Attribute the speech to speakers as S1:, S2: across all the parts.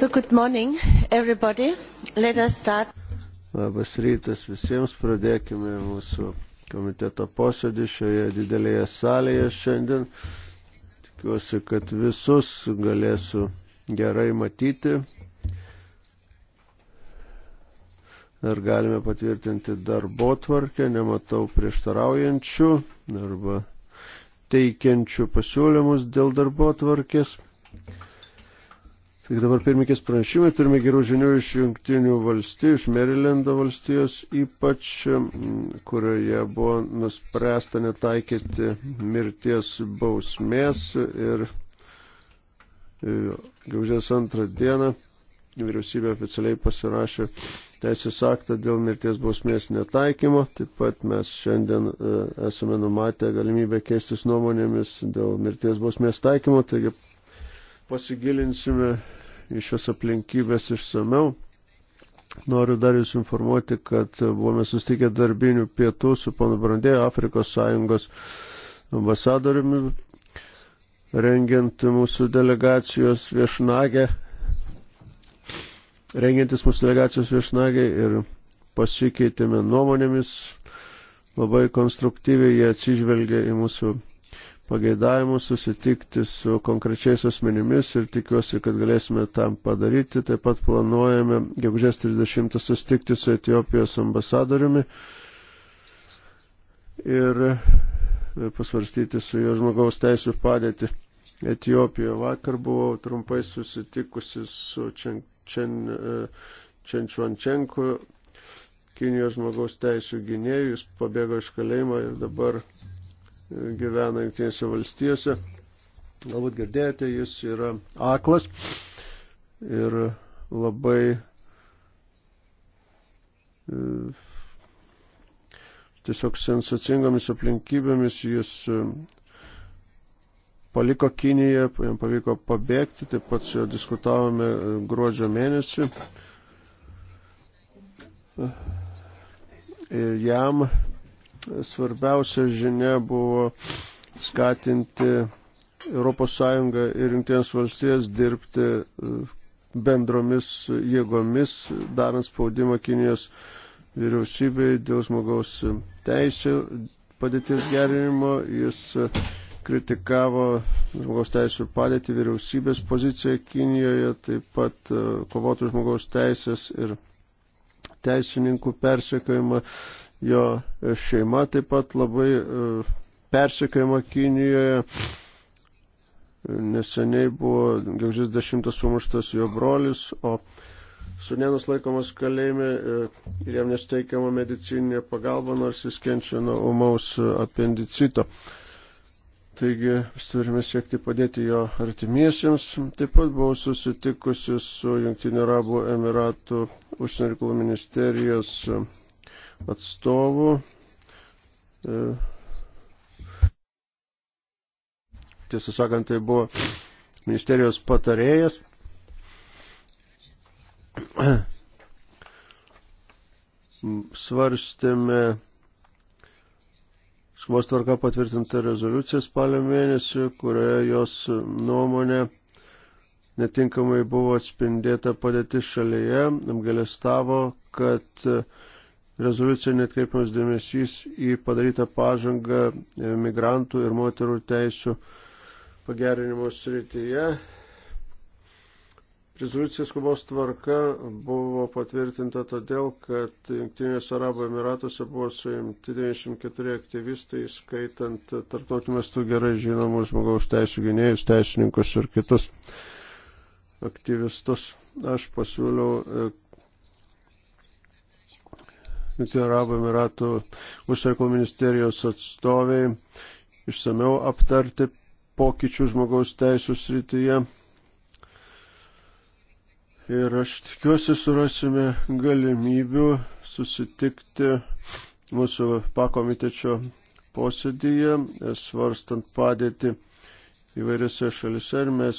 S1: So good morning, everybody. Let us start.
S2: Labas rytas visiems, pradėkime mūsų komiteto posėdį šioje didelėje salėje šiandien. Tikiuosi, kad visus galėsiu gerai matyti. Ar galime patvirtinti darbo tvarkę, nematau prieštaraujančių arba teikiančių pasiūlymus dėl darbo tvarkės. Tik dabar pirmikės pranešimai, turime gerų žinių iš jungtinių valstijų, iš Marylando valstijos ypač, kurioje buvo nuspręsta netaikyti mirties bausmės ir e, gaužės antrą dieną vyriausybė oficialiai pasirašė teisės aktą dėl mirties bausmės netaikymo. Taip pat mes šiandien e, esame numatę galimybę keistis nuomonėmis dėl mirties bausmės taikymo, taigi pasigilinsime iš šios aplinkybės išsameu. Noriu dar Jūs informuoti, kad buvome sustikę darbinių pietų su panu Brandėjo Afrikos Sąjungos ambasadoriumi, rengiant mūsų delegacijos viešnagę, rengiantis mūsų delegacijos viešnagę ir pasikeitėme nuomonėmis, labai konstruktyviai jie atsižvelgia į mūsų pageidavimus susitikti su konkrečiais asmenimis ir tikiuosi, kad galėsime tam padaryti. Taip pat planuojame gegužės 30 susitikti su Etijopijos ambasadoriumi ir e, pasvarstyti su jo žmogaus teisų padėti. Etijopijoje vakar buvau trumpai susitikusi su Čen, Čen, Čenčuančenku, e, Kinijos žmogaus teisų gynėjus, pabėgo iš kalėjimo ir dabar gyvena Junktinėse valstijose. Galbūt girdėjote, jis yra aklas ir labai e, tiesiog sensacingomis aplinkybėmis jis e, paliko Kiniją, jam pavyko pabėgti, taip pat su juo diskutavome e, gruodžio mėnesį. Ir jam svarbiausia žinia buvo skatinti ES ir Junktinės valstijas dirbti e, bendromis jėgomis, darant spaudimą Kinijos vyriausybei dėl žmogaus teisų padėties gerinimo. Jis e, kritikavo žmogaus teisų padėtį vyriausybės poziciją Kinijoje, taip pat e, kovotų žmogaus teisės ir teisininkų persekiojimą jo šeima taip pat labai e, persekiojama Kinijoje. Neseniai buvo gegužės 10 sumuštas jo brolis, o sunienas laikomas kalėjime e, ir jam nesteikiama medicininė pagalba, nors jis kenčia nuo umaus apendicito. Taigi turime siekti padėti jo artimiesiems. Taip pat buvau susitikusi su Junktinio Arabų Emiratų užsienio reikalų ministerijos atstovų. E, tiesą sakant, tai buvo ministerijos patarėjas. Svarstėme skubos tvarka patvirtinta rezoliucija spalio mėnesį, kurioje jos nuomonė netinkamai buvo atspindėta padėti šalyje, apgalėstavo, kad uh, rezoliuciją netkreipiamas dėmesys į padarytą pažangą e, migrantų ir moterų teisų pagerinimo srityje. Rezoliucija skubos tvarka buvo patvirtinta todėl, kad Junktinės Arabų Emiratuose buvo suimti 94 aktyvistai, skaitant tarptautiniu mastu gerai žinomus žmogaus teisų gynėjus, teisininkus ir kitus aktyvistus. Aš pasiūliau e, Jungtinių Arabų Emiratų užsienio reikalų ministerijos atstoviai išsameu aptarti pokyčių žmogaus teisų srityje. Ir aš tikiuosi surasime galimybių susitikti mūsų pakomitečio posėdyje, svarstant padėti įvairiose šalise ir mes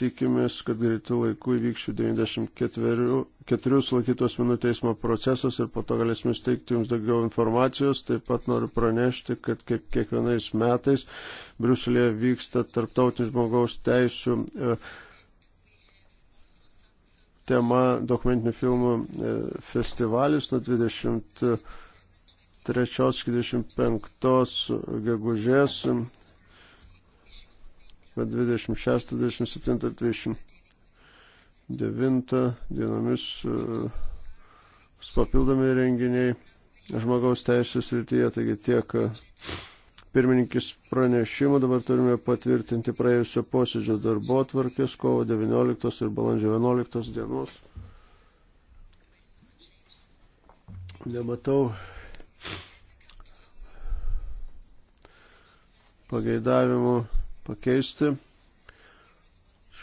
S2: tikimės, kad greitų laikų įvykšių 94 sulaikytos minų teismo procesas ir po to galėsime steigti jums daugiau informacijos. Taip pat noriu pranešti, kad kaip kiekvienais metais Briuselėje vyksta tarptautinis žmogaus teisų e, tema dokumentinių filmų e, festivalis nuo 20. 3-25 gegužės 26, 27 ir 29 dienomis e, bus papildomi renginiai žmogaus teisės rytyje, taigi tiek e, pirmininkis pranešimų, dabar turime patvirtinti praėjusio posėdžio darbo tvarkės kovo 19 ir balandžio 11 dienos. Nematau pageidavimų pakeisti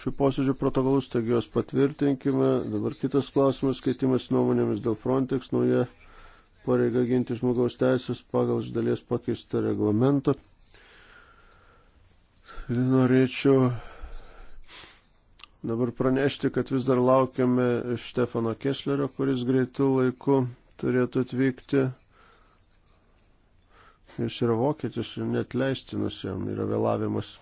S2: šių posėdžių protokolus, taigi juos patvirtinkime. Dabar kitas klausimas, skaitimas nuomonėmis dėl Frontex, nauja pareiga ginti žmogaus teisės pagal iš dalies pakeistą reglamentą. Ir norėčiau dabar pranešti, kad vis dar laukiame Štefano Keslerio, kuris greitų laiku turėtų atvykti. Jis yra vokietis ir net leistinas jam yra vėlavimas.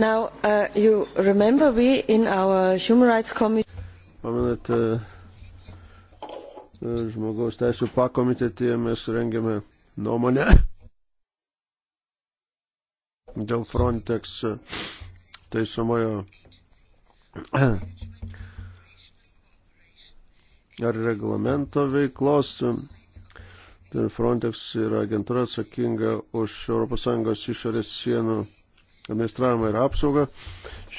S1: Now, uh, you remember we in our Human Rights Committee.
S2: Pamenate, e, žmogaus teisų pakomitetėje mes rengiame nuomonę dėl Frontex teisamojo ar reglamento veiklos. Frontex yra agentūra atsakinga už ES išorės sienų administravimą ir apsaugą.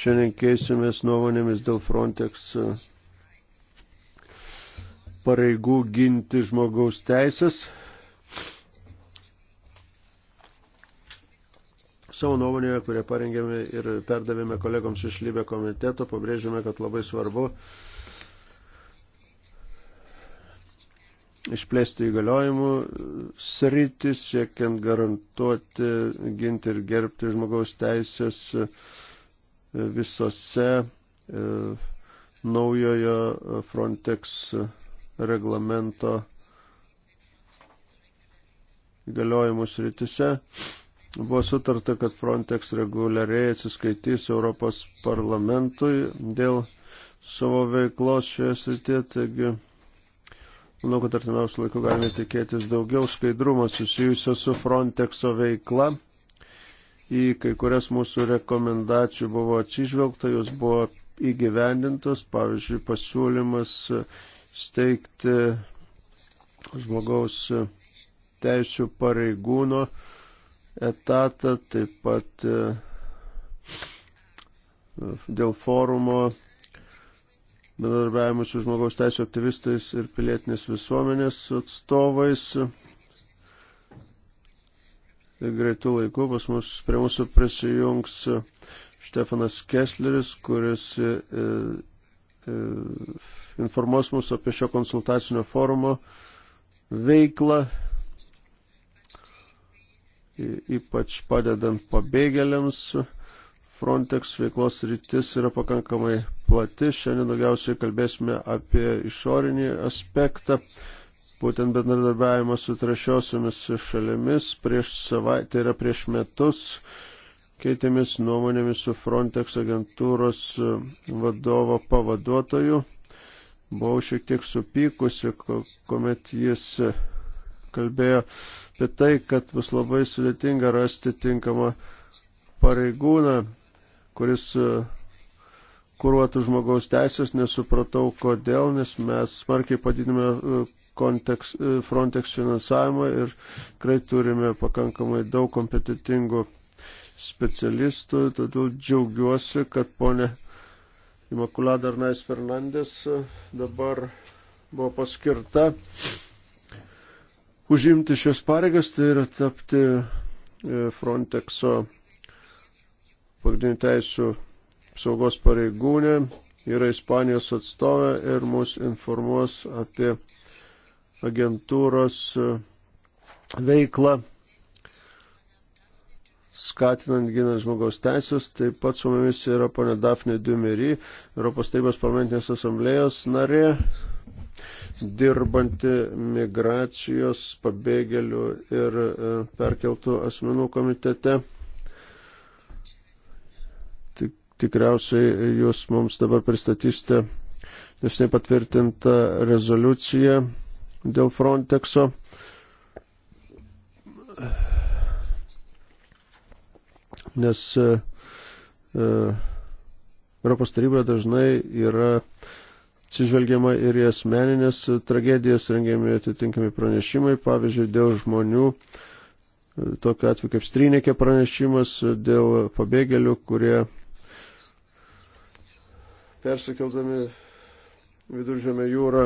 S2: Šiandien keisimės nuomonėmis dėl Frontex e, pareigų ginti žmogaus teisės. Savo nuomonėje, kurią parengėme ir perdavėme kolegoms iš Lybė komiteto, pabrėžėme, kad labai svarbu išplėsti įgaliojimų sritis, siekiant garantuoti, ginti ir gerbti žmogaus teisės e, visose e, naujojo Frontex reglamento įgaliojimų sritise. Buvo sutarta, kad Frontex reguliariai atsiskaitys Europos parlamentui dėl savo veiklos šioje srityje, taigi Manau, kad artimiausiu laiku galime tikėtis daugiau skaidrumo susijusio su Frontexo veikla. Į kai kurias mūsų rekomendacijų buvo atsižvelgta, jos buvo įgyvendintos, pavyzdžiui, pasiūlymas steigti žmogaus teisų pareigūno etatą, taip pat e, dėl forumo bendradarbiavimu su žmogaus teisų aktyvistais ir pilietinės visuomenės atstovais. Ir greitų laikų pas mus prie mūsų prisijungs Štefanas Kessleris, kuris e, e, e informuos mus apie šio konsultacinio forumo veiklą, ypač padedant pabėgėliams. Frontex veiklos rytis yra pakankamai plati. Šiandien daugiausiai kalbėsime apie išorinį aspektą, būtent bendradarbiavimą su trečiosiomis šalimis. Prieš savaitę, tai yra prieš metus, keitėmis nuomonėmis su Frontex agentūros vadovo pavaduotoju. Buvau šiek tiek supykusi, kuomet jis kalbėjo apie tai, kad bus labai sudėtinga rasti tinkamą pareigūną, kuris kuruotų žmogaus teisės, nesupratau kodėl, nes mes smarkiai padidinome e, kontekst, e, Frontex finansavimą ir tikrai turime pakankamai daug kompetitingų specialistų, todėl džiaugiuosi, kad ponė Imakulada Arnais Fernandės e, dabar buvo paskirta užimti šios pareigas, tai yra tapti Frontexo pagrindinių teisų apsaugos pareigūnė yra Ispanijos atstovė ir mus informuos apie agentūros e, veiklą, skatinant ginant žmogaus teisės. Taip pat su mumis yra ponė Dafne Dumery, Europos tarybos parlamentinės asamblėjos narė, dirbanti migracijos, pabėgėlių ir e, perkeltų asmenų komitete tikriausiai jūs mums dabar pristatysite jūs nepatvirtintą rezoliuciją dėl Frontexo. Nes e, e, Europos taryboje dažnai yra atsižvelgiama ir į asmeninės tragedijas, rengiami atitinkami pranešimai, pavyzdžiui, dėl žmonių, e, tokiu atveju kaip Strynėkė pranešimas, dėl pabėgėlių, kurie persikeldami viduržėme jūrą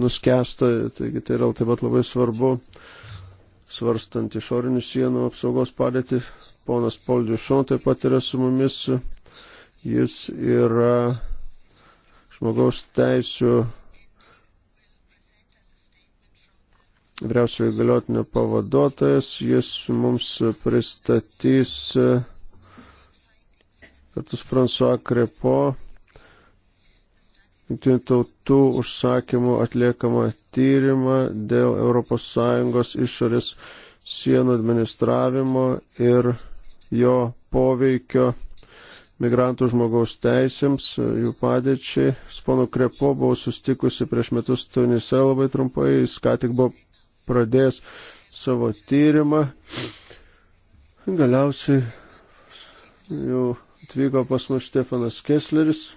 S2: nuskesta, taigi tai yra taip pat labai svarbu, svarstant išorinių sienų apsaugos padėtį. Ponas Paul Dušon taip pat yra su mumis, jis yra žmogaus teisų vyriausiojo įgaliotinio pavaduotojas, jis mums pristatys kartu su François Krepo jungtinių tautų užsakymų atliekamą tyrimą dėl ES išorės sienų administravimo ir jo poveikio migrantų žmogaus teisėms, jų padėčiai. Su ponu Krepo buvau sustikusi prieš metus Tunise labai trumpai, jis ką tik buvo pradėjęs savo tyrimą. Galiausiai jau atvyko pas mus Stefanas Kessleris,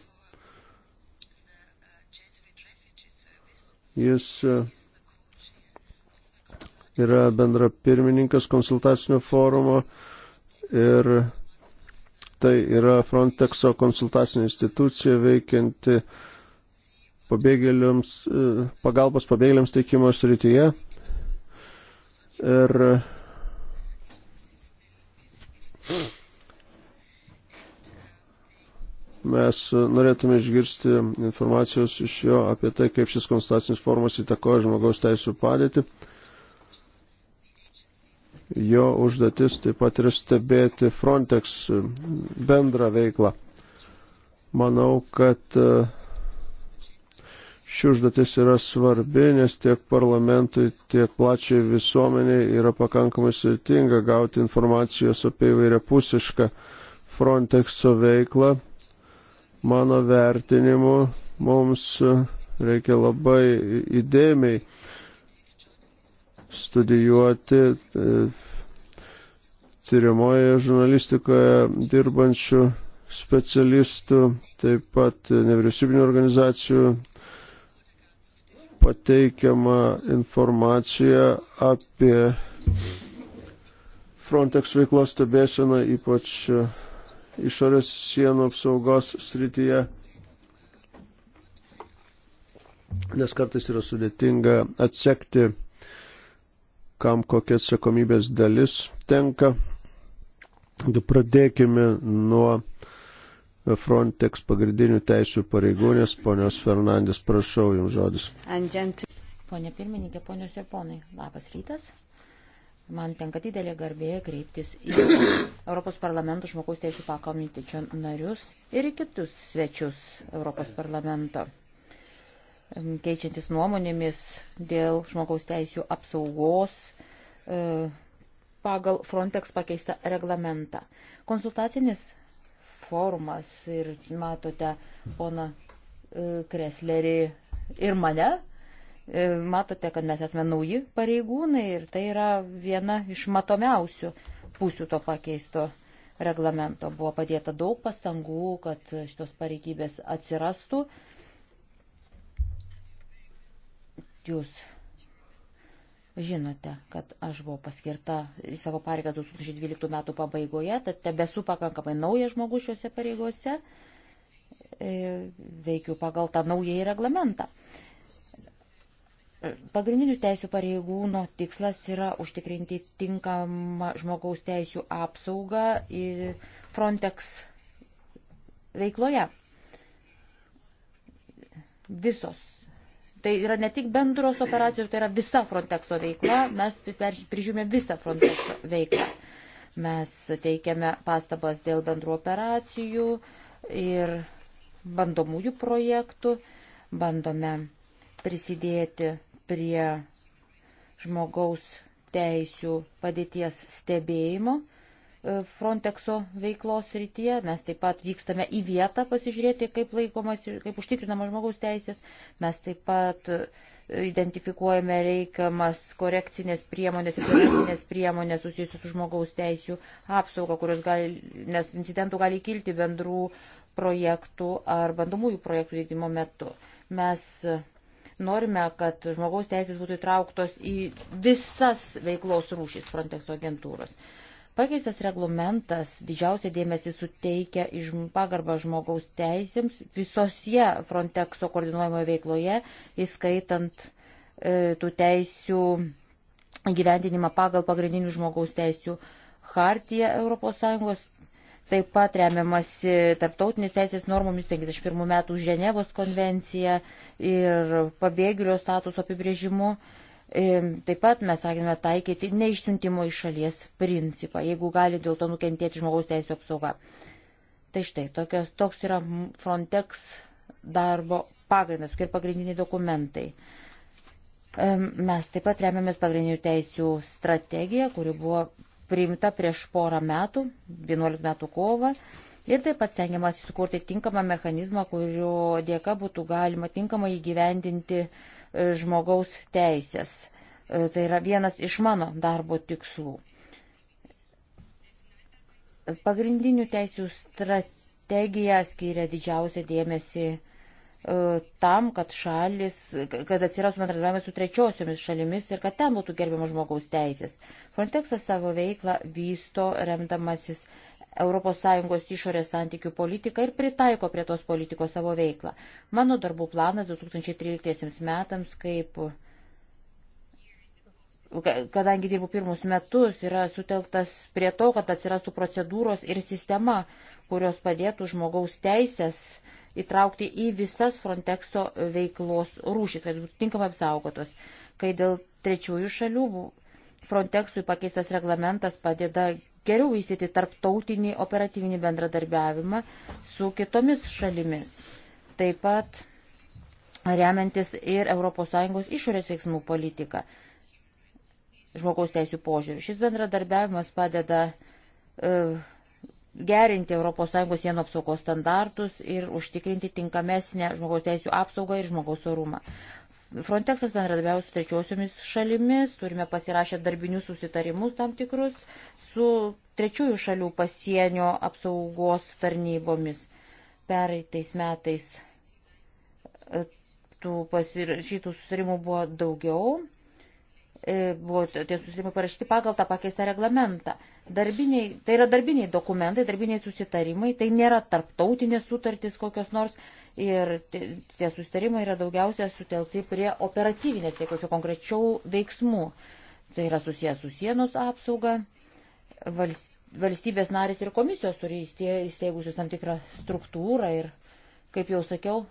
S2: Jis e, yra bendra pirmininkas konsultacinio forumo ir tai yra Frontexo konsultacinė institucija veikianti pabėgėliams, e, pagalbos pabėgėliams teikimo srityje. Ir mes norėtume išgirsti informacijos iš jo apie tai, kaip šis konstatacinis formas įtakoja žmogaus teisų padėtį. Jo užduotis taip pat yra stebėti Frontex bendrą veiklą. Manau, kad uh, ši užduotis yra svarbi, nes tiek parlamentui, tiek plačiai visuomeniai yra pakankamai sudėtinga gauti informacijos apie įvairiapusišką Frontexo veiklą Mano vertinimu mums reikia labai įdėmiai studijuoti e, tyriamoje žurnalistikoje dirbančių specialistų, taip pat nevyriausybinio organizacijų pateikiama informacija apie Frontex veiklos stebėseną, ypač išorės sienų apsaugos srityje, nes kartais yra sudėtinga atsekti, kam kokia atsakomybės dalis tenka. Pradėkime nuo Frontex pagrindinių teisų pareigūnės, ponios Fernandės, prašau jums žodis.
S1: Pone pirmininkė, ponios ir ponai, labas rytas. Man tenka didelė garbė kreiptis į Europos parlamento žmogaus teisų pakomitečio narius ir į kitus svečius Europos parlamento, keičiantis nuomonėmis dėl žmogaus teisų apsaugos e, pagal Frontex pakeistą reglamentą. Konsultacinis forumas ir matote pona e, Kreslerį ir mane E, matote, kad mes esame nauji pareigūnai ir tai yra viena iš matomiausių pusių to pakeisto reglamento. Buvo padėta daug pastangų, kad šitos pareigybės atsirastų. Jūs žinote, kad aš buvau paskirta į savo pareigas 2012 metų pabaigoje, tad tebesu pakankamai naujas žmogus šiuose pareigose. E, veikiu pagal tą naująjį reglamentą Pagrindinių teisų pareigūno tikslas yra užtikrinti tinkamą žmogaus teisų apsaugą Frontex veikloje. Visos. Tai yra ne tik bendros operacijos, tai yra visa Frontexo veikla. Mes prižiūrime visą Frontexo veiklą. Mes teikiame pastabas dėl bendrų operacijų ir bandomųjų projektų. Bandome prisidėti prie žmogaus teisių padėties stebėjimo e, Frontexo veiklos rytyje. Mes taip pat vykstame į vietą pasižiūrėti, kaip laikomas ir kaip užtikrinama žmogaus teisės. Mes taip pat e, identifikuojame reikiamas korekcinės priemonės ir prevencinės priemonės susijusius su žmogaus teisų apsauga, kurios gali, nes incidentų gali kilti bendrų projektų ar bandomųjų projektų vykdymo metu. Mes e, Norime, kad žmogaus teisės būtų įtrauktos į visas veiklos rūšys Frontex agentūros. Pakeistas reglamentas didžiausia dėmesį suteikia iš pagarbą žmogaus teisėms visose Frontexo koordinuojamoje veikloje, įskaitant e, tų teisių gyventinimą pagal pagrindinių žmogaus teisių hartiją ES Taip pat remiamasi tarptautinis teisės normomis 51 metų Ženevos konvencija ir pabėgėlio statuso apibrėžimu. Taip pat mes raginame taikyti neišsiuntimo iš šalies principą, jeigu gali dėl to nukentėti žmogaus teisų apsauga. Tai štai, tokios, toks yra Frontex darbo pagrindas, kokie pagrindiniai dokumentai. Mes taip pat remiamės pagrindinių teisių strategiją, kuri buvo priimta prieš porą metų, 11 metų kovą. Ir taip pat stengiamas sukurti tinkamą mechanizmą, kurio dėka būtų galima tinkamai įgyvendinti e, žmogaus teisės. E, tai yra vienas iš mano darbo tikslų. Pagrindinių teisių strategija skiria didžiausią dėmesį E, tam, kad šalis, kad atsiras bendradarbiavimas su trečiosiomis šalimis ir kad ten būtų gerbiamas žmogaus teisės. Frontexas savo veiklą vysto remdamasis ES išorės santykių politiką ir pritaiko prie tos politikos savo veiklą. Mano darbų planas 2013 metams, kaip, kadangi dirbu pirmus metus, yra sutelktas prie to, kad atsirastų procedūros ir sistema, kurios padėtų žmogaus teisės įtraukti į visas Frontexo veiklos rūšis, kad būtų tinkamai apsaugotos. Kai dėl trečiųjų šalių Frontexui pakeistas reglamentas padeda geriau įsiti tarptautinį operatyvinį bendradarbiavimą su kitomis šalimis. Taip pat remiantis ir ES išorės veiksmų politiką žmogaus teisų požiūrių. Šis bendradarbiavimas padeda e, gerinti ES sienų apsaugos standartus ir užtikrinti tinkamesnę žmogaus teisų apsaugą ir žmogaus orumą. Frontexas bendradarbiauja su trečiosiomis šalimis, turime pasirašę darbinius susitarimus tam tikrus su trečiųjų šalių pasienio apsaugos tarnybomis. Pereitais metais e, tų pasirašytų susitarimų buvo daugiau E, buvo tie susitarimai parašyti pagal tą pakeistą reglamentą. Darbiniai, tai yra darbiniai dokumentai, darbiniai susitarimai, tai nėra tarptautinės sutartys kokios nors ir tie susitarimai yra daugiausia sutelkti prie operatyvinės veiklos, konkrečių veiksmų. Tai yra susijęs su sienos apsauga, valstybės narės ir komisijos turi įsteigusius tam tikrą struktūrą ir, kaip jau sakiau,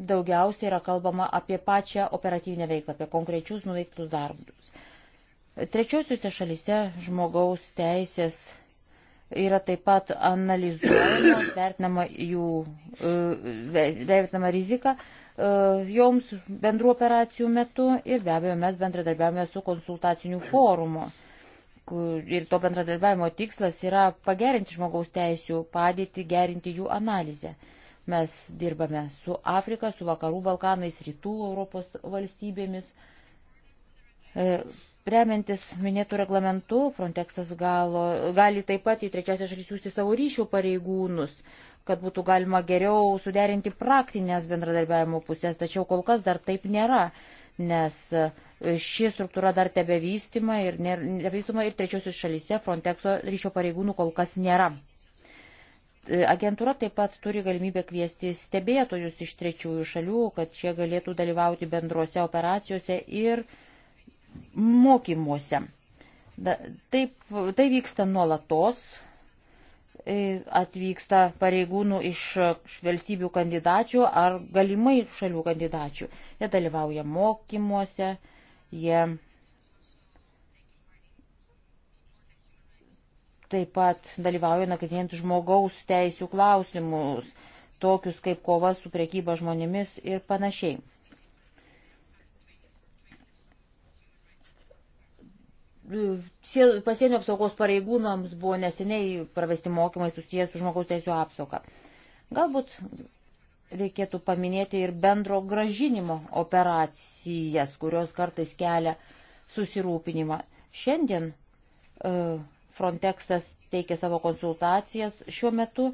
S1: daugiausiai yra kalbama apie pačią operatyvinę veiklą, apie konkrečius nuveiktus darbus. Trečiosiuose šalyse žmogaus teisės yra taip pat analizuojama, vertinama jų, e, vertinama rizika e, joms bendrų operacijų metu ir be abejo mes bendradarbiavame su konsultaciniu forumu. Ir to bendradarbiavimo tikslas yra pagerinti žmogaus teisų padėtį, gerinti jų analizę. Mes dirbame su Afrika, su Vakarų Balkanais, Rytų Europos valstybėmis. E, remiantis minėtų reglamentų, Frontexas galo, gali taip pat į trečiasią šalį siūsti savo ryšių pareigūnus, kad būtų galima geriau suderinti praktinės bendradarbiavimo pusės, tačiau kol kas dar taip nėra, nes e, ši struktūra dar tebevystoma ir, ir trečiosios šalyse Frontexo ryšio pareigūnų kol kas nėra. Agentūra taip pat turi galimybę kviesti stebėtojus iš trečiųjų šalių, kad šie galėtų dalyvauti bendrose operacijose ir mokymuose. Da, taip, tai vyksta nuolatos, e, atvyksta pareigūnų iš valstybių kandidačių ar galimai šalių kandidačių. Jie dalyvauja mokymuose, jie taip pat dalyvauja nagrinėjant žmogaus teisų klausimus, tokius kaip kova su priekyba žmonėmis ir panašiai. Pasienio apsaugos pareigūnams buvo neseniai pravesti mokymai susijęs su žmogaus teisų apsauga. Galbūt reikėtų paminėti ir bendro gražinimo operacijas, kurios kartais kelia susirūpinimą. Šiandien uh, Frontexas teikia savo konsultacijas šiuo metu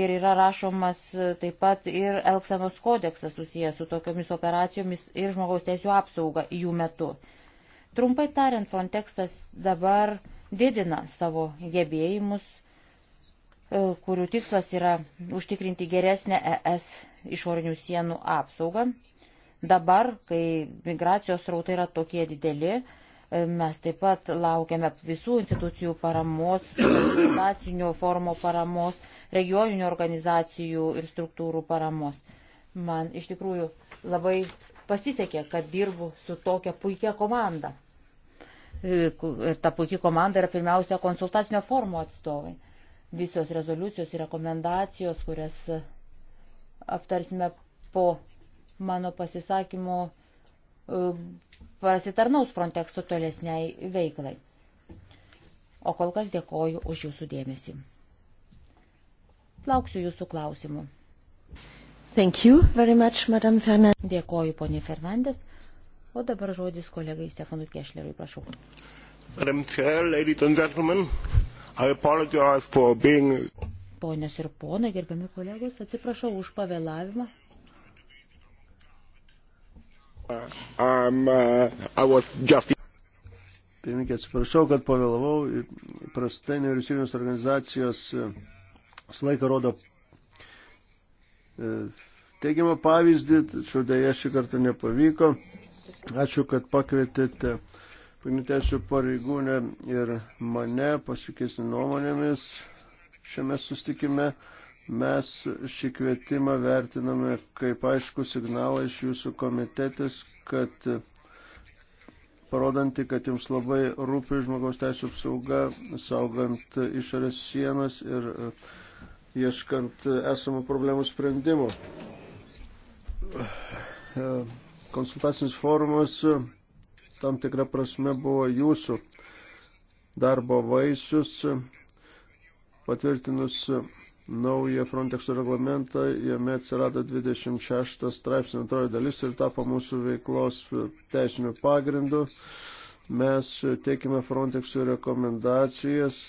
S1: ir yra rašomas taip pat ir Elksenos kodeksas susijęs su tokiomis operacijomis ir žmogaus teisų apsauga jų metu. Trumpai tariant, Frontexas dabar didina savo gebėjimus, e, kurių tikslas yra užtikrinti geresnę ES išorinių sienų apsaugą. Dabar, kai migracijos rautai yra tokie dideli, Mes taip pat laukiame visų institucijų paramos, organizacinių formo paramos, regioninių organizacijų ir struktūrų paramos. Man iš tikrųjų labai pasisekė, kad dirbu su tokia puikia komanda. Ir ta puikia komanda yra pirmiausia konsultacinio formo atstovai. Visos rezoliucijos ir rekomendacijos, kurias aptarsime po mano pasisakymo, pasitarnaus Frontexų tolesniai veiklai. O kol kas dėkoju už jūsų dėmesį. Lauksiu jūsų klausimų. Thank you very much, Madam Fernandez. Dėkoju, ponė Fernandez. O dabar žodis kolegai Stefanui Kešleriui, prašau.
S2: Madam Chair, ladies and gentlemen, I apologize for being...
S1: Ponios ir ponai, gerbiami kolegos, atsiprašau už pavėlavimą.
S2: Um, uh, just... Pirmininkė, atsiprašau, kad pavėlavau. Prastai nevyriausybinės organizacijos e, visą laiką rodo e, teigiamą pavyzdį, tačiau dėja šį kartą nepavyko. Ačiū, kad pakvietėte pagrindinėsių pareigūnę ir mane pasikeisti nuomonėmis šiame sustikime. Mes šį kvietimą vertiname kaip aišku signalą iš jūsų komitetės, kad parodanti, kad jums labai rūpi žmogaus teisų apsauga, saugant išorės sienas ir e, ieškant esamų problemų sprendimų. E, konsultacinis forumas e, tam tikrą prasme buvo jūsų darbo vaisius, patvirtinus naują Frontexo reglamentą, jame atsirado 26 straipsnio antroji dalis ir tapo mūsų veiklos teisiniu pagrindu. Mes teikime Frontexui rekomendacijas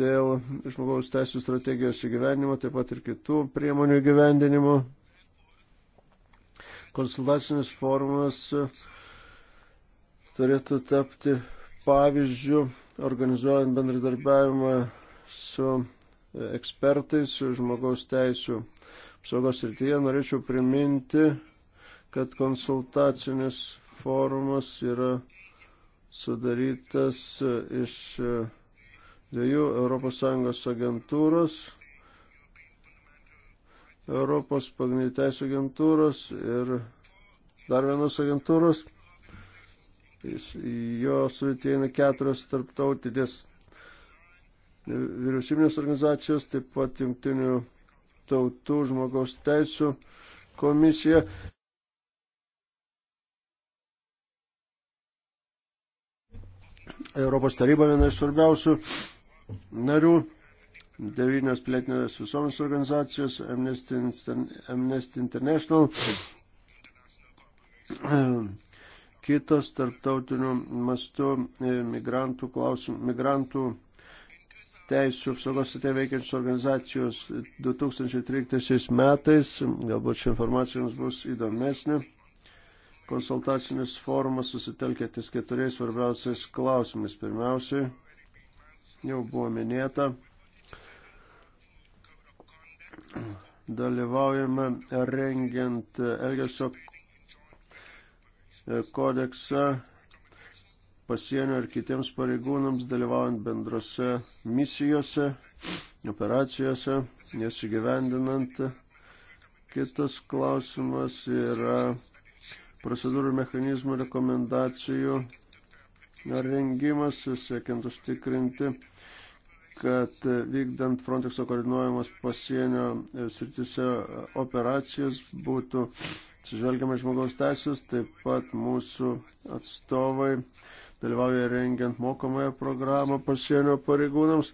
S2: dėl žmogaus teisų strategijos įgyvenimo, taip pat ir kitų priemonių įgyvendinimo. Konsultacinis forumas turėtų tapti pavyzdžių organizuojant bendradarbiavimą su ekspertais žmogaus teisų apsaugos rytyje. Norėčiau priminti, kad konsultacinis forumas yra sudarytas iš dviejų ES agentūros, Europos pagrindinių teisų agentūros ir dar vienos agentūros. Jo sudėtėina keturios tarptautinės vyriausybinės organizacijos, taip pat jungtinių tautų žmogaus teisų komisija. Europos taryba viena iš svarbiausių narių, devynios plėtinės visomis organizacijos, Amnesty, Amnesty International, kitos tarptautinių mastų e, migrantų klausimų, migrantų teisų apsaugos atėje veikiančios organizacijos 2013 metais. Galbūt ši informacija jums bus įdomesnė. Konsultacinis forumas susitelkė ties keturiais svarbiausiais klausimais. Pirmiausiai, jau buvo minėta, dalyvaujame rengiant Elgesio kodeksą pasienio ir kitiems pareigūnams dalyvaujant bendrose misijose, operacijose, nesigyvendinant. Kitas klausimas yra procedūrų mechanizmų rekomendacijų rengimas, siekiant užtikrinti, kad vykdant Frontexo koordinuojamas pasienio e, sritise e, operacijas būtų atsižvelgiama žmogaus teisės, taip pat mūsų atstovai dalyvauja rengiant mokomąją programą pasienio pareigūnams.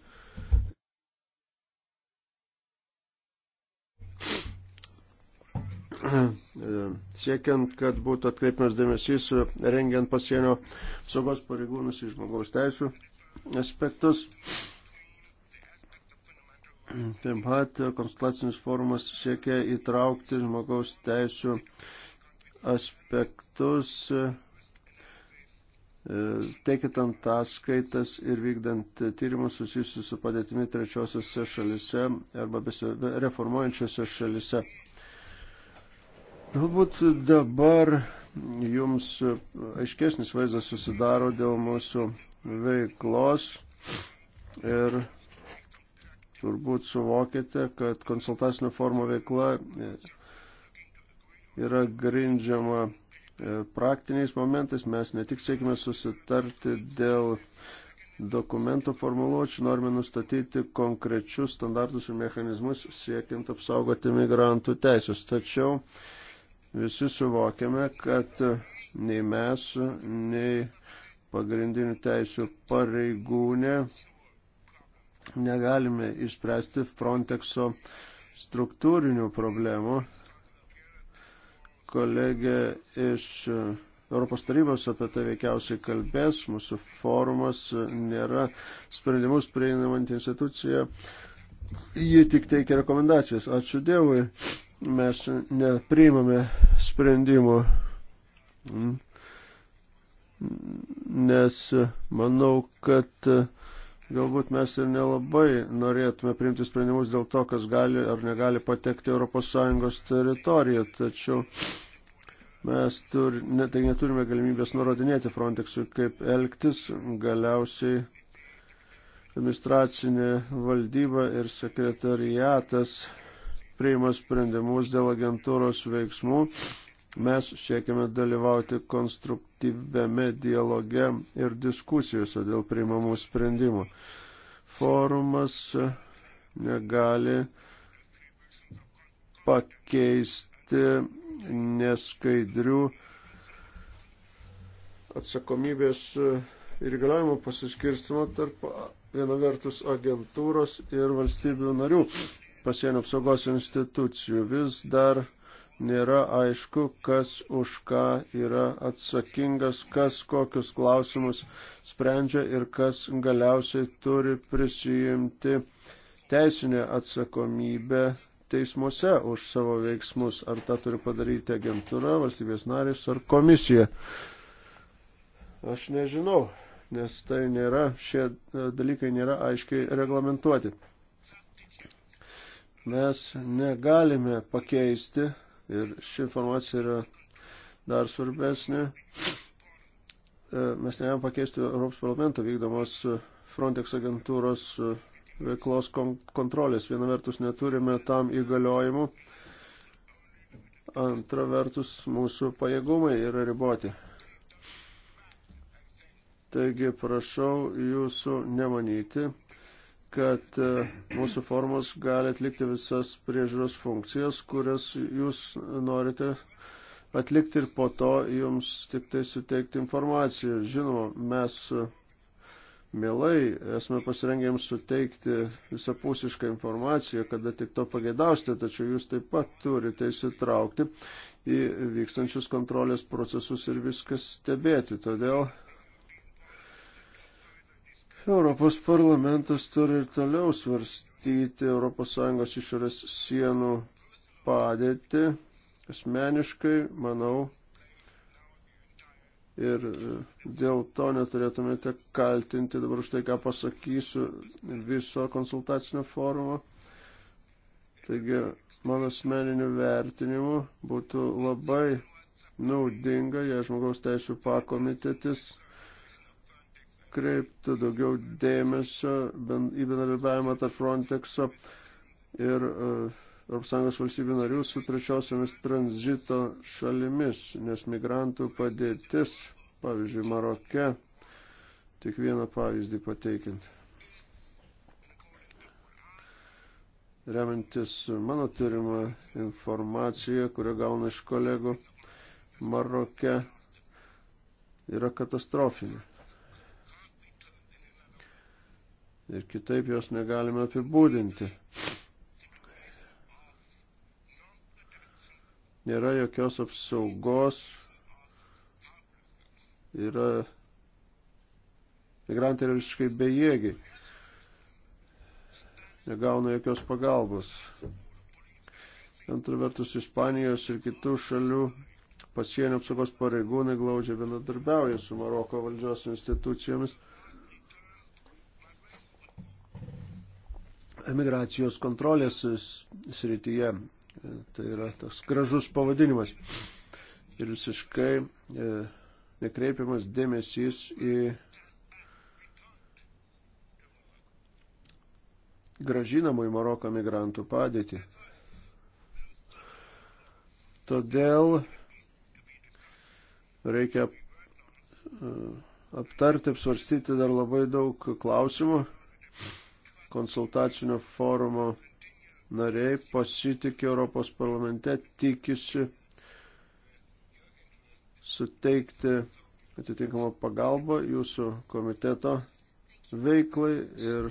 S2: Siekiant, kad būtų atkreipimas dėmesys, rengiant pasienio apsaugos pareigūnus į žmogaus teisų aspektus. Taip pat konsultacinis forumas siekia įtraukti žmogaus teisų aspektus E, teikit antaskaitas ir vykdant tyrimus susijusius su padėtimi trečiosiose šalise arba reformuojančiose šalise. Galbūt dabar jums aiškesnis vaizdas susidaro dėl mūsų veiklos ir turbūt suvokite, kad konsultacinio formo veikla yra grindžiama E, praktiniais momentais. Mes ne tik siekime susitarti dėl dokumento formuluočių, norime nustatyti konkrečius standartus ir mechanizmus siekiant apsaugoti migrantų teisės. Tačiau visi suvokiame, kad nei mes, nei pagrindinių teisų pareigūnė negalime išspręsti Frontexo struktūrinių problemų kolegė iš Europos tarybos apie tai veikiausiai kalbės. Mūsų forumas nėra sprendimus prieinamant institucija. Ji tik teikia rekomendacijas. Ačiū Dievui, mes nepriimame sprendimų. Nes manau, kad galbūt mes ir nelabai norėtume priimti sprendimus dėl to, kas gali ar negali patekti ES teritoriją, tačiau mes tur, ne, tai neturime galimybės nurodinėti Frontexui, kaip elgtis galiausiai administracinė valdyba ir sekretariatas priima sprendimus dėl agentūros veiksmų Mes siekiame dalyvauti konstruktyviame dialoge ir diskusijose dėl priimamų sprendimų. Forumas e, negali pakeisti neskaidrių atsakomybės e, ir galiojimo pasiskirstimo tarp viena vertus agentūros ir valstybių narių pasienio apsaugos institucijų. Vis dar nėra aišku, kas už ką yra atsakingas, kas kokius klausimus sprendžia ir kas galiausiai turi prisijimti teisinę atsakomybę teismuose už savo veiksmus. Ar tą turi padaryti agentūra, valstybės narys ar komisija. Aš nežinau, nes tai nėra, šie e, dalykai nėra aiškiai reglamentuoti. Mes negalime pakeisti Ir ši informacija yra dar svarbesnė. E, mes negalime pakeisti Europos parlamento vykdomos e, Frontex agentūros e, veiklos kontrolės. Viena vertus neturime tam įgaliojimų, antra vertus mūsų pajėgumai yra riboti. Taigi prašau jūsų nemanyti, kad e, mūsų formos gali atlikti visas priežiūros funkcijas, kurias jūs norite atlikti ir po to jums tik tai suteikti informaciją. Žinoma, mes e, mielai esame pasirengę jums suteikti visapusišką informaciją, kada tik to pageidausite, tačiau jūs taip pat turite įsitraukti į vykstančius kontrolės procesus ir viskas stebėti. Todėl Europos parlamentas turi ir toliau svarstyti ES išorės sienų padėtį. Asmeniškai, manau, ir dėl to neturėtumėte kaltinti dabar už tai, ką pasakysiu viso konsultacinio forumo. Taigi, mano asmeniniu vertinimu būtų labai naudinga, jei žmogaus teisų pakomitetis kreipti daugiau dėmesio į bendradarbiavimą tarp Frontexo ir ES valstybių narių su trečiosiamis tranzito šalimis, nes migrantų padėtis, pavyzdžiui, Maroke, tik vieną pavyzdį pateikiant. Remiantis mano turimą informaciją, kurią gauna iš kolegų, Maroke yra katastrofinė. ir kitaip jos negalime apibūdinti. Nėra jokios apsaugos, yra migrantai yra visiškai bejėgiai, negauna jokios pagalbos. Antra vertus, Ispanijos ir kitų šalių pasienio apsaugos pareigūnai glaudžiai bendradarbiauja su Maroko valdžios institucijomis emigracijos kontrolės srityje. Tai yra tas gražus pavadinimas. Ir visiškai e, nekreipiamas dėmesys į gražinamų į Maroką migrantų padėtį. Todėl reikia e, aptarti, apsvarstyti dar labai daug klausimų konsultacinio forumo nariai pasitikė Europos parlamente, tikisi suteikti atitinkamą pagalbą jūsų komiteto veiklai ir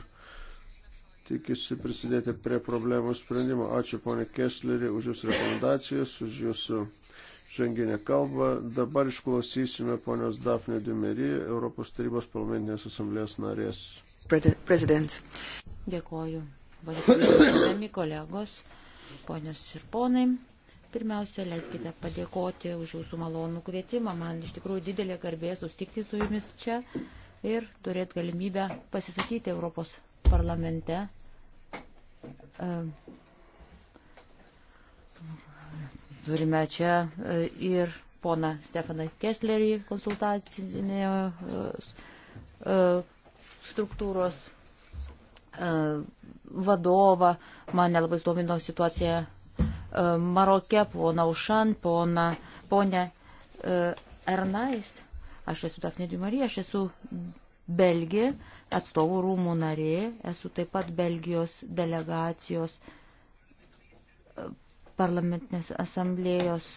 S2: tikisi prisidėti prie problemų sprendimo. Ačiū ponė Kesleri už jūsų rekomendacijas, už jūsų ženginę kalbą. Dabar išklausysime ponios Dafne Dimery, Europos tarybos parlamentinės asamblės narės.
S1: President. Dėkoju. Vadinami kolegos, ponios ir ponai, pirmiausia, leiskite padėkoti už jūsų malonų kvietimą. Man iš tikrųjų didelė garbė sustikti su jumis čia ir turėti galimybę pasisakyti Europos parlamente. E, turime čia e, ir poną Stefaną Kesslerį konsultacinės e, struktūros E, vadovą. Mane labai domino situacija e, Maroke, pona Ušan, pona, ponė e, Ernais. Aš esu Dafne Dumarija, aš esu Belgija, atstovų rūmų narė, esu taip pat Belgijos delegacijos parlamentinės asamblėjos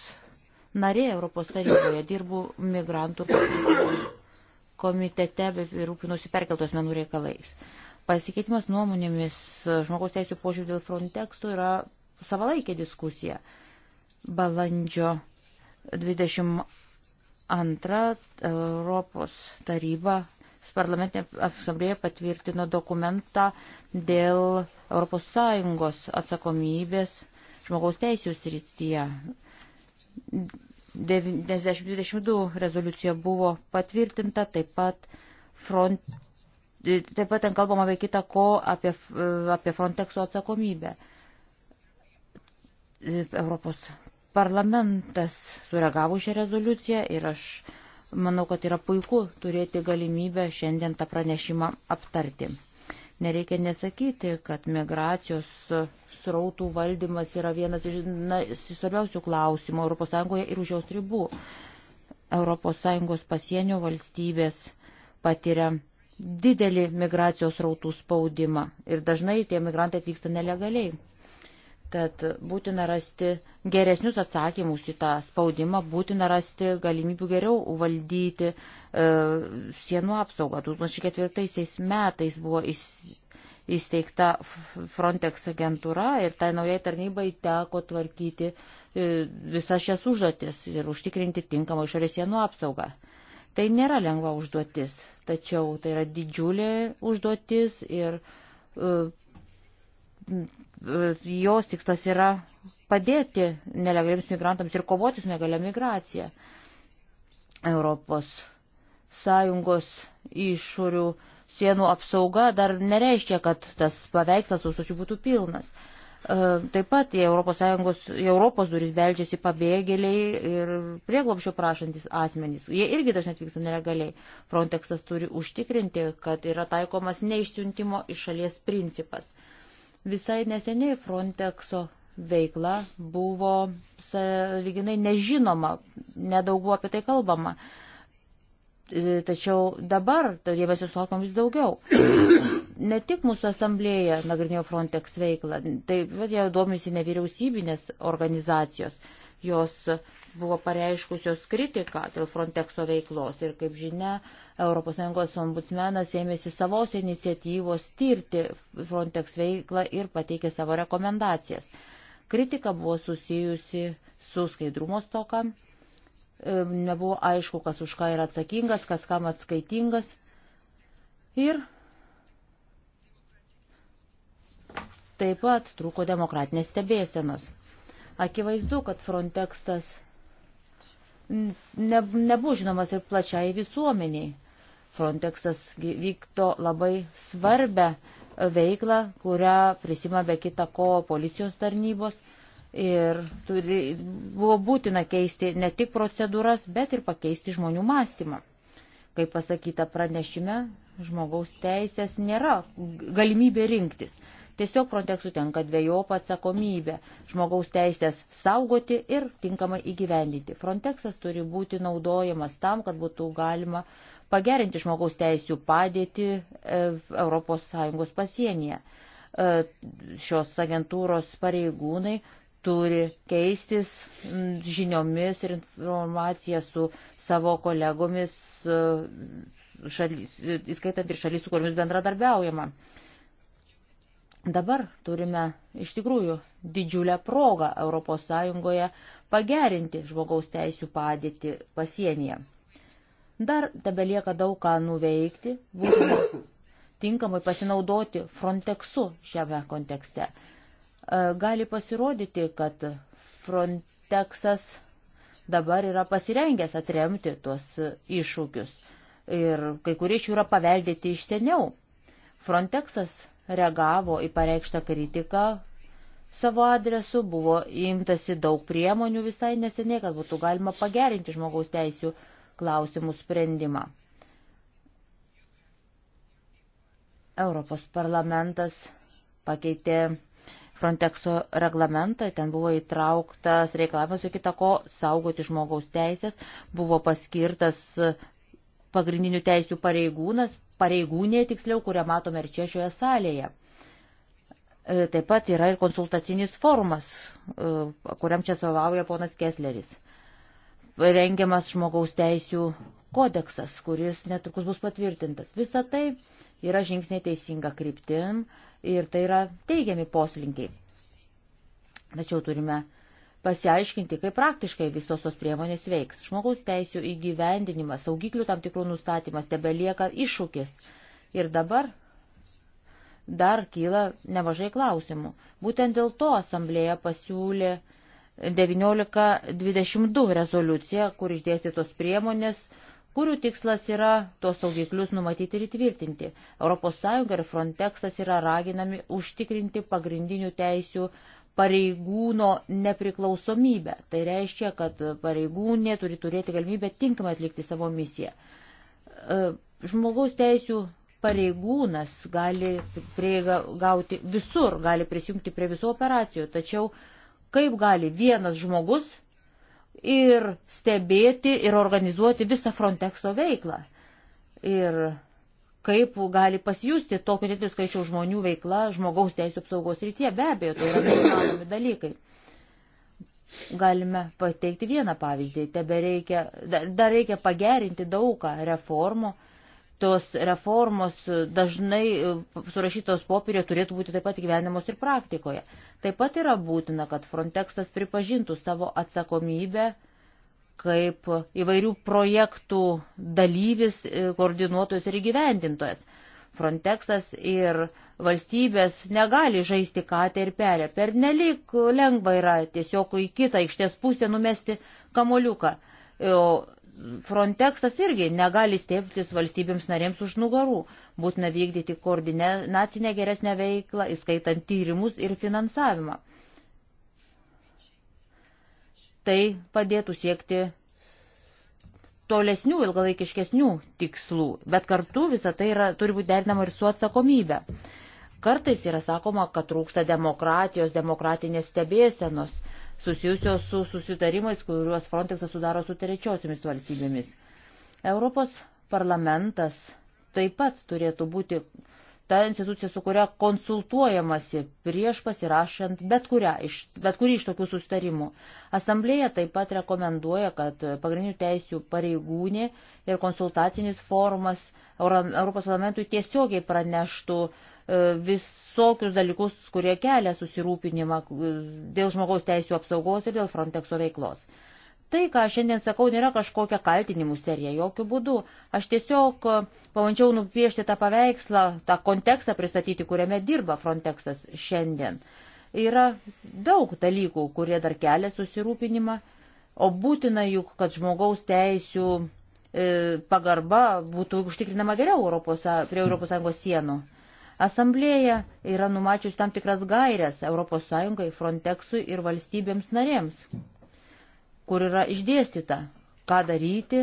S1: narė Europos taryboje, dirbu migrantų komitete ir rūpinosi perkeltos menų reikalais. Pasikeitimas nuomonėmis e, žmogaus teisų požiūrį dėl Frontexų yra savalaikė diskusija. Balandžio 22 Europos taryba parlamentinė asamblėje patvirtino dokumentą dėl ES atsakomybės žmogaus teisų srityje. 9022 rezoliucija buvo patvirtinta, taip pat front Taip pat ten kalbama apie kitą ko, apie, apie Frontexo atsakomybę. Europos parlamentas sureagavo šią rezoliuciją ir aš manau, kad yra puiku turėti galimybę šiandien tą pranešimą aptarti. Nereikia nesakyti, kad migracijos srautų valdymas yra vienas iš na, svarbiausių klausimų ES ir už jos ribų. ES pasienio valstybės patiria didelį migracijos rautų spaudimą ir dažnai tie migrantai atvyksta nelegaliai. Tad būtina rasti geresnius atsakymus į tą spaudimą, būtina rasti galimybių geriau valdyti e, sienų apsaugą. 2004 metais buvo įsteigta Frontex agentūra ir tai naujai tarnybai teko tvarkyti e, visas šias užduotis ir užtikrinti tinkamą išorės sienų apsaugą. Tai nėra lengva užduotis, tačiau tai yra didžiulė užduotis ir uh, jos tikslas yra padėti nelegaliems migrantams ir kovoti su negalia migracija. Europos Sąjungos išorių sienų apsauga dar nereiškia, kad tas paveikslas užduočių būtų pilnas. Uh, E, taip pat į Europos, Sąjungos, į Europos duris beldžiasi pabėgėliai ir prieglopšio prašantis asmenys. Jie irgi dažnai atvyksta nelegaliai. Frontexas turi užtikrinti, kad yra taikomas neišsiuntimo iš šalies principas. Visai neseniai Frontexo veikla buvo lyginai nežinoma, nedaug buvo apie tai kalbama. E, tačiau dabar dėmesio sulaukom vis daugiau. Ne tik mūsų asamblėje nagrinėjo Frontex veiklą, taip pat jie domisi nevyriausybinės organizacijos. Jos buvo pareiškusios kritiką dėl Frontexo veiklos ir, kaip žinia, ES ombudsmenas ėmėsi savos iniciatyvos tirti Frontex veiklą ir pateikė savo rekomendacijas. Kritika buvo susijusi su skaidrumo stokam E, nebuvo aišku, kas už ką yra atsakingas, kas kam atskaitingas. Ir taip pat trūko demokratinės stebėsenos. Akivaizdu, kad Frontextas ne, nebuvo žinomas ir plačiai visuomeniai. Frontexas vykto labai svarbę veiklą, kurią prisima be kita ko policijos tarnybos Ir turi, buvo būtina keisti ne tik procedūras, bet ir pakeisti žmonių mąstymą. Kaip pasakyta pranešime, žmogaus teisės nėra galimybė rinktis. Tiesiog Frontexui tenka dviejopą atsakomybę - žmogaus teisės saugoti ir tinkamai įgyvendinti. Frontexas turi būti naudojamas tam, kad būtų galima pagerinti žmogaus teisų padėtį ES pasienyje e, šios agentūros pareigūnai turi keistis mm, žiniomis ir informacija su savo kolegomis, e, šalis, e, įskaitant ir šalis, su kuriomis bendradarbiaujama. Dabar turime iš tikrųjų didžiulę progą ES pagerinti žmogaus teisų padėtį pasienyje. Dar tebelieka daug ką nuveikti, būtina tinkamai pasinaudoti Frontexu šiame kontekste. E, gali pasirodyti, kad Frontexas dabar yra pasirengęs atremti tuos iššūkius. Ir kai kurie iš jų yra paveldėti iš seniau. Frontexas reagavo į pareikštą kritiką savo adresu, buvo imtasi daug priemonių visai neseniai, kad būtų galima pagerinti žmogaus teisų klausimų sprendimą. Europos parlamentas pakeitė Frontexo reglamentą, ten buvo įtrauktas reikalavimas, jo kitako, saugoti žmogaus teisės, buvo paskirtas e, pagrindinių teisių pareigūnas, pareigūnė tiksliau, kurią matome ir čia šioje salėje. E, taip pat yra ir konsultacinis forumas, e, kuriam čia savauja ponas Kesleris. Rengiamas žmogaus teisių kodeksas, kuris netrukus bus patvirtintas. Visa tai yra žingsniai teisinga kryptim, ir tai yra teigiami poslinkiai. Tačiau turime pasiaiškinti, kaip praktiškai visos tos priemonės veiks. Žmogaus teisų įgyvendinimas, saugiklių tam tikrų nustatymas tebelieka iššūkis. Ir dabar dar kyla nemažai klausimų. Būtent dėl to asamblėje pasiūlė 1922 rezoliuciją, kur išdėstytos priemonės, kurių tikslas yra tos saugiklius numatyti ir įtvirtinti. ES ir Frontexas yra raginami užtikrinti pagrindinių teisių pareigūno nepriklausomybę. Tai reiškia, kad pareigūnė turi turėti galimybę tinkamai atlikti savo misiją. E, žmogaus teisių pareigūnas gali prieigą gauti visur, gali prisijungti prie visų operacijų, tačiau kaip gali vienas žmogus ir stebėti ir organizuoti visą Frontexo veiklą. Ir kaip gali pasijusti tokio didelio skaičiaus žmonių veikla žmogaus teisų apsaugos rytyje. Be abejo, tai yra neįmanomi dalykai. Galime pateikti vieną pavyzdį. Tebe reikia, dar reikia pagerinti daugą reformų tos reformos dažnai e, surašytos popierė turėtų būti taip pat gyvenimos ir praktikoje. Taip pat yra būtina, kad Frontexas pripažintų savo atsakomybę kaip įvairių projektų dalyvis, e, koordinuotojas ir įgyvendintojas. Frontexas ir valstybės negali žaisti katę ir perę. Per nelik lengva yra tiesiog į kitą aikštės pusę numesti kamoliuką. E, o Frontexas irgi negali stėptis valstybėms narėms už nugarų. Būtina vykdyti koordinacinę geresnę veiklą, įskaitant tyrimus ir finansavimą. Tai padėtų siekti tolesnių, ilgalaikiškesnių tikslų, bet kartu visą tai yra, turi būti derinama ir su atsakomybė. Kartais yra sakoma, kad trūksta demokratijos, demokratinės stebėsenos susijusios su susitarimais, kuriuos Frontexas sudaro su trečiosiomis valstybėmis. Europos parlamentas taip pat turėtų būti ta institucija, su kuria konsultuojamasi prieš pasirašant bet, kurią, iš, bet kurį iš tokių sustarimų. Asamblėja taip pat rekomenduoja, kad pagrindinių teisių pareigūnė ir konsultacinis forumas Europos parlamentui tiesiogiai praneštų uh, E, visokius dalykus, kurie kelia susirūpinimą dėl žmogaus teisų apsaugos ir dėl Frontexo veiklos. Tai, ką šiandien sakau, nėra kažkokia kaltinimų serija, jokių būdų. Aš tiesiog e, pabandžiau nupiešti tą paveikslą, tą kontekstą pristatyti, kuriame dirba Frontexas šiandien. Yra daug dalykų, kurie dar kelia susirūpinimą, o būtina juk, kad žmogaus teisų e, pagarba būtų užtikrinama geriau Europos, prie ES sienų. Asamblėja yra numačiusi tam tikras gairias ES, Frontexui ir valstybėms narėms, kur yra išdėstyta, ką daryti,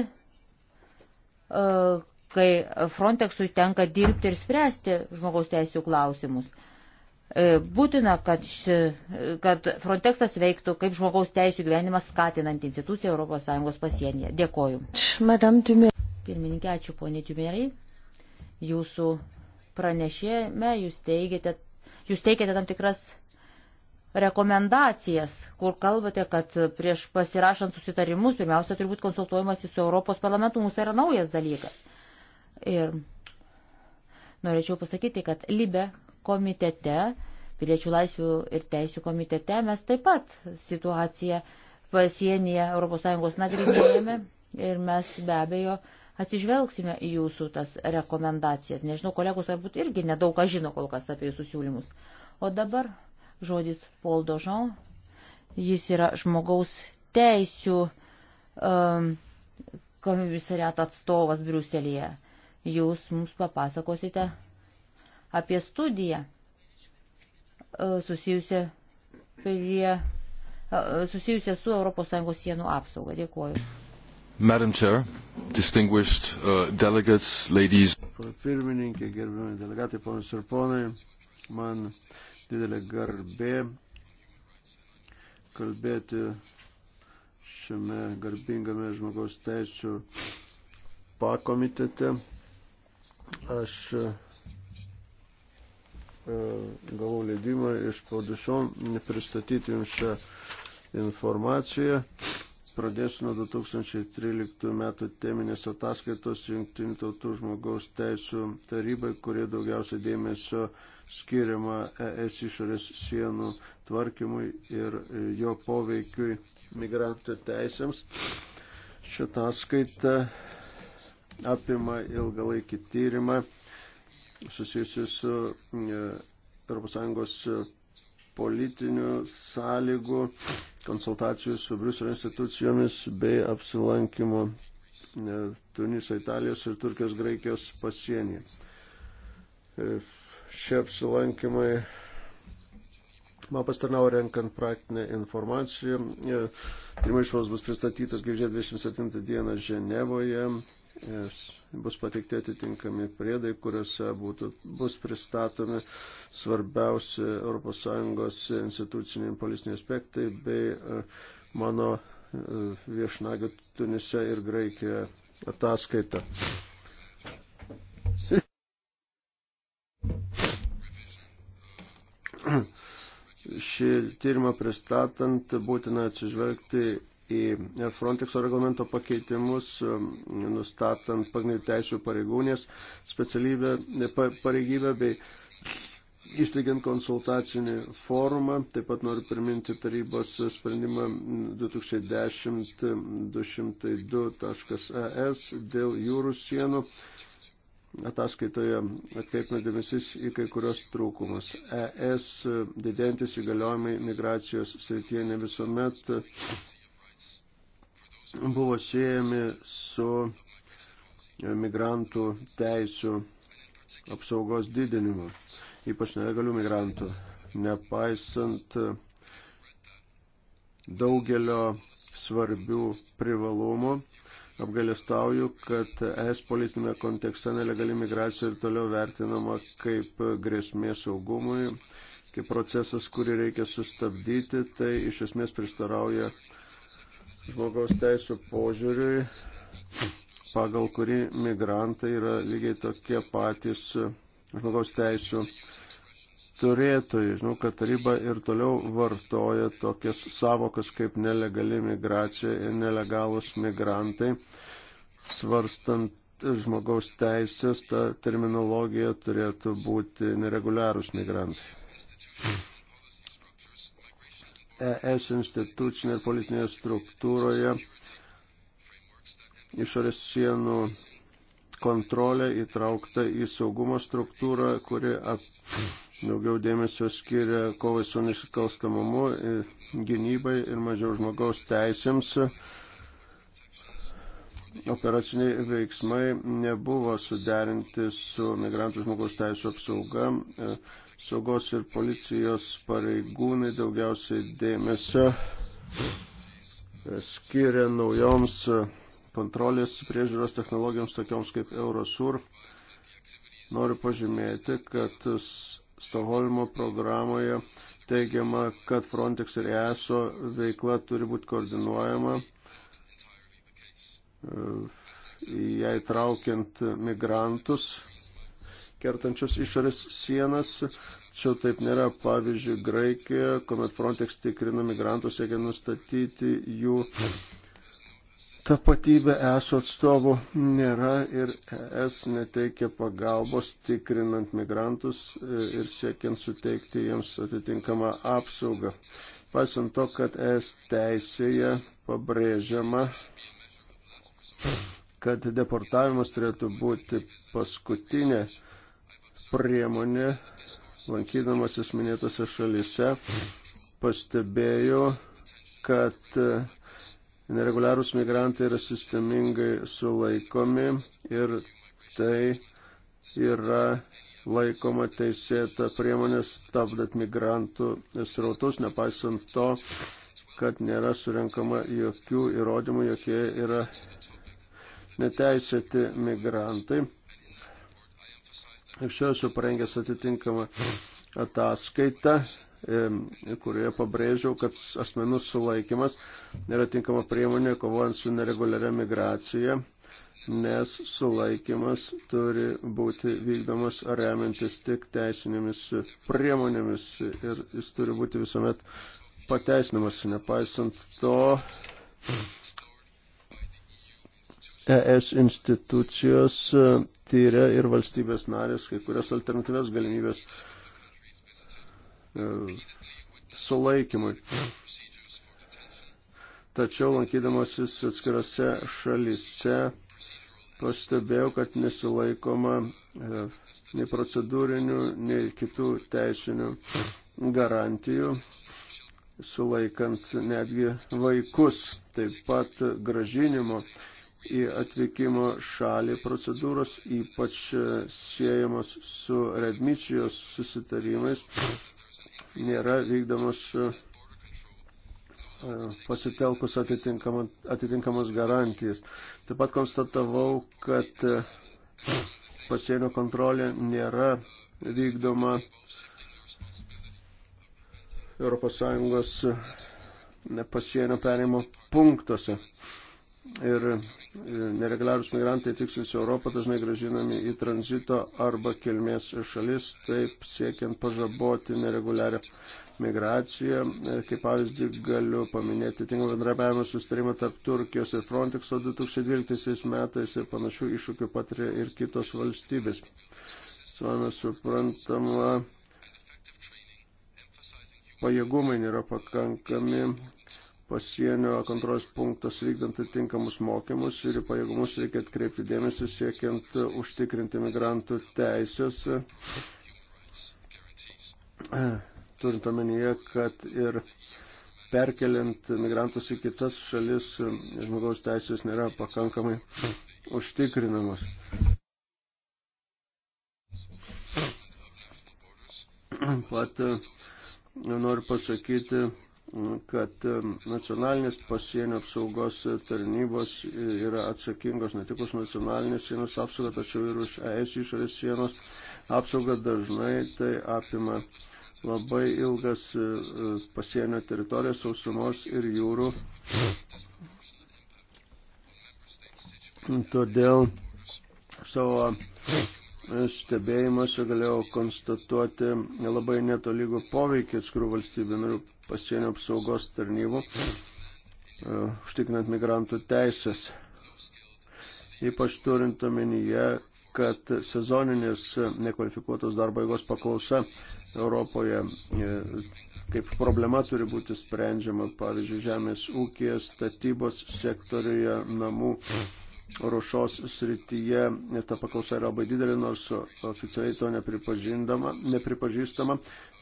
S1: e, kai Frontexui tenka dirbti ir spręsti žmogaus teisų klausimus. E, būtina, kad, ši, kad Frontexas veiktų kaip žmogaus teisų gyvenimas skatinant instituciją ES pasienyje. Dėkoju. Pirmininkė, ačiū ponė Čiumerai. Jūsų pranešėme jūs teigiate, jūs teikiate tam tikras rekomendacijas, kur kalbate, kad prieš pasirašant susitarimus pirmiausia turi būti konsultuojamasi su Europos parlamentu, mums yra naujas dalykas. Ir norėčiau pasakyti, kad Libe komitete, piliečių laisvių ir teisų komitete mes taip pat situaciją pasienyje ES nagrinėjame ir mes be abejo atsižvelgsime į jūsų tas rekomendacijas. Nežinau, kolegos, ar būt irgi nedaug ką žino kol kas apie jūsų siūlymus. O dabar žodis Paul Dožon. Jis yra žmogaus teisių um, komisariato atstovas Briuselėje. Jūs mums papasakosite apie studiją uh, susijusią, prie, uh, susijusią su ES sienų apsauga. Dėkuoju. Madam Chair, distinguished uh, delegates, ladies.
S2: Pirmininkė, gerbiami delegatai, ponas ir ponai, man didelė garbė kalbėti šiame garbingame žmogaus teisų pakomitete. Aš e, gavau leidimą iš Padušom pristatyti jums šią informaciją pradės nuo 2013 metų teminės ataskaitos Junktinių tautų žmogaus teisų tarybai, kurie daugiausia dėmesio skiriama ES išorės sienų tvarkymui ir e, jo poveikiui migrantų teisėms. Šitą ataskaitą apima ilgalaikį tyrimą susijusiu su ES politinių sąlygų, konsultacijų su Briuselio institucijomis bei apsilankimo e, Tuniso, Italijos ir Turkijos Graikijos pasienyje. E, šie apsilankimai man pastarnavo renkant praktinę informaciją. E, pirma išvos bus pristatytas gegužės 27 dieną Ženevoje. Yes bus pateikti atitinkami priedai, kuriuose būtų, bus pristatomi svarbiausi ES instituciniai ir politiniai aspektai bei e, mano e, viešnagio Tunise ir Graikijoje ataskaita. Šį tyrimą pristatant būtina atsižvelgti į Frontexo reglamento pakeitimus, um, nustatant pagrindinių teisų pareigūnės specialybę, pa, pareigybę bei įsteigiant konsultacinį forumą. Taip pat noriu priminti tarybos sprendimą 2010-202.es e dėl jūrų sienų. Ataskaitoje atkreipime dėmesys į kai kurios trūkumus. ES didėjantis įgaliojimai migracijos srityje ne visuomet buvo siejami su migrantų teisų apsaugos didinimu, ypač nelegalių migrantų. Nepaisant daugelio svarbių privalumų, apgalėstauju, kad es politinėme kontekste nelegali migracija ir toliau vertinama kaip grėsmė saugumui, kaip procesas, kurį reikia sustabdyti, tai iš esmės pristarauja žmogaus teisų požiūriui, pagal kurį migrantai yra lygiai tokie patys žmogaus teisų turėtojai. Žinau, kad taryba ir toliau vartoja tokias savokas kaip nelegali migracija ir nelegalus migrantai. Svarstant žmogaus teisės, ta terminologija turėtų būti nereguliarūs migrantai. ES institucinėje ir politinėje struktūroje išorės sienų kontrolė įtraukta į saugumo struktūrą, kuri ap, daugiau dėmesio skiria kovai su nusikalstamumu, gynybai ir mažiau žmogaus teisėms. Operaciniai veiksmai nebuvo suderinti su migrantų žmogaus teisų apsauga. E, saugos ir policijos pareigūnai daugiausiai dėmesio skiria naujoms kontrolės priežiūros technologijoms tokioms kaip Eurosur. Noriu pažymėti, kad Stokholmo programoje teigiama, kad Frontex ir ESO veikla turi būti koordinuojama, e, jai traukiant migrantus kertančius išorės sienas, tačiau taip nėra. Pavyzdžiui, Graikijoje, kuomet Frontex tikrina migrantus, siekia nustatyti jų tapatybę ESO atstovų nėra ir ES neteikia pagalbos tikrinant migrantus e, ir siekiant suteikti jiems atitinkamą apsaugą. Pasiant to, kad ES teisėje pabrėžiama, kad deportavimas turėtų būti paskutinė priemonė, lankydamasis minėtose šalise, pastebėjo, kad e, nereguliarūs migrantai yra sistemingai sulaikomi ir tai yra laikoma teisėta priemonė stabdant migrantų srautus, nepaisant to, kad nėra surinkama jokių įrodymų, jokie yra neteisėti migrantai. Anksčiau esu parengęs atitinkamą ataskaitą, kurioje pabrėžiau, kad asmenų sulaikimas yra tinkama priemonė kovojant su nereguliaria migracija, nes sulaikimas turi būti vykdomas remiantis tik teisinėmis priemonėmis ir jis turi būti visuomet pateisinamas. Nepaisant to, ES institucijos e, tyria ir valstybės narės kai kurias alternatyves galimybės e, sulaikymui. Tačiau lankydamasis atskirose šalyse pastebėjau, kad nesilaikoma e, nei procedūrinių, nei kitų teisinių garantijų, sulaikant netgi vaikus, taip pat gražinimo į atvykimo šalį procedūros, ypač e, siejamos su redmisijos susitarimais, nėra vykdomos e, e, pasitelkus atitinkamas garantijas. Taip pat konstatavau, kad pasienio kontrolė nėra vykdoma ES pasienio perėjimo punktuose ir nereguliarūs migrantai tikslis Europą dažnai gražinami į tranzito arba kilmės šalis, taip siekiant pažaboti nereguliarią migraciją. Kaip pavyzdį galiu paminėti tinkamą bendrabiavimo sustarimą tarp Turkijos ir Frontexo 2012 metais ir panašių iššūkių patiria ir kitos valstybės. Suomė suprantama, pajėgumai nėra pakankami pasienio kontrolės punktus vykdant atitinkamus mokymus ir į pajėgumus reikia atkreipti dėmesį siekiant užtikrinti migrantų teisės, turint omenyje, kad ir perkeliant migrantus į kitas šalis žmogaus teisės nėra pakankamai užtikrinamos. Pat noriu pasakyti, kad e, nacionalinės pasienio apsaugos tarnybos yra atsakingos ne tik už nacionalinės sienos apsaugą, tačiau ir už ES išorės sienos apsaugą dažnai tai apima labai ilgas e, pasienio teritorijas, sausumos ir jūrų. Todėl savo e, stebėjimuose galėjau konstatuoti labai netolygų poveikį atskirų valstybių narių pasienio apsaugos tarnybų, e, užtikrinant migrantų teisės. Ypač turint omenyje, kad sezoninės nekvalifikuotos darbo jėgos paklausa Europoje e, kaip problema turi būti sprendžiama, pavyzdžiui, žemės ūkės, statybos sektoriuje, namų rušos srityje ta paklausa yra labai didelė, nors oficialiai to nepripažįstama.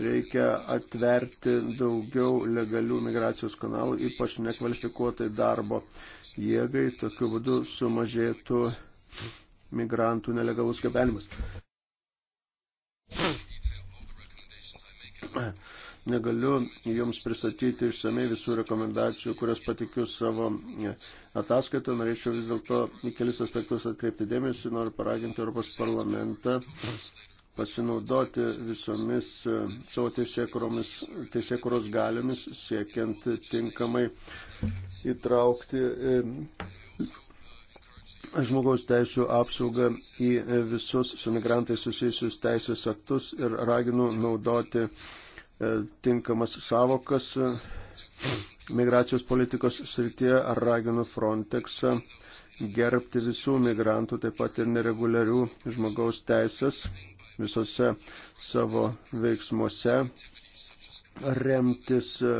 S2: Reikia atverti daugiau legalių migracijos kanalų, ypač nekvalifikuotai darbo jėgai. Tokiu būdu sumažėtų migrantų nelegalus gabenimas negaliu jums pristatyti išsamei visų rekomendacijų, kurias patikiu savo e, ataskaitą. Norėčiau vis dėlto į kelis aspektus atkreipti dėmesį. Noriu paraginti Europos parlamentą pasinaudoti visomis e, savo teisėkuros galiomis, siekiant tinkamai įtraukti e, žmogaus teisų apsaugą į visus su migrantais susijusius teisės aktus ir raginu naudoti uh, E, tinkamas savokas e, migracijos politikos srityje, ar raginu Frontexą gerbti visų migrantų, taip pat ir nereguliarių žmogaus teisės visose savo veiksmuose, remtis e,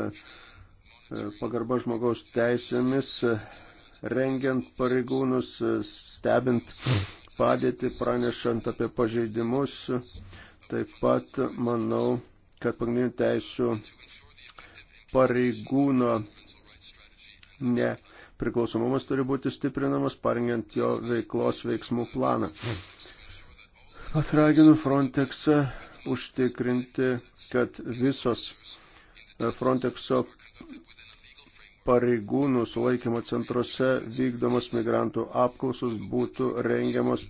S2: pagarba žmogaus teisėmis, rengiant pareigūnus, stebint padėtį, pranešant apie pažeidimus. Taip pat, manau, kad pagrindinių teisų pareigūno nepriklausomumas turi būti stiprinamas, parengiant jo veiklos veiksmų planą. Atraginu Frontexą užtikrinti, kad visos Frontexo pareigūnų sulaikymo centruose vykdomos migrantų apklausos būtų rengiamos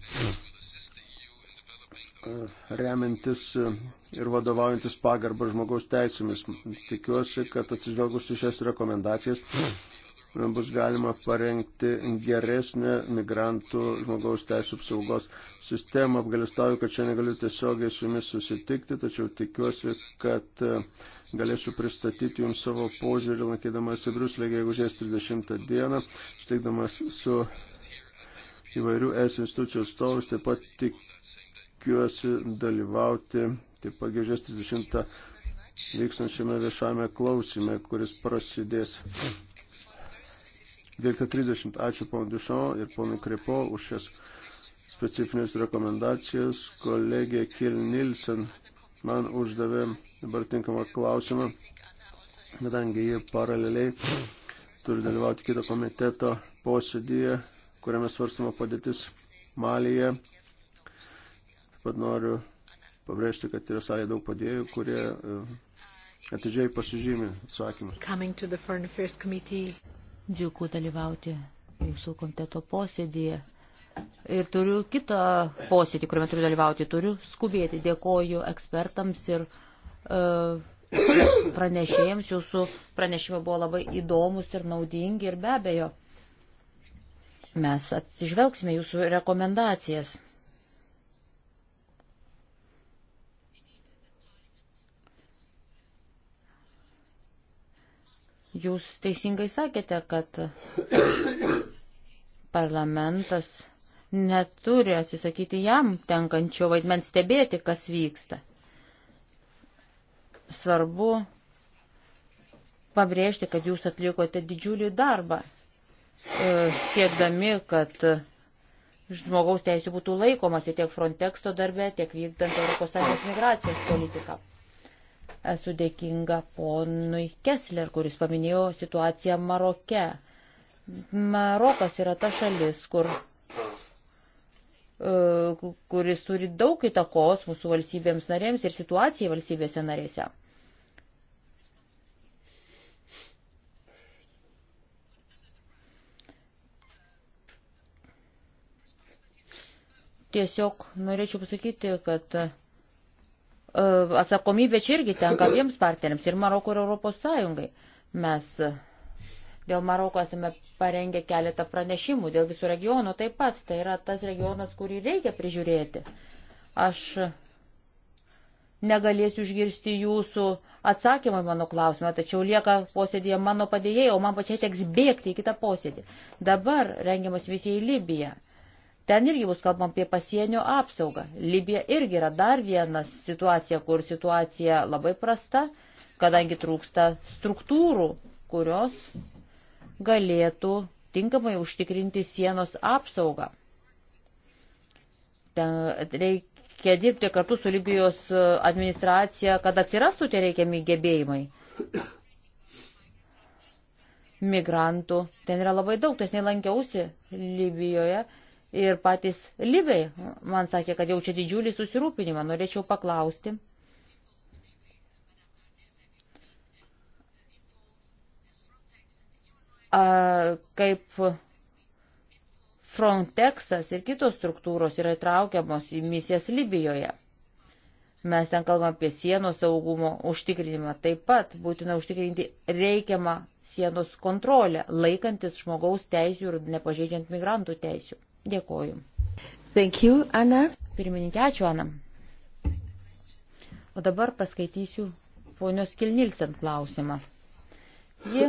S2: remiantis ir vadovaujantis pagarbą žmogaus teisėmis. Tikiuosi, kad atsižvelgus į šias rekomendacijas bus galima parengti geresnę migrantų žmogaus teisų apsaugos sistemą. Apgalistauju, kad čia negaliu tiesiogiai su jumis susitikti, tačiau tikiuosi, kad e, galėsiu pristatyti jums savo požiūrį, lankydamas į Bruslę, jeigu žies 30 dieną, sutikdamas su įvairių es institucijų atstovus, taip pat tik tikiuosi dalyvauti taip pat gegužės 30 vykstančiame viešame klausime, kuris prasidės 12.30. Ačiū ponui Dušon ir ponui Krepo už šias specifinės rekomendacijas. Kolegė Kil Nilsen man uždavė dabar tinkamą klausimą, kadangi jie paraleliai turi dalyvauti kito komiteto posėdyje, kuriame svarstama padėtis Malyje pat noriu pabrėžti, kad yra sąlyje daug padėjų, kurie e, atidžiai pasižymė
S1: atsakymus. Džiugu dalyvauti jūsų komiteto posėdėje. Ir turiu kitą posėdį, kuriame turiu dalyvauti. Turiu skubėti. Dėkoju ekspertams ir uh, pranešėjams. Jūsų pranešimai buvo labai įdomus ir naudingi. Ir be abejo, mes atsižvelgsime jūsų rekomendacijas. Jūs teisingai sakėte, kad parlamentas neturi atsisakyti jam tenkančio vaidmens stebėti, kas vyksta. Svarbu pabrėžti, kad jūs atlikote didžiulį darbą, e, siekdami, kad žmogaus teisų būtų laikomasi tiek Frontexto darbe, tiek vykdant ES migracijos politiką. Esu dėkinga ponui Kessler, kuris paminėjo situaciją Maroke. Marokas yra ta šalis, kur, uh, kuris turi daug įtakos mūsų valstybėms narėms ir situacijai valstybėse narėse. Tiesiog norėčiau pasakyti, kad E, atsakomybė čia irgi tenka abiems partneriams ir Maroko ir Europos Sąjungai. Mes dėl Maroko esame parengę keletą pranešimų, dėl visų regionų taip pat. Tai yra tas regionas, kurį reikia prižiūrėti. Aš negalėsiu išgirsti jūsų atsakymą į mano klausimą, tačiau lieka posėdėje mano padėjėjai, o man pačiai teks bėgti į kitą posėdį. Dabar rengiamas visi į Libiją. Ten irgi bus kalbam apie pasienio apsaugą. Libija irgi yra dar viena situacija, kur situacija labai prasta, kadangi trūksta struktūrų, kurios galėtų tinkamai užtikrinti sienos apsaugą. Ten reikia dirbti kartu su Libijos e, administracija, kad atsirastų tie reikiami gebėjimai migrantų. Ten yra labai daug, nes nelankiausi Libijoje ir patys Libiai man sakė, kad jaučia didžiulį susirūpinimą. Norėčiau paklausti. A, kaip Frontexas ir kitos struktūros yra įtraukiamos į misijas Libijoje. Mes ten kalbam apie sienos saugumo užtikrinimą. Taip pat būtina užtikrinti reikiamą sienos kontrolę, laikantis žmogaus teisų ir nepažeidžiant migrantų teisų. Dėkoju. Thank you, Ana. Pirmininkė, ačiū, Ana. O dabar paskaitysiu ponios Kilnilsen klausimą. Ji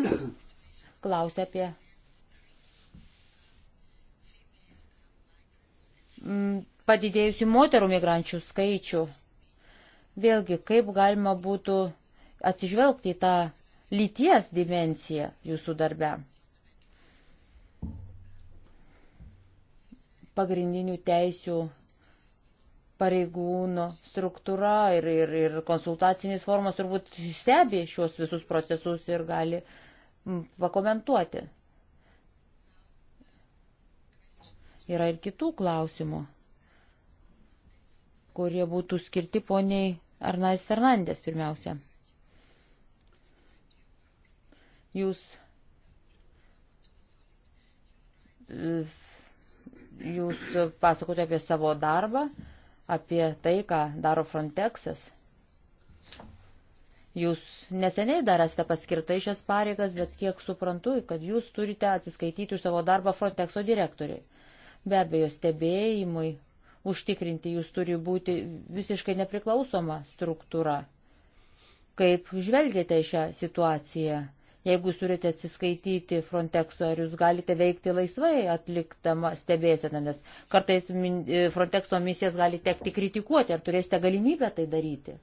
S1: klausia apie mm, padidėjusių moterų migrančių skaičių. Vėlgi, kaip galima būtų atsižvelgti į tą lyties dimenciją jūsų darbe. pagrindinių teisių pareigūno struktūra ir, ir, ir konsultacinės formos turbūt stebi šios visus procesus ir gali pakomentuoti. Yra ir kitų klausimų, kurie būtų skirti poniai Arnais Fernandės pirmiausia. Jūs jūs pasakote apie savo darbą, apie tai, ką daro Frontexas. Jūs neseniai dar esate paskirta į šias pareigas, bet kiek suprantu, kad jūs turite atsiskaityti už savo darbą Frontexo direktoriui. Be abejo, stebėjimui užtikrinti jūs turi būti visiškai nepriklausoma struktūra. Kaip žvelgėte į šią situaciją? Jeigu jūs turite atsiskaityti Frontexo, ar jūs galite veikti laisvai atliktama stebėsena, nes kartais e, Frontexo misijas gali tekti kritikuoti, ar turėsite galimybę tai daryti.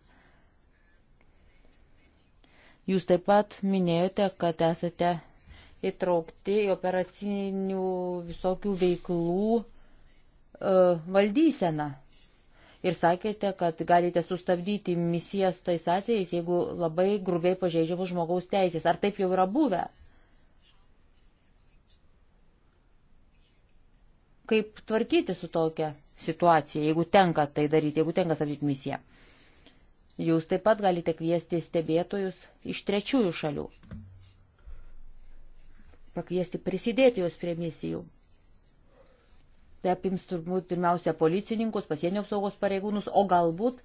S1: Jūs taip pat minėjote, kad esate įtraukti į operacinių visokių veiklų e, valdyseną ir sakėte, kad galite sustabdyti misijas tais atvejais, jeigu labai grubiai pažeidžiamos žmogaus teisės. Ar taip jau yra buvę? Kaip tvarkyti su tokia situacija, jeigu tenka tai daryti, jeigu tenka stabdyti misiją? Jūs taip pat galite kviesti stebėtojus iš trečiųjų šalių. Pakviesti prisidėti jos prie misijų. Tai apims turbūt pirmiausia policininkus, pasienio apsaugos pareigūnus, o galbūt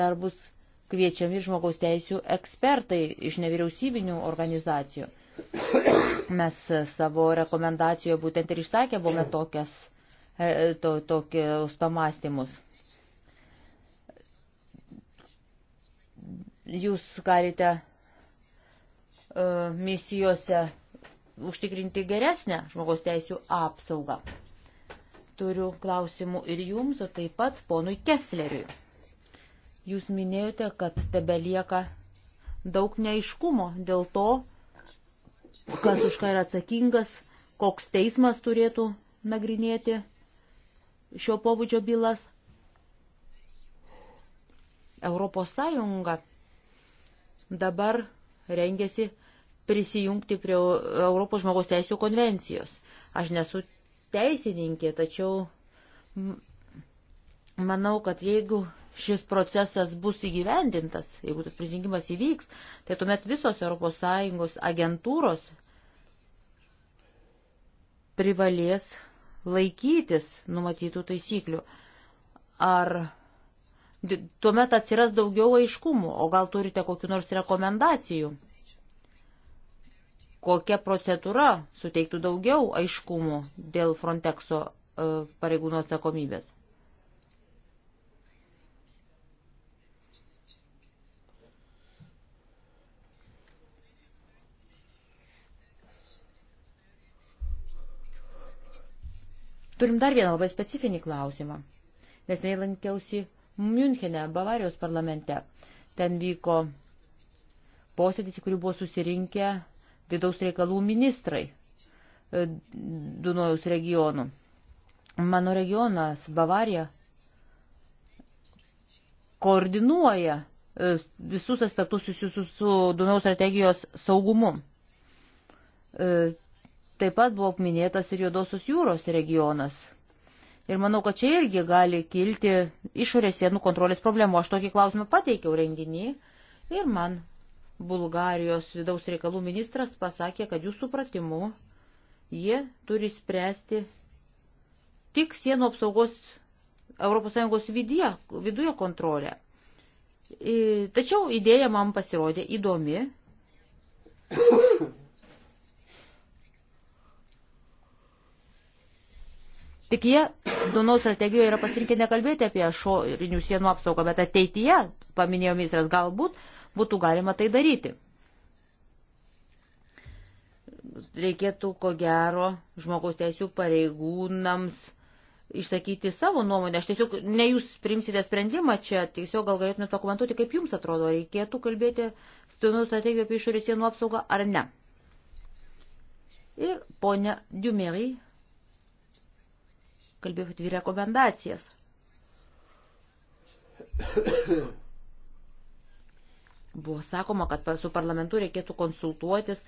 S1: dar bus kviečiami žmogaus teisų ekspertai iš nevyriausybinių organizacijų. Mes savo rekomendacijoje būtent ir išsakė buvome tokias, e, to, tokius pamastymus. Jūs galite uh, misijose užtikrinti geresnę žmogaus teisų apsaugą turiu klausimų ir jums, o taip pat ponui Kessleriui. Jūs minėjote, kad tebe lieka daug neiškumo dėl to, kas už ką yra atsakingas, koks teismas turėtų nagrinėti šio pobūdžio bylas. Europos Sąjunga dabar rengiasi prisijungti prie Europos žmogaus teisų konvencijos. Aš nesu teisininkė, tačiau manau, kad jeigu šis procesas bus įgyvendintas, jeigu tas prisijungimas įvyks, tai tuomet visos ES agentūros privalės laikytis numatytų taisyklių. Ar tuomet atsiras daugiau aiškumų, o gal turite kokiu nors rekomendacijų? kokia procedūra suteiktų daugiau aiškumų dėl Frontexo e, pareigūno atsakomybės. Turim dar vieną labai specifinį klausimą. Nesnei lankiausi Münchene, Bavarijos parlamente. Ten vyko posėdis, į kurį buvo susirinkę vidaus reikalų ministrai e, Dunojaus regionų. Mano regionas Bavarija koordinuoja e, visus aspektus susijusius su Dunaus strategijos saugumu. E, taip pat buvo minėtas ir Juodosios jūros regionas. Ir manau, kad čia irgi gali kilti išorės sienų kontrolės problemų. Aš tokį klausimą pateikiau renginį ir man Bulgarijos vidaus reikalų ministras pasakė, kad jų supratimu jie turi spręsti tik sienų apsaugos ES viduje, viduje kontrolę. Tačiau idėja man pasirodė įdomi. Tik jie Dunaus strategijoje yra pasirinkę nekalbėti apie šorinių sienų apsaugą, bet ateityje, paminėjo ministras, galbūt būtų galima tai daryti. Reikėtų, ko gero, žmogaus teisų pareigūnams išsakyti savo nuomonę. Aš tiesiog, ne jūs primsite sprendimą čia, tiesiog gal galėtumėte dokumentuoti, kaip jums atrodo, reikėtų kalbėti stinų strategiją apie išorės sienų apsaugą ar ne. Ir ponia Diumerai kalbėjo dvi rekomendacijas. Buvo sakoma, kad su parlamentu reikėtų konsultuotis,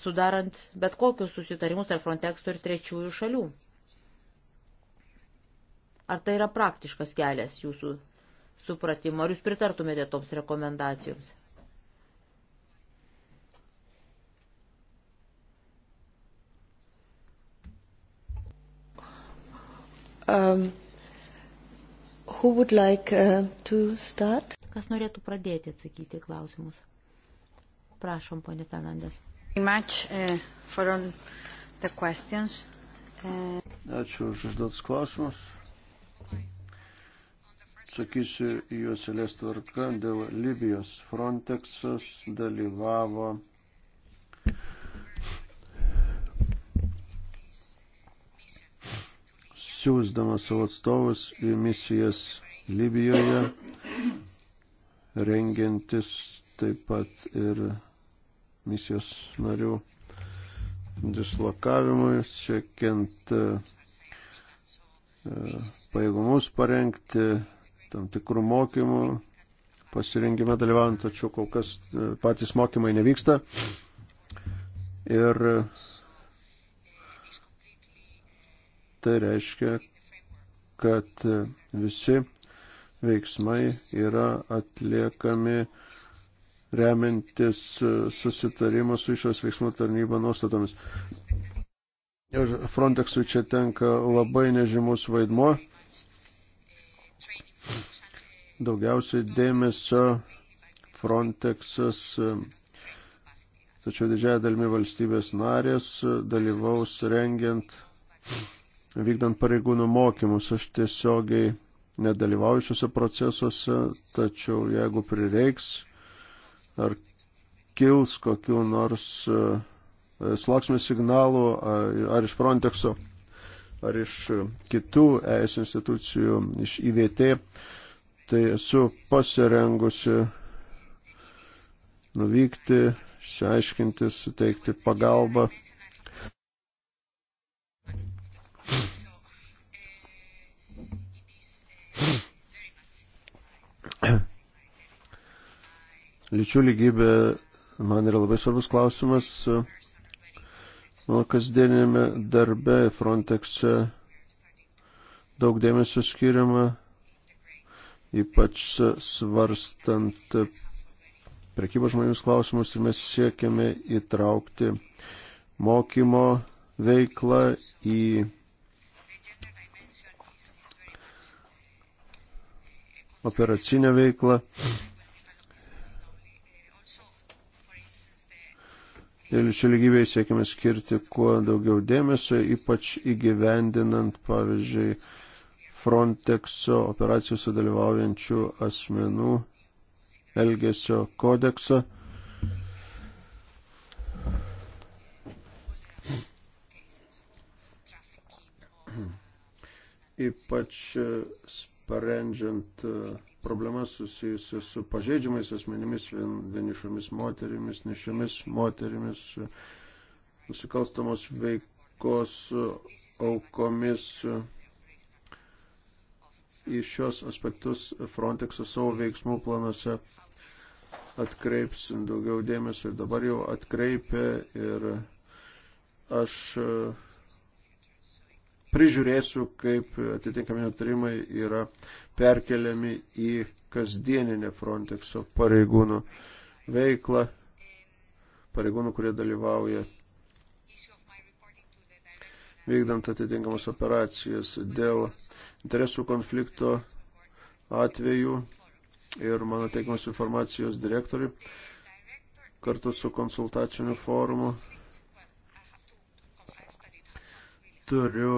S1: sudarant bet kokius susitarimus ar Frontexų ir trečiųjų šalių. Ar tai yra praktiškas kelias jūsų supratimo? Ar jūs pritartumėte toms rekomendacijoms? Um, who would like uh, to start? Kas norėtų pradėti atsakyti klausimus? Prašom, ponė Fernandės. Eh, eh,
S2: Ačiū už užduotus klausimus. Sakysiu, juos eilės tvarka dėl Libijos. Frontexas dalyvavo siūsdamas savo atstovus į misijas Libijoje rengiantis taip pat ir misijos narių dislokavimui, siekiant e, e, pajėgumus parengti tam tikrų mokymų pasirinkime dalyvaujant, tačiau kol kas e, patys mokymai nevyksta. Ir tai reiškia, kad visi veiksmai yra atliekami remiantis susitarimo su išorės veiksmų tarnyba nuostatomis. Ir Frontexui čia tenka labai nežymus vaidmuo. Daugiausiai dėmesio Frontexas, tačiau didžiaja dalimi valstybės narės dalyvaus rengiant, vykdant pareigūnų mokymus. Aš tiesiogiai nedalyvauju šiuose procesuose, tačiau jeigu prireiks ar kils kokiu nors e, sulauksime signalų ar, ar iš Frontexo, ar iš kitų ES institucijų, iš IVT, tai esu pasirengusi nuvykti, išsiaiškinti, suteikti pagalbą Lyčių lygybė man yra labai svarbus klausimas. E, mano kasdienėme darbe Frontexe daug dėmesio skiriama, ypač svarstant prekybos žmonėmis klausimus ir mes siekiame įtraukti mokymo veiklą į operacinę veiklą. lyčių lygybėje siekime skirti kuo daugiau dėmesio, ypač įgyvendinant, pavyzdžiui, Frontexo operacijų sudalyvaujančių asmenų elgesio kodeksą. Ypač parenžiant e, problemas susijusias su pažeidžiamais asmenimis, vien, vienišomis moterimis, nešiomis moterimis, nusikalstamos veikos aukomis. Į šios aspektus Frontexas savo veiksmų planuose atkreips daugiau dėmesio ir dabar jau atkreipia ir aš prižiūrėsiu, kaip atitinkami nutarimai yra perkeliami į kasdieninę Frontexo pareigūnų veiklą, pareigūnų, kurie dalyvauja vykdant atitinkamas operacijas dėl interesų konflikto atveju ir mano teikiamas informacijos direktoriui kartu su konsultaciniu forumu turiu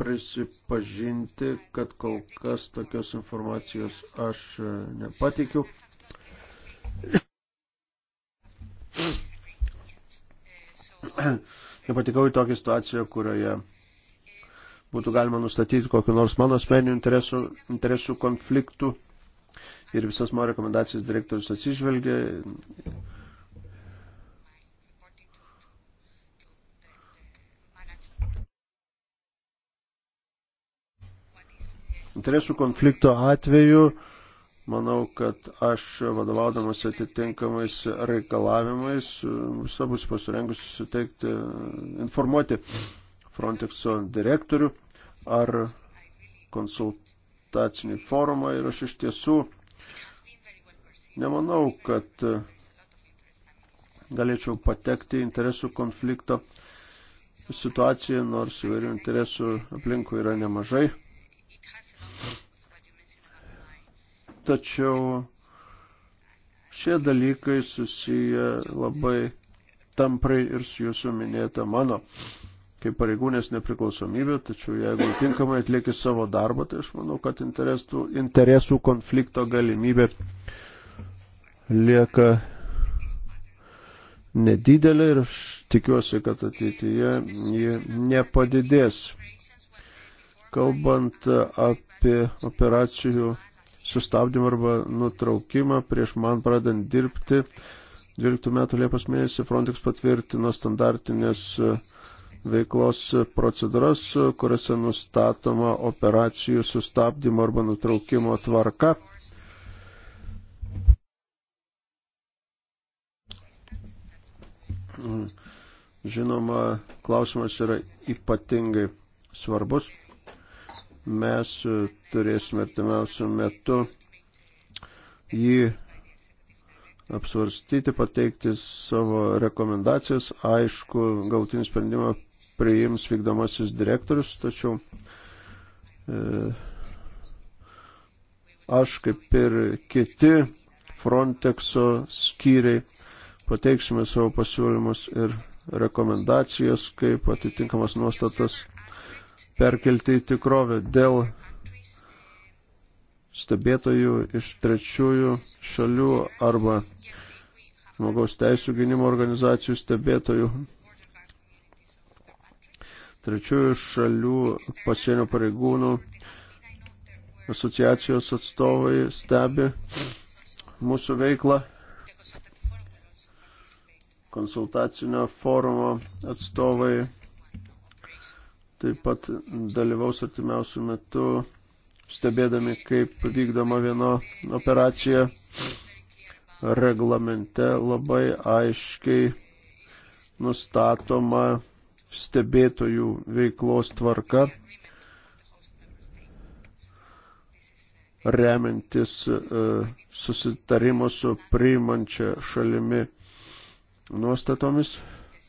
S2: prisipažinti, kad kol kas tokios informacijos aš e, nepatikiu. Nepatikau į tokią situaciją, kurioje būtų galima nustatyti kokiu nors mano asmeninių interesų, interesų konfliktų ir visas mano rekomendacijas direktorius atsižvelgia interesų konflikto atveju, manau, kad aš vadovaudamas atitinkamais reikalavimais visą bus pasirengusi suteikti, informuoti Frontexo direktorių ar konsultacinį forumą ir aš iš tiesų nemanau, kad galėčiau patekti interesų konflikto situaciją, nors įvairių interesų aplinkų yra nemažai. tačiau šie dalykai susiję labai tamprai ir su jūsų minėta mano kaip pareigūnės nepriklausomybė, tačiau jeigu tinkamai atlieki savo darbą, tai aš manau, kad interesų, interesų konflikto galimybė lieka nedidelė ir aš tikiuosi, kad ateityje ji nepadidės. Kalbant apie operacijų sustabdymą arba nutraukimą prieš man pradant dirbti. 12 metų Liepos mėnesį Frontex patvirtino standartinės e, veiklos procedūras, e, kuriuose nustatoma operacijų sustabdymo arba nutraukimo tvarka. Žinoma, klausimas yra ypatingai svarbus mes e, turėsime artimiausių metų jį apsvarstyti, pateikti savo rekomendacijas. Aišku, galtinį sprendimą priims vykdomasis direktorius, tačiau e, aš kaip ir kiti Frontexo skyriai pateiksime savo pasiūlymus ir rekomendacijas, kaip atitinkamas nuostatas perkelti į tikrovę dėl stebėtojų iš trečiųjų šalių arba žmogaus teisų gynimo organizacijų stebėtojų. Trečiųjų šalių pasienio pareigūnų asociacijos atstovai stebi mūsų veiklą konsultacinio forumo atstovai taip pat dalyvaus artimiausių metų stebėdami, kaip vykdoma viena operacija reglamente labai aiškiai nustatoma stebėtojų veiklos tvarka, remiantis e, susitarimu su priimančia šalimi nuostatomis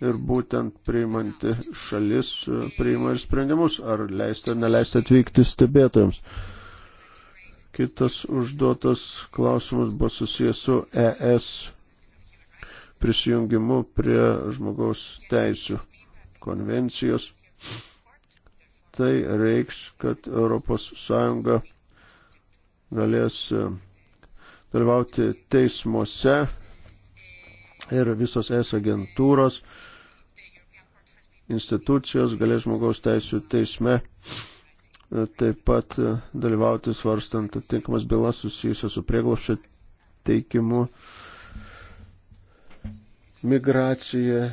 S2: ir būtent priimanti šalis e, priima ir sprendimus, ar leisti ar neleisti atvykti stebėtojams. Kitas užduotas klausimas buvo susijęs su ES prisijungimu prie žmogaus teisų konvencijos. Tai reikš, kad ES galės e, dalyvauti teismuose ir visos es agentūros institucijos galės žmogaus teisų teisme e, taip pat e, dalyvauti svarstant atitinkamas bylas susijusios su prieglopščio teikimu, migracija.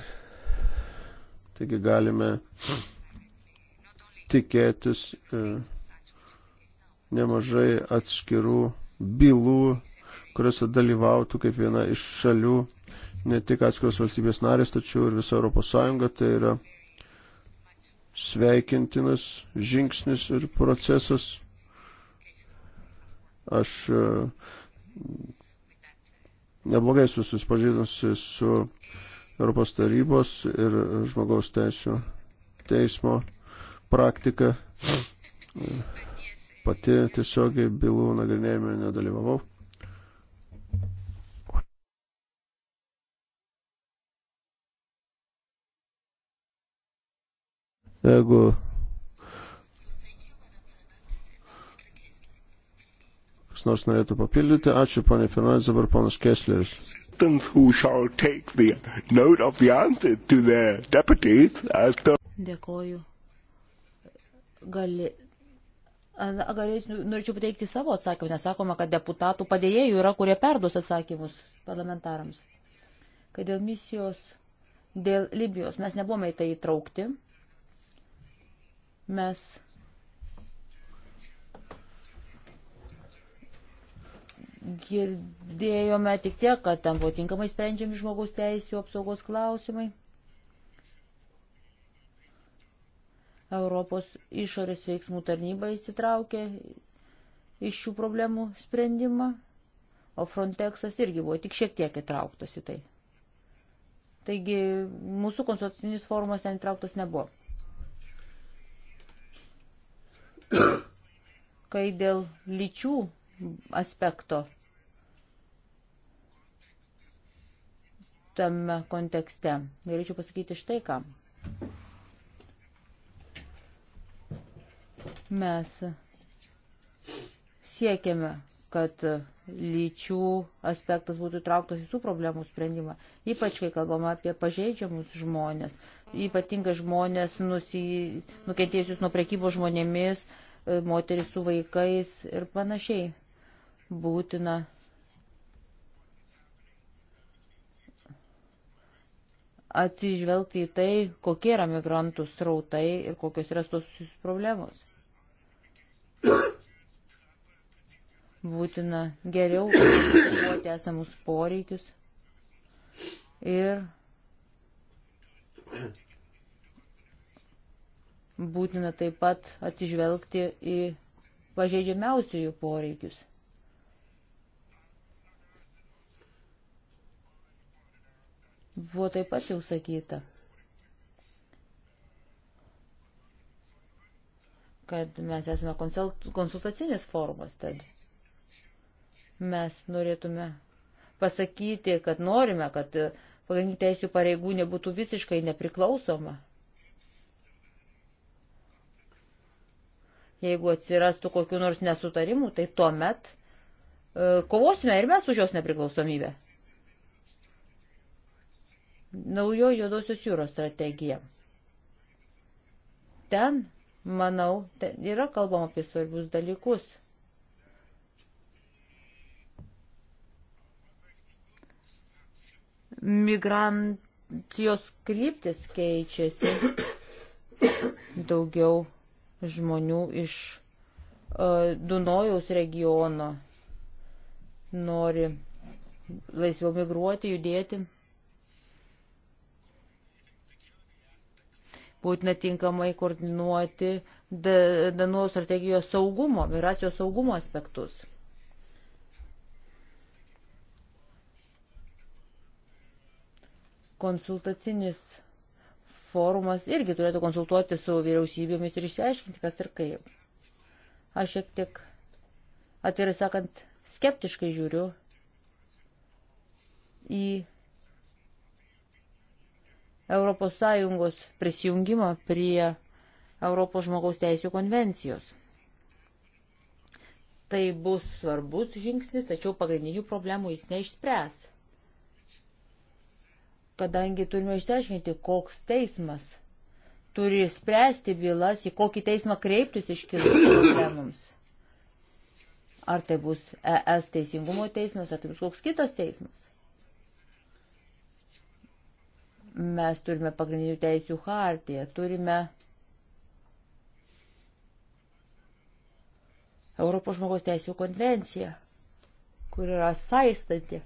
S2: Taigi galime tikėtis e, nemažai atskirų bylų, kuriuose dalyvautų kaip viena iš šalių ne tik atskiros valstybės narės, tačiau ir visa Europos Sąjunga. Tai yra sveikintinas žingsnis ir procesas. Aš e, neblogai susipažinusi su Europos tarybos ir žmogaus teisų teismo praktika. E, pati tiesiogiai bylų nagrinėjime nedalyvavau. Jeigu kas nors norėtų papildyti, ačiū ponė Fernandes, dabar ponas Kesleris.
S1: Dėkoju. Gali, Galėčiau, nu, norėčiau pateikti savo atsakymą, nes sakoma, kad deputatų padėjėjų yra, kurie perduos atsakymus parlamentarams. Kad dėl misijos, dėl Libijos mes nebuvome į tai įtraukti, Mes girdėjome tik tiek, kad tam buvo tinkamai sprendžiami žmogaus teisų apsaugos klausimai. Europos išorės veiksmų tarnyba įsitraukė iš šių problemų sprendimą, o Frontexas irgi buvo tik šiek tiek įtrauktas į tai. Taigi mūsų konsultacinis forumas ten įtrauktas nebuvo. Kai dėl lyčių aspekto tame kontekste, galėčiau pasakyti štai ką. Mes siekiame, kad lyčių aspektas būtų trauktas į visų problemų sprendimą, ypač kai kalbama apie pažeidžiamus žmonės ypatingai žmonės nusi, nukentėjusius nuo prekybos žmonėmis, e, moteris su vaikais ir panašiai. Būtina. Atsižvelgti į tai, kokie yra migrantų srautai ir kokios yra tos problemos. Būtina geriau esamus poreikius ir Būtina taip pat atsižvelgti į pažeidžiamiausiųjų poreikius. Buvo taip pat jau sakyta, kad mes esame konsultacinės formos, tad mes norėtume pasakyti, kad norime, kad uh, pagrindinių teisų pareigūnė būtų visiškai nepriklausoma. Jeigu atsirastų kokiu nors nesutarimu, tai tuomet e, kovosime ir mes už jos nepriklausomybę. Naujo juodosios jūros strategija. Ten, manau, ten yra kalbama apie svarbius dalykus. migracijos kryptis keičiasi. Daugiau žmonių iš uh, Dunojaus regiono nori laisviau migruoti, judėti. Būtina tinkamai koordinuoti Danų strategijos saugumo, migracijos saugumo aspektus. Konsultacinis forumas irgi turėtų konsultuoti su vyriausybėmis ir išsiaiškinti, kas ir kaip. Aš šiek tiek, atvirai sakant, skeptiškai žiūriu į ES prisijungimą prie Europos žmogaus teisų konvencijos. Tai bus svarbus žingsnis, tačiau pagrindinių problemų jis neišspręs kadangi turime išsiaiškinti, koks teismas turi spręsti bylas, į kokį teismą kreiptis iškilus problemams. Ar tai bus ES teisingumo teismas, ar tai bus koks kitas teismas. Mes turime pagrindinių teisių hartiją, turime Europos žmogaus teisų konvenciją, kur yra saistanti.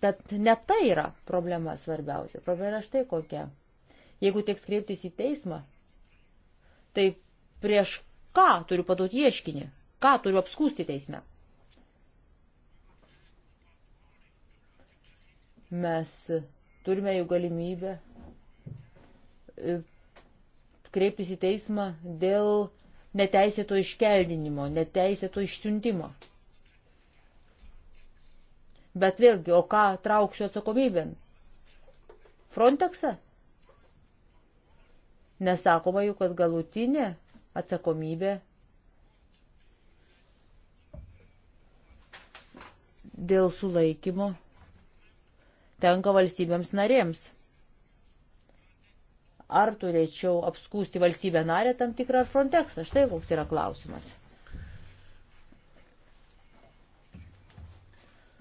S1: Tad ne tai yra problema svarbiausia. Problema yra štai kokia. Jeigu teks kreiptis į teismą, tai prieš ką turiu paduoti ieškinį, ką turiu apskūsti teisme. Mes turime jų galimybę e, kreiptis į teismą dėl neteisėto iškeldinimo, neteisėto išsiuntimo. Bet vėlgi, o ką trauksiu atsakomybėn? Frontexą? Nesakoma juk, kad galutinė atsakomybė dėl sulaikymo tenka valstybėms narėms. Ar turėčiau apskūsti valstybę narę tam tikrą ar Frontexą? Štai koks yra klausimas.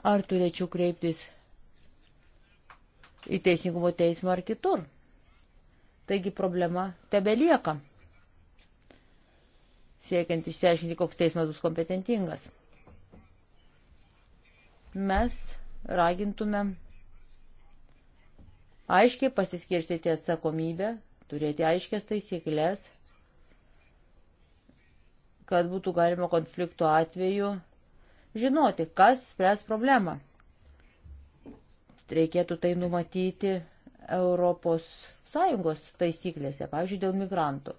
S1: Ar turėčiau kreiptis į teisingumo teismą ar kitur? Taigi problema tebelieka, siekiant išsiaiškinti, koks teismas bus kompetentingas. Mes ragintume aiškiai pasiskirstyti atsakomybę, turėti aiškias taisyklės, kad būtų galima konflikto atveju žinoti, kas spręs problemą. Reikėtų tai numatyti Europos Sąjungos taisyklėse, pavyzdžiui, dėl migrantų.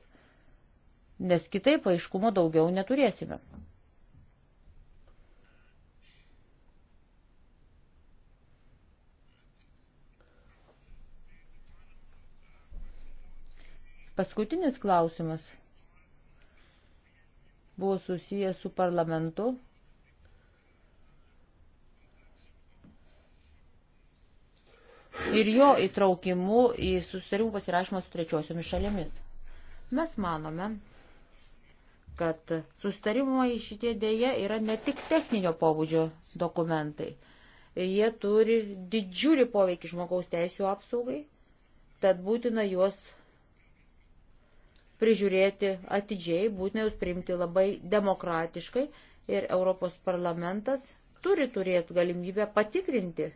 S1: Nes kitaip aiškumo daugiau neturėsime. Paskutinis klausimas buvo susijęs su parlamentu ir jo įtraukimu į susitarimų pasirašymą su trečiosiomis šalimis. Mes manome, kad susitarimai šitie dėje yra ne tik techninio pobūdžio dokumentai. Jie turi didžiulį poveikį žmogaus teisų apsaugai, tad būtina juos prižiūrėti atidžiai, būtina juos priimti labai demokratiškai ir Europos parlamentas turi turėti galimybę patikrinti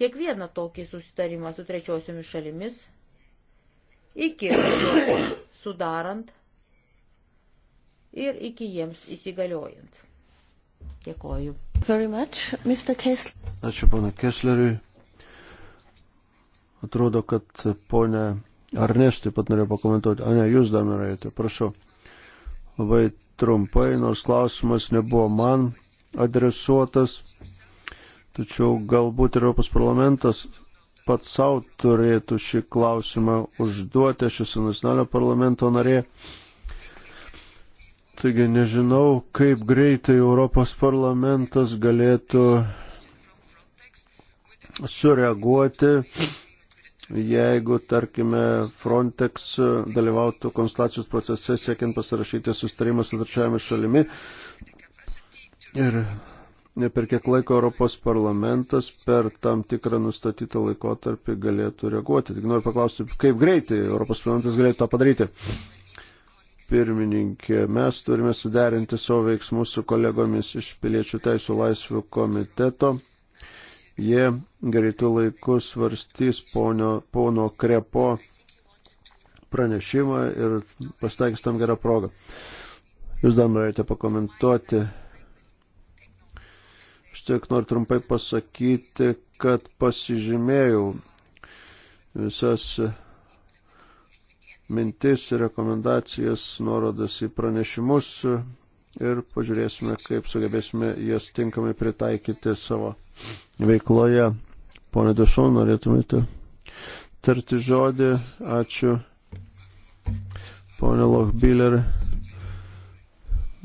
S1: kiekvieną tokį susitarimą su trečiosiomis šalimis iki sudarant ir iki jiems įsigaliojant. Dėkoju. Much,
S2: Ačiū pana Kessleriui. Atrodo, kad ponė Arnės taip pat norėjo pakomentuoti. A ne, jūs dar norėjote, prašau. Labai trumpai, nors klausimas nebuvo man adresuotas. Tačiau galbūt ir Europos parlamentas pats savo turėtų šį klausimą užduoti. Aš esu nacionalinio parlamento narė. Taigi nežinau, kaip greitai Europos parlamentas galėtų sureaguoti, jeigu, tarkime, Frontex dalyvautų konstatacijos procese, siekiant pasirašyti sustarimą su trečiajame šalimi. Ir per kiek laiko Europos parlamentas per tam tikrą nustatytą laikotarpį galėtų reaguoti. Tik noriu paklausti, kaip greitai Europos parlamentas galėtų tą padaryti. Pirmininkė, mes turime suderinti savo veiksmus su kolegomis iš Piliečių teisų laisvių komiteto. Jie greitų laikų svarstys ponio, pono Krepo pranešimą ir pasitaikys tam gerą progą. Jūs dar norėjote pakomentuoti Aš tiek noriu trumpai pasakyti, kad pasižymėjau visas mintis ir rekomendacijas, nuorodas į pranešimus ir pažiūrėsime, kaip sugebėsime jas tinkamai pritaikyti savo veikloje. Pone Dešon, norėtumėte tarti žodį. Ačiū. Pone Lochbiller,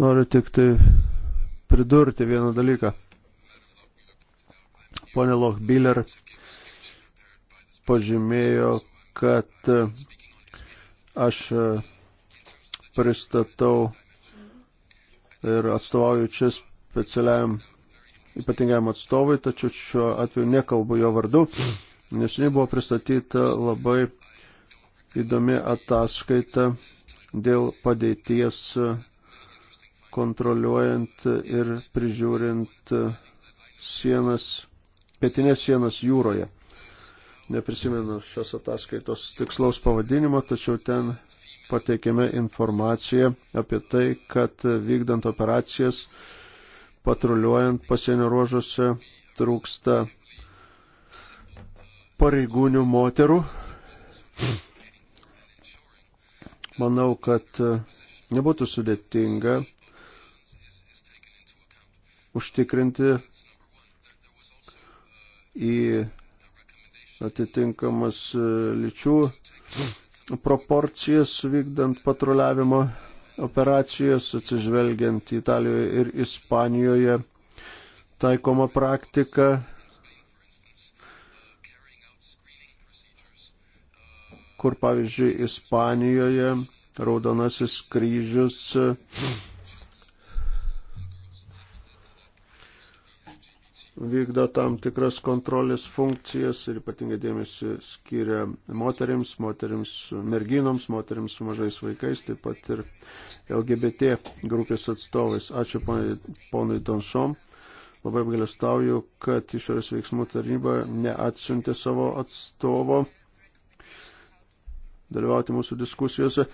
S2: noriu tik tai pridurti vieną dalyką. Pone Lochbiller pažymėjo, kad aš pristatau ir atstovauju čia specialiam ypatingiam atstovui, tačiau šiuo atveju nekalbu jo vardu. Nesiniai buvo pristatyta labai įdomi ataskaita dėl padėties kontroliuojant ir prižiūrint sienas pietinės sienos jūroje. Neprisimenu šios ataskaitos tikslaus pavadinimo, tačiau ten pateikėme informaciją apie tai, kad vykdant operacijas, patruliuojant pasienio ruožuose, trūksta pareigūnių moterų. Manau, kad nebūtų sudėtinga užtikrinti į atitinkamas e, lyčių proporcijas vykdant patruliavimo operacijas, atsižvelgiant Italijoje ir Ispanijoje taikoma praktika. kur pavyzdžiui Ispanijoje Raudonasis kryžius vykdo tam tikras kontrolės funkcijas ir ypatingai dėmesį skiria moteriams, moteriams, merginoms, moteriams su mažais vaikais, taip pat ir LGBT grupės atstovais. Ačiū ponui Donšom. Labai apgalėstauju, kad išorės veiksmų taryba neatsiuntė savo atstovo dalyvauti mūsų diskusijose.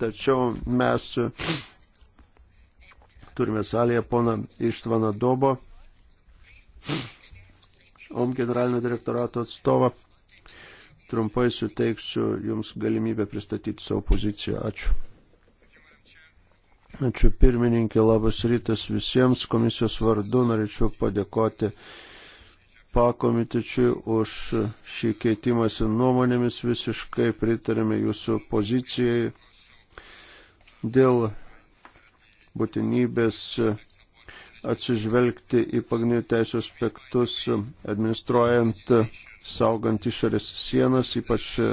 S2: Tačiau mes turime salėje poną Ištvaną Dobo, OM generalinio direktorato atstovą. Trumpai suteiksiu Jums galimybę pristatyti savo poziciją. Ačiū. Ačiū pirmininkė, labas rytas visiems. Komisijos vardu norėčiau padėkoti pakomitečiui už šį keitimąsi nuomonėmis visiškai pritarėme jūsų pozicijai dėl būtinybės atsižvelgti į pagrindinių teisų aspektus, administruojant, saugant išorės sienas, ypač e,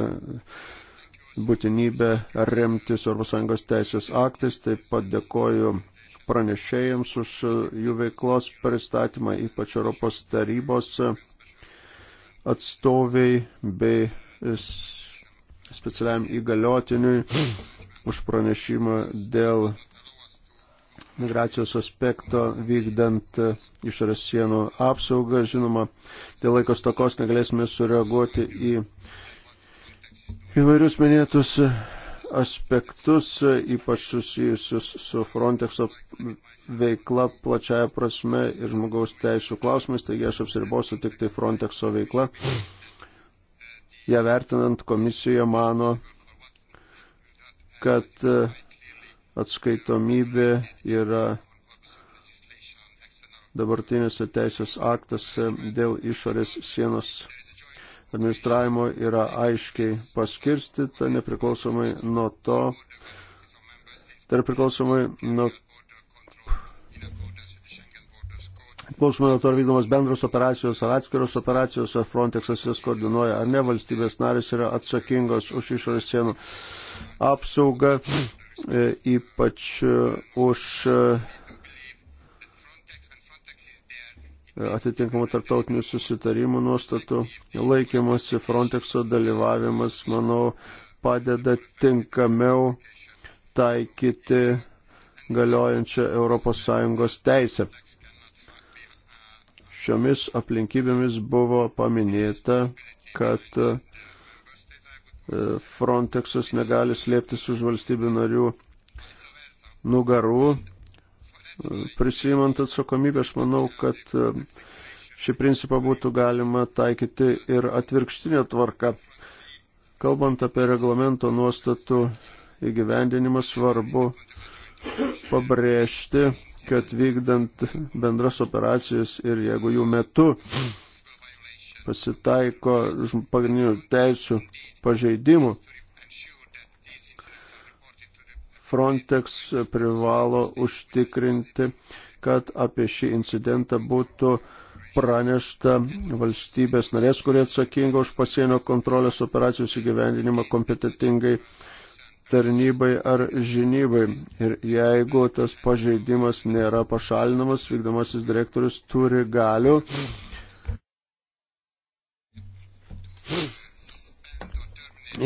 S2: būtinybę remtis ES teisės aktais. Taip pat dėkoju pranešėjams už e, jų veiklos pristatymą, ypač Europos tarybos e, atstoviai bei specialiam įgaliotiniui už pranešimą dėl migracijos aspekto vykdant e, išorės sienų apsaugą. Žinoma, dėl laikos tokos negalėsime sureaguoti į įvairius minėtus e, aspektus, e, ypač susijusius su Frontexo veikla plačiaja prasme ir žmogaus teisų klausimais, taigi aš apsiribosiu tik tai Frontexo veikla. Ja vertinant, komisija mano, kad uh, atskaitomybė yra dabartinėse teisės aktuose dėl išorės sienos administravimo yra aiškiai paskirstyta, nepriklausomai nuo to, tai priklausomai nuo Klausomai nuo to, ar vykdomas bendros operacijos ar atskiros operacijos, ar Frontexas jas koordinuoja, ar ne, valstybės narės yra atsakingos už išorės sienų apsaugą E, ypač e, už e, atitinkamų tarptautinių susitarimų nuostatų laikymasi Frontexo dalyvavimas, manau, padeda tinkamiau taikyti galiojančią ES teisę. Šiomis aplinkybėmis buvo paminėta, kad E, Frontexas negali slėptis už valstybių narių nugarų. E, prisimant atsakomybę, aš manau, kad e, šį principą būtų galima taikyti ir atvirkštinė tvarka. Kalbant apie reglamento nuostatų įgyvendinimą, svarbu pabrėžti, kad vykdant bendras operacijas ir jeigu jų metu pasitaiko pagrindinių teisų pažeidimų. Frontex privalo užtikrinti, kad apie šį incidentą būtų pranešta valstybės narės, kurie atsakinga už pasienio kontrolės operacijos įgyvendinimą kompetitingai tarnybai ar žinybai. Ir jeigu tas pažeidimas nėra pašalinamas, vykdomasis direktorius turi galių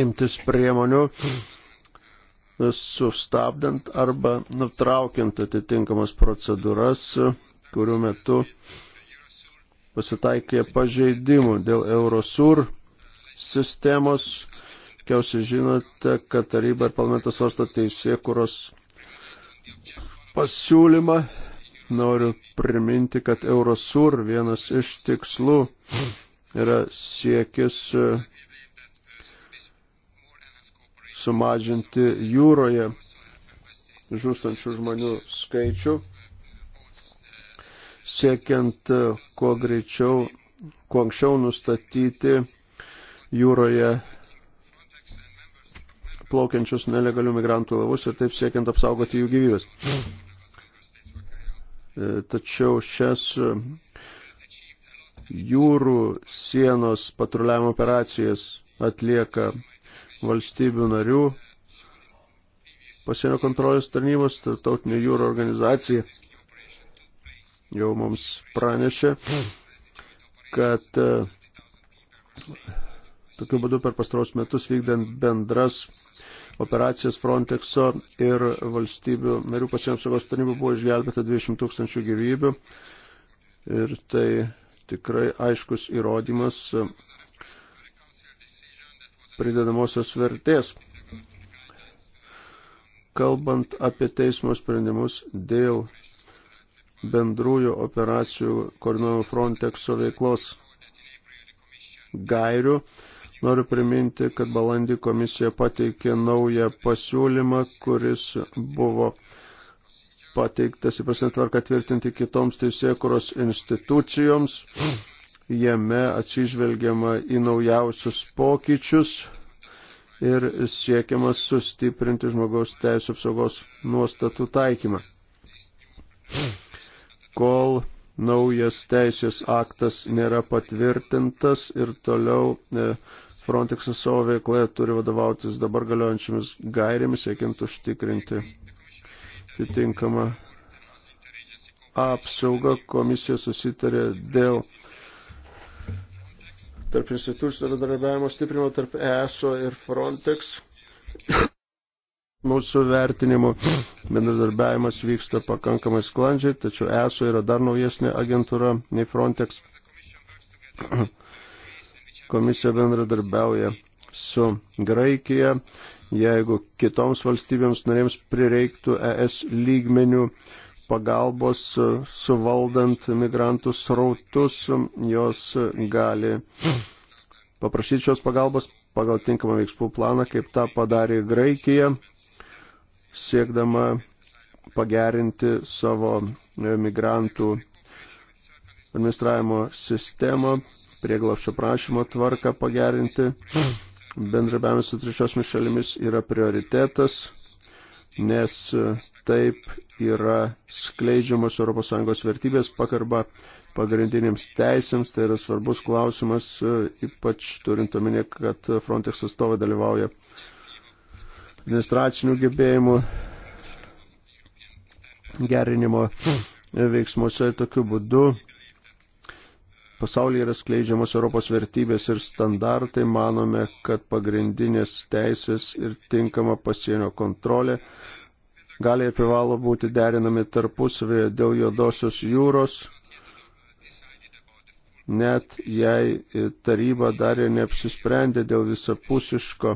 S2: imtis priemonių sustabdant arba nutraukiant atitinkamas procedūras, kurių metu pasitaikė pažeidimų dėl Eurosur sistemos. Kiausiai žinote, kad taryba ir parlamentas svarsto teisė, kurios pasiūlymą noriu priminti, kad Eurosur vienas iš tikslų yra siekis e, sumažinti jūroje žūstančių žmonių skaičių, siekiant e, kuo greičiau, kuo anksčiau nustatyti jūroje plaukiančius nelegalių migrantų lavus ir taip siekiant apsaugoti jų gyvybės. E, tačiau šias jūrų sienos patruliavimo operacijas atlieka valstybių narių pasienio kontrolės tarnybos, tarptautinė jūro organizacija jau mums pranešė, kad e, tokiu būdu per pastaros metus vykdant bendras operacijas Frontexo ir valstybių narių pasienio apsaugos tarnybų buvo išgelbėta 200 tūkstančių gyvybių. Ir tai tikrai aiškus įrodymas e, pridedamosios vertės. Kalbant apie teismo sprendimus dėl bendrųjų operacijų koordinuojamų Frontexo veiklos gairių, noriu priminti, kad balandį komisija pateikė naują pasiūlymą, kuris buvo uh, pateiktas įprastinė tvarka tvirtinti kitoms teisėkuros institucijoms. Jame atsižvelgiama į naujausius pokyčius ir siekiamas sustiprinti žmogaus teisų apsaugos nuostatų taikymą. Kol naujas teisės aktas nėra patvirtintas ir toliau e, Frontexas savo veikloje turi vadovautis dabar galiojančiamis gairėmis, siekiant užtikrinti atitinkamą apsaugą. Komisija susitarė dėl tarp institucinio bendradarbiavimo stiprinimo tarp ESO ir Frontex. Mūsų vertinimu bendradarbiavimas vyksta pakankamai sklandžiai, tačiau ESO yra dar naujesnė agentūra nei Frontex. Komisija bendradarbiauja su Graikija, jeigu kitoms valstybėms narėms prireiktų ES lygmenių pagalbos e, suvaldant migrantų srautus, e, jos gali paprašyti šios pagalbos pagal tinkamą veiksmų planą, kaip tą padarė Graikija, siekdama pagerinti savo e, migrantų administravimo sistemą, prieglapšio prašymo tvarką pagerinti bendrabiavimas su trečiosiomis šalimis yra prioritetas, nes taip yra skleidžiamos ES vertybės pakarba pagrindinėms teisėms. Tai yra svarbus klausimas, ypač turint omenyje, kad Frontex atstovai dalyvauja administracinių gebėjimų gerinimo veiksmuose tokiu būdu pasaulyje yra skleidžiamos Europos vertybės ir standartai, manome, kad pagrindinės teisės ir tinkama pasienio kontrolė gali ir privalo būti derinami tarpusavėje dėl juodosios jūros, net jei taryba dar ir neapsisprendė dėl visapusiško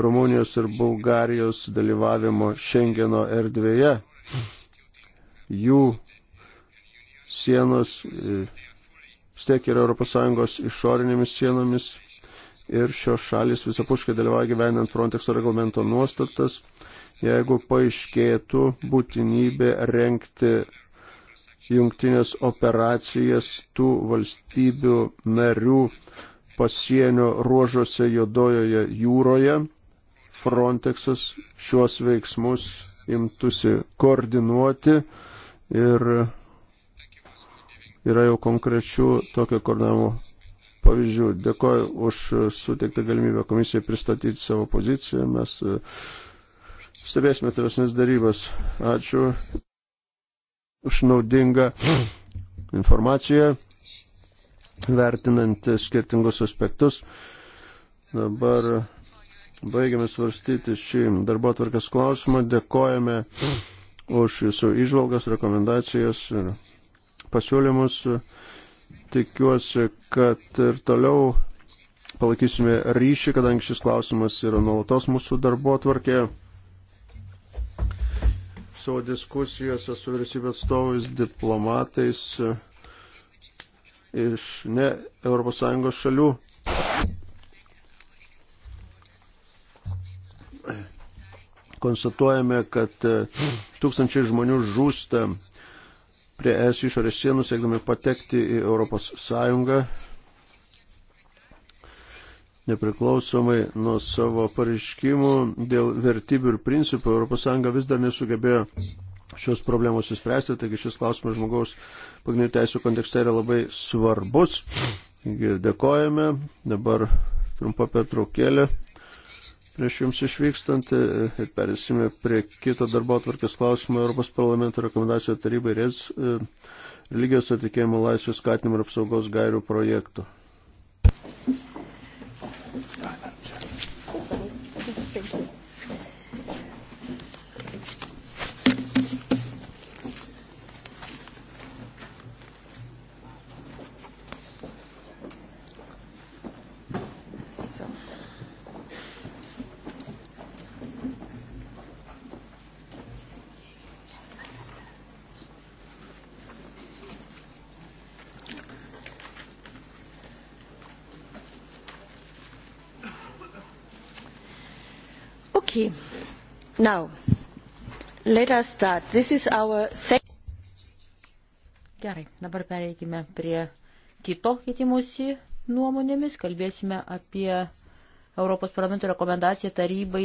S2: Rumunijos ir Bulgarijos dalyvavimo Šengeno erdvėje. Jų sienos tiek ir ES išorinėmis sienomis ir šios šalis visapuškai dalyvauja gyvenant Frontexo reglamento nuostatas, jeigu paaiškėtų būtinybė renkti jungtinės operacijas tų valstybių narių pasienio ruožuose juodojoje jūroje, Frontexas šiuos veiksmus imtųsi koordinuoti ir yra jau konkrečių tokio koordinavimo pavyzdžių. Dėkoju už suteiktą galimybę komisijai pristatyti savo poziciją. Mes e, stebėsime tolesnės darybas. Ačiū už naudingą informaciją, vertinant skirtingus aspektus. Dabar baigiame svarstyti šį darbo tvarkės klausimą. Dėkojame už jūsų išvalgas, rekomendacijas ir pasiūlymus. Tikiuosi, kad ir toliau palaikysime ryšį, kadangi šis klausimas yra nuolatos mūsų darbo atvarkėje. Savo diskusijose su vyriausybės atstovais, diplomatais iš ne ES šalių. Konstatuojame, kad tūkstančiai žmonių žūsta prie es išorės sienų, siekdami patekti į Europos Sąjungą, nepriklausomai nuo savo pareiškimų dėl vertybių ir principų, ES vis dar nesugebėjo šios problemos įspręsti, taigi šis klausimas žmogaus pagrindinių teisų kontekste yra labai svarbus. Taigi dėkojame, dabar trumpa pertraukėlė. Prieš Jums išvykstant ir e, e, perėsime prie kito darbo atvarkės klausimo Europos parlamento rekomendacijų tarybai RES e, religijos ir tikėjimo laisvės skatinimo ir apsaugos gairių projektų.
S1: Now, let us start. This is our second. Gerai, dabar pereikime prie kito keitimusi nuomonėmis. Kalbėsime apie Europos parlamento rekomendaciją tarybai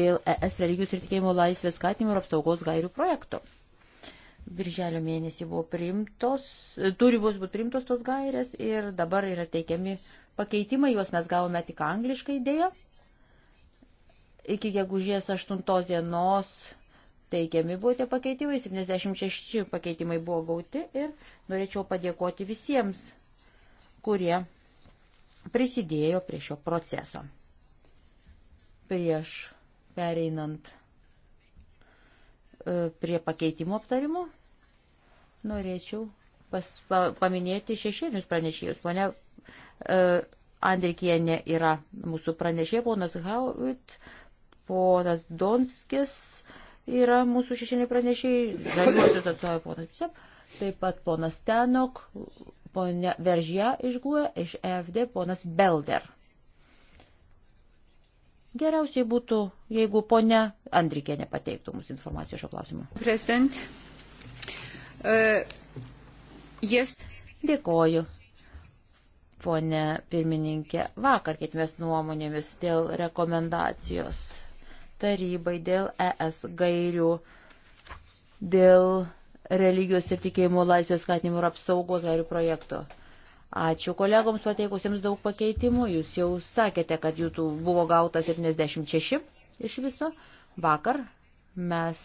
S1: dėl ES religijos ir tikėjimo laisvės skatinimo ir apsaugos gairių projekto. Birželio mėnesį buvo priimtos, turi bus būti priimtos tos gairės ir dabar yra teikiami pakeitimai, juos mes gavome tik angliškai dėja, Iki gegužės 8 dienos teikiami buvo tie pakeitimai, 76 pakeitimai buvo gauti ir norėčiau padėkoti visiems, kurie prisidėjo prie šio proceso. Prieš pereinant e, prie pakeitimo aptarimo, norėčiau pas, pa, paminėti šešėlius pranešėjus. Pone uh, Andrikienė yra mūsų pranešė, ponas Howitt ponas Donskis yra mūsų šešiniai pranešėjai, žaliuosius atstovai ponas Pisep, taip pat ponas Tenok, ponia Veržia iš GUE, iš e FD ponas Belder. Geriausiai būtų, jeigu ponia Andrikė nepateiktų mums informaciją šio klausimu. Prezident. Uh, e, yes. Dėkoju. Pone pirmininkė, vakar keitmės nuomonėmis dėl rekomendacijos tarybai dėl ES gairių, dėl religijos ir tikėjimo laisvės skatinimo ir apsaugos gairių projekto. Ačiū kolegoms pateikusiems daug pakeitimų. Jūs jau sakėte, kad jų buvo gauta 76 iš viso. Vakar mes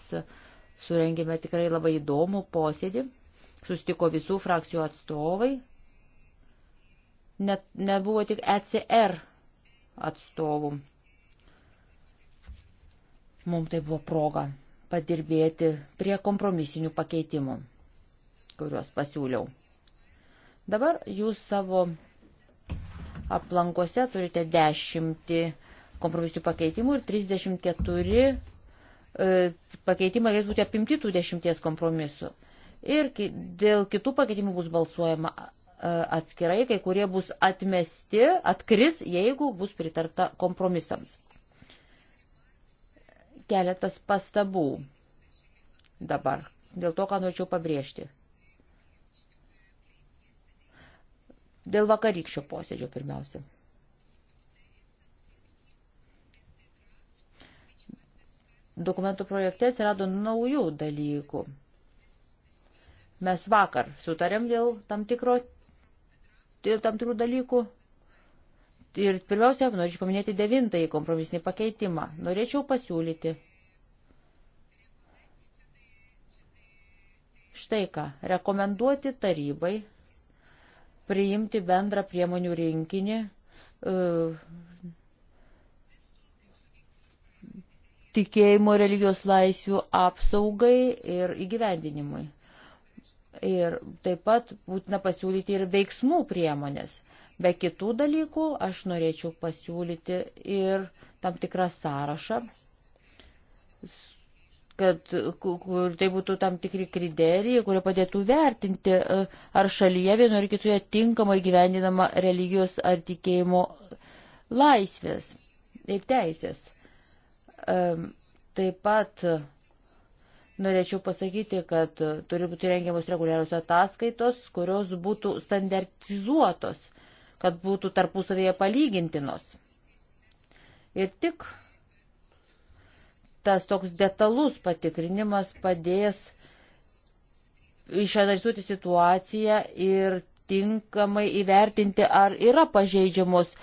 S1: surengėme tikrai labai įdomų posėdį. Sustiko visų frakcijų atstovai. Net nebuvo tik ECR atstovų. Mums tai buvo proga padirbėti prie kompromisinių pakeitimų, kuriuos pasiūliau. Dabar jūs savo aplankose turite 10 kompromisinių pakeitimų ir 34 e, pakeitimai galės būti apimti tų 10 kompromisų. Ir ki, dėl kitų pakeitimų bus balsuojama e, atskirai, kai kurie bus atmesti, atkris, jeigu bus pritarta kompromisams keletas pastabų dabar dėl to, ką norėčiau pabrėžti. Dėl vakarykščio posėdžio pirmiausia. Dokumentų projekte atsirado naujų dalykų. Mes vakar sutarėm dėl tam, tikro, dėl tam tikrų dalykų Ir pirmiausia, norėčiau paminėti devintąjį kompromisinį pakeitimą. Norėčiau pasiūlyti štai ką, rekomenduoti tarybai priimti bendrą priemonių rinkinį, e, tikėjimo religijos laisvių apsaugai ir įgyvendinimui. Ir taip pat būtina pasiūlyti ir veiksmų priemonės. Be kitų dalykų aš norėčiau pasiūlyti ir tam tikrą sąrašą, kad kur tai būtų tam tikri kriterijai, kurie padėtų vertinti, e, ar šalyje vienoje ar kitoje tinkamai gyvendinama religijos ar tikėjimo laisvės ir teisės. E, taip pat norėčiau pasakyti, kad turi būti rengiamos reguliarios ataskaitos, kurios būtų standartizuotos kad būtų tarpusavėje palygintinos. Ir tik tas toks detalus patikrinimas padės išanalizuoti situaciją ir tinkamai įvertinti, ar yra pažeidžiamos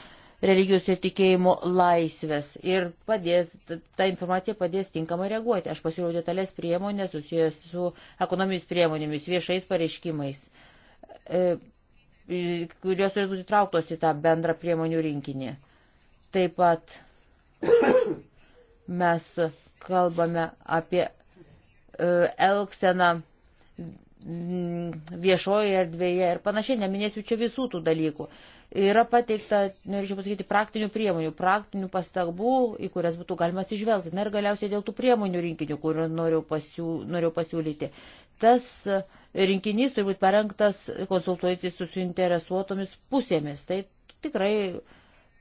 S1: religijos ir tikėjimo laisvės ir padės, ta informacija padės tinkamai reaguoti. Aš pasiūliau detalės priemonės susijęs su ekonomis priemonėmis, viešais pareiškimais, e, kurios turėtų būti trauktos į tą bendrą priemonių rinkinį. Taip pat mes kalbame apie e, elkseną mm, viešoje erdvėje ir panašiai, neminėsiu čia visų tų dalykų. Yra pateikta, norėčiau pasakyti, praktinių priemonių, praktinių pastangų, į kurias būtų galima atsižvelgti. Na ir galiausiai dėl tų priemonių rinkinių, kurių noriu, pasiū, noriu pasiūlyti. Tas rinkinys turi būti parengtas konsultuojantis su suinteresuotomis pusėmis. Tai tikrai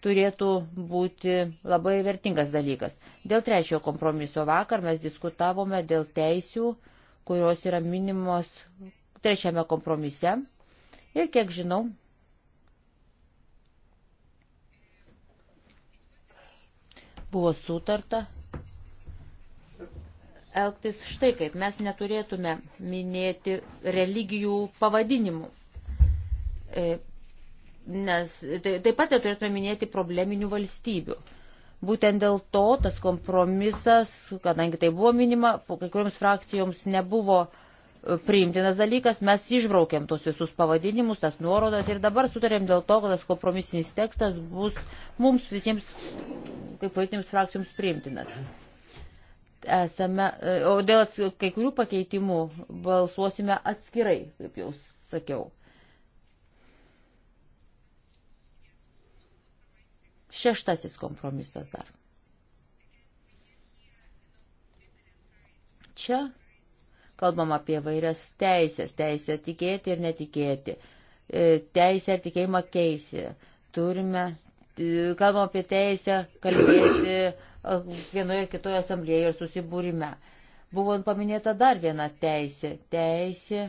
S1: turėtų būti labai vertingas dalykas. Dėl trečiojo kompromiso vakar mes diskutavome dėl teisių, kurios yra minimos trečiame kompromise. Ir kiek žinau, buvo sutarta elgtis štai kaip. Mes neturėtume minėti religijų pavadinimų. E, nes tai, taip pat neturėtume minėti probleminių valstybių. Būtent dėl to tas kompromisas, kadangi tai buvo minima, kai kuriams frakcijoms nebuvo e, priimtinas dalykas, mes išbraukėm tos visus pavadinimus, tas nuorodas ir dabar sutarėm dėl to, kad tas kompromisinis tekstas bus mums visiems, kaip politinėms frakcijoms, priimtinas. Mhm esame, e, o dėl kai kurių pakeitimų balsuosime atskirai, kaip jau sakiau. Šeštasis kompromisas dar. Čia kalbam apie vairias teisės, teisę tikėti ir netikėti, e, teisę ir tikėjimą keisti. Turime, e, kalbam apie teisę kalbėti vienoje ar kitoje asamblėje ir susibūrime. Buvo paminėta dar viena teisė. Teisė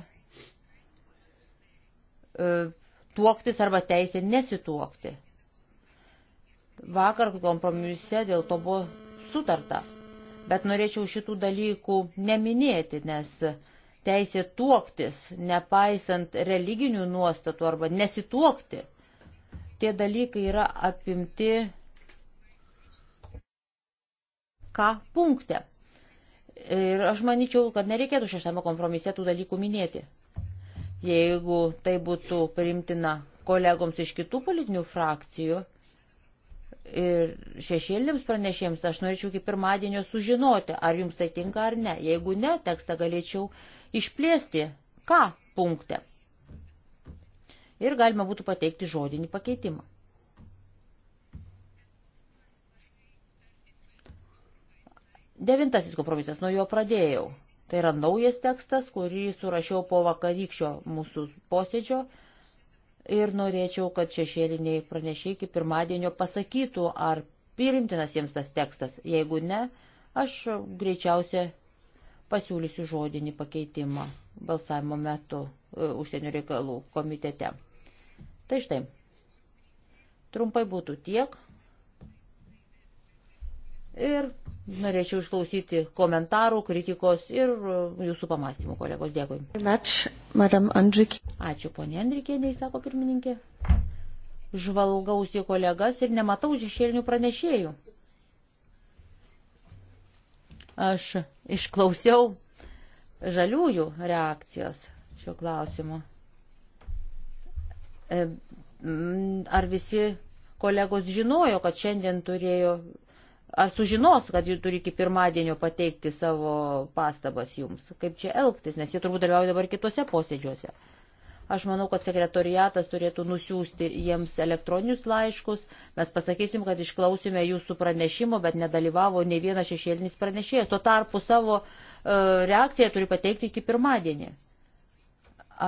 S1: e, tuoktis arba teisė nesituokti. Vakar kompromise dėl to buvo sutarta, bet norėčiau šitų dalykų neminėti, nes teisė tuoktis, nepaisant religinių nuostatų arba nesituokti, tie dalykai yra apimti K punkte. Ir aš manyčiau, kad nereikėtų šeštame kompromise tų dalykų minėti. Jeigu tai būtų priimtina kolegoms iš kitų politinių frakcijų ir šešėlėms pranešėjams, aš norėčiau iki pirmadienio sužinoti, ar jums tai tinka ar ne. Jeigu ne, tekstą galėčiau išplėsti. Ką punkte? Ir galima būtų pateikti žodinį pakeitimą. Devintasis kompromisas, nuo jo pradėjau. Tai yra naujas tekstas, kurį surašiau po vakarykščio mūsų posėdžio ir norėčiau, kad šešėliniai pranešiai iki pirmadienio pasakytų, ar priimtinas jiems tas tekstas. Jeigu ne, aš greičiausia pasiūlysiu žodinį pakeitimą balsavimo metu e, užsienio reikalų komitete. Tai štai. Trumpai būtų tiek. Ir Norėčiau išklausyti komentarų, kritikos ir jūsų pamastymų, kolegos. Dėkui. Ačiū, ponė Andrikėnė, sako pirmininkė. Žvalgausi kolegas ir nematau šešėlinių pranešėjų. Aš išklausiau žaliųjų reakcijos šio klausimu. E, ar visi kolegos žinojo, kad šiandien turėjo ar sužinos, kad jų turi iki pirmadienio pateikti savo pastabas jums, kaip čia elgtis, nes jie turbūt dalyvauja dabar kitose posėdžiuose. Aš manau, kad sekretoriatas turėtų nusiųsti jiems elektroninius laiškus. Mes pasakysim, kad išklausime jūsų pranešimo, bet nedalyvavo ne vienas šešėlinis pranešėjas. Tuo tarpu savo e, reakciją turi pateikti iki pirmadienį.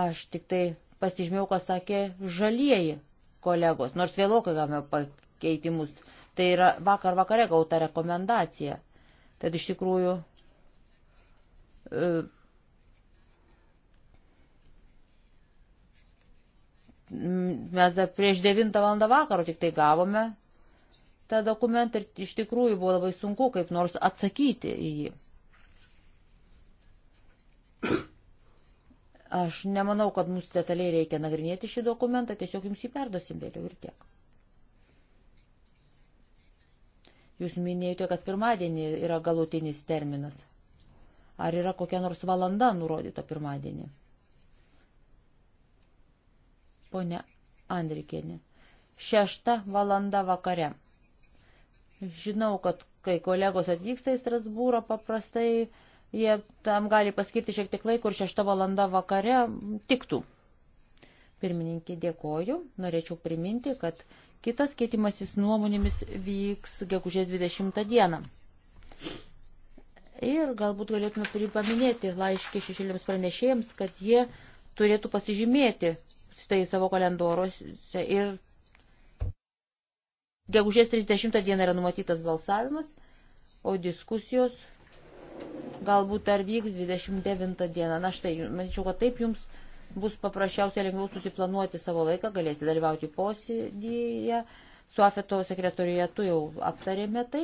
S1: Aš tik tai pasižymėjau, ką sakė žalieji kolegos, nors vėlokai gavome pakeitimus. Tai yra vakar vakare gauta rekomendacija. Tad iš tikrųjų. E, mes dar prieš 9 val. vakaro tik tai gavome tą dokumentą ir iš tikrųjų buvo labai sunku kaip nors atsakyti į jį. Aš nemanau, kad mums detaliai reikia nagrinėti šį dokumentą, tiesiog jums jį perdosim vėliau ir tiek. Jūs minėjote, kad pirmadienį yra galutinis terminas. Ar yra kokia nors valanda nurodyta pirmadienį? Pone Andrikienė. Šešta valanda vakare. Žinau, kad kai kolegos atvyksta į Strasbūrą, paprastai jie tam gali paskirti šiek tiek laiko ir šešta valanda vakare tiktų. Pirmininkė, dėkoju. Norėčiau priminti, kad Kitas keitimasis nuomonėmis vyks gegužės 20 dieną. Ir galbūt galėtume pripaminėti laiškį šešėliams pranešėjams, kad jie turėtų pasižymėti tai savo kalendorose. Ir gegužės 30 dieną yra numatytas balsavimas, o diskusijos galbūt dar vyks 29 dieną. Na štai, manyčiau, kad taip jums bus paprasčiausia lengviau susiplanuoti savo laiką, galėsite dalyvauti posėdėje. Su Afeto sekretorijatu jau aptarėme tai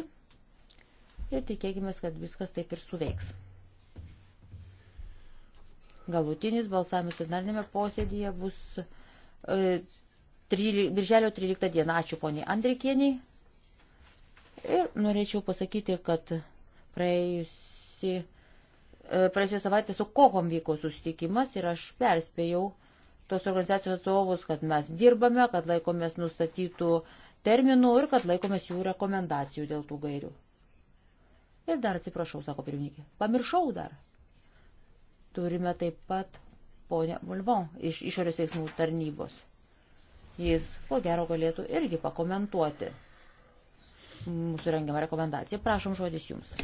S1: ir tikėkime, kad viskas taip ir suveiks. Galutinis balsavimas plenarnėme posėdėje bus e, 13, birželio 13 dieną. Ačiū poniai Andrikieniai. Ir norėčiau pasakyti, kad praėjusi praėjusią savaitę su Kohom vyko susitikimas ir aš perspėjau tos organizacijos atstovus, kad mes dirbame, kad laikomės nustatytų terminų ir kad laikomės jų rekomendacijų dėl tų gairių. Ir dar atsiprašau, sako pirmininkė. Pamiršau dar. Turime taip pat ponę Mulvon iš išorės veiksmų tarnybos. Jis, ko gero, galėtų irgi pakomentuoti mūsų rengiamą rekomendaciją. Prašom žodis jums.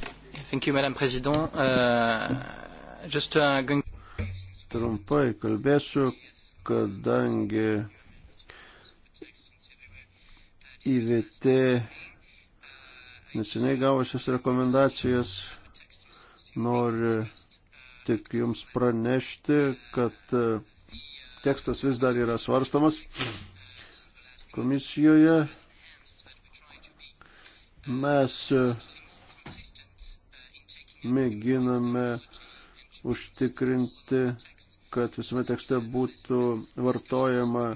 S2: Thank you, Madam President. Uh, just, uh, going... Trumpai kalbėsiu, kadangi IVT neseniai gavo šias rekomendacijas, noriu tik jums pranešti, kad uh, tekstas vis dar yra svarstamas komisijoje. Mes uh, mėginame užtikrinti, kad visame tekste būtų vartojama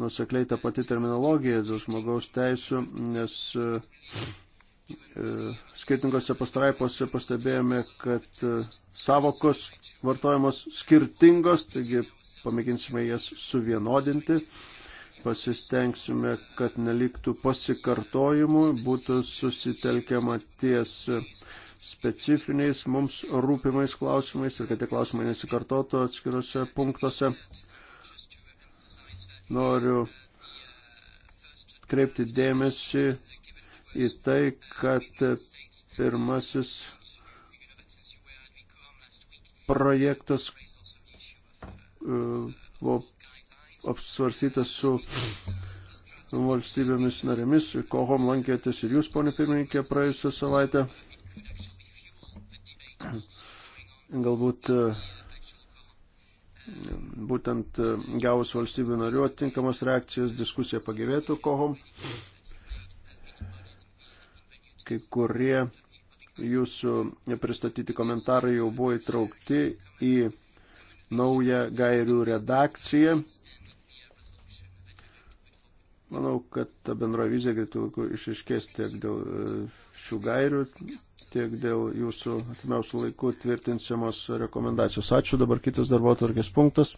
S2: nusekliai ta pati terminologija dėl žmogaus teisų, nes e, skirtingose pastraipose pastebėjome, kad e, savokos vartojamos skirtingos, taigi pamėginsime jas suvienodinti, pasistengsime, kad neliktų pasikartojimų, būtų susitelkiama ties specifiniais mums rūpimais klausimais ir kad tie klausimai nesikartotų atskiruose punktuose. Noriu kreipti dėmesį į tai, kad pirmasis projektas e, buvo apsvarstytas su valstybėmis narėmis. Kohom lankėtės ir jūs, ponė pirmininkė, praėjusią savaitę galbūt e, būtent e, gavus valstybių narių atitinkamas reakcijas diskusija pagyvėtų kohom. Kai kurie jūsų pristatyti komentarai jau buvo įtraukti į naują gairių redakciją Manau, kad ta bendra vizija greitų laikų išiškės tiek dėl e, šių gairių, tiek dėl jūsų atimiausių laikų tvirtinsiamos rekomendacijos. Ačiū. Dabar kitas darbo atvarkės punktas.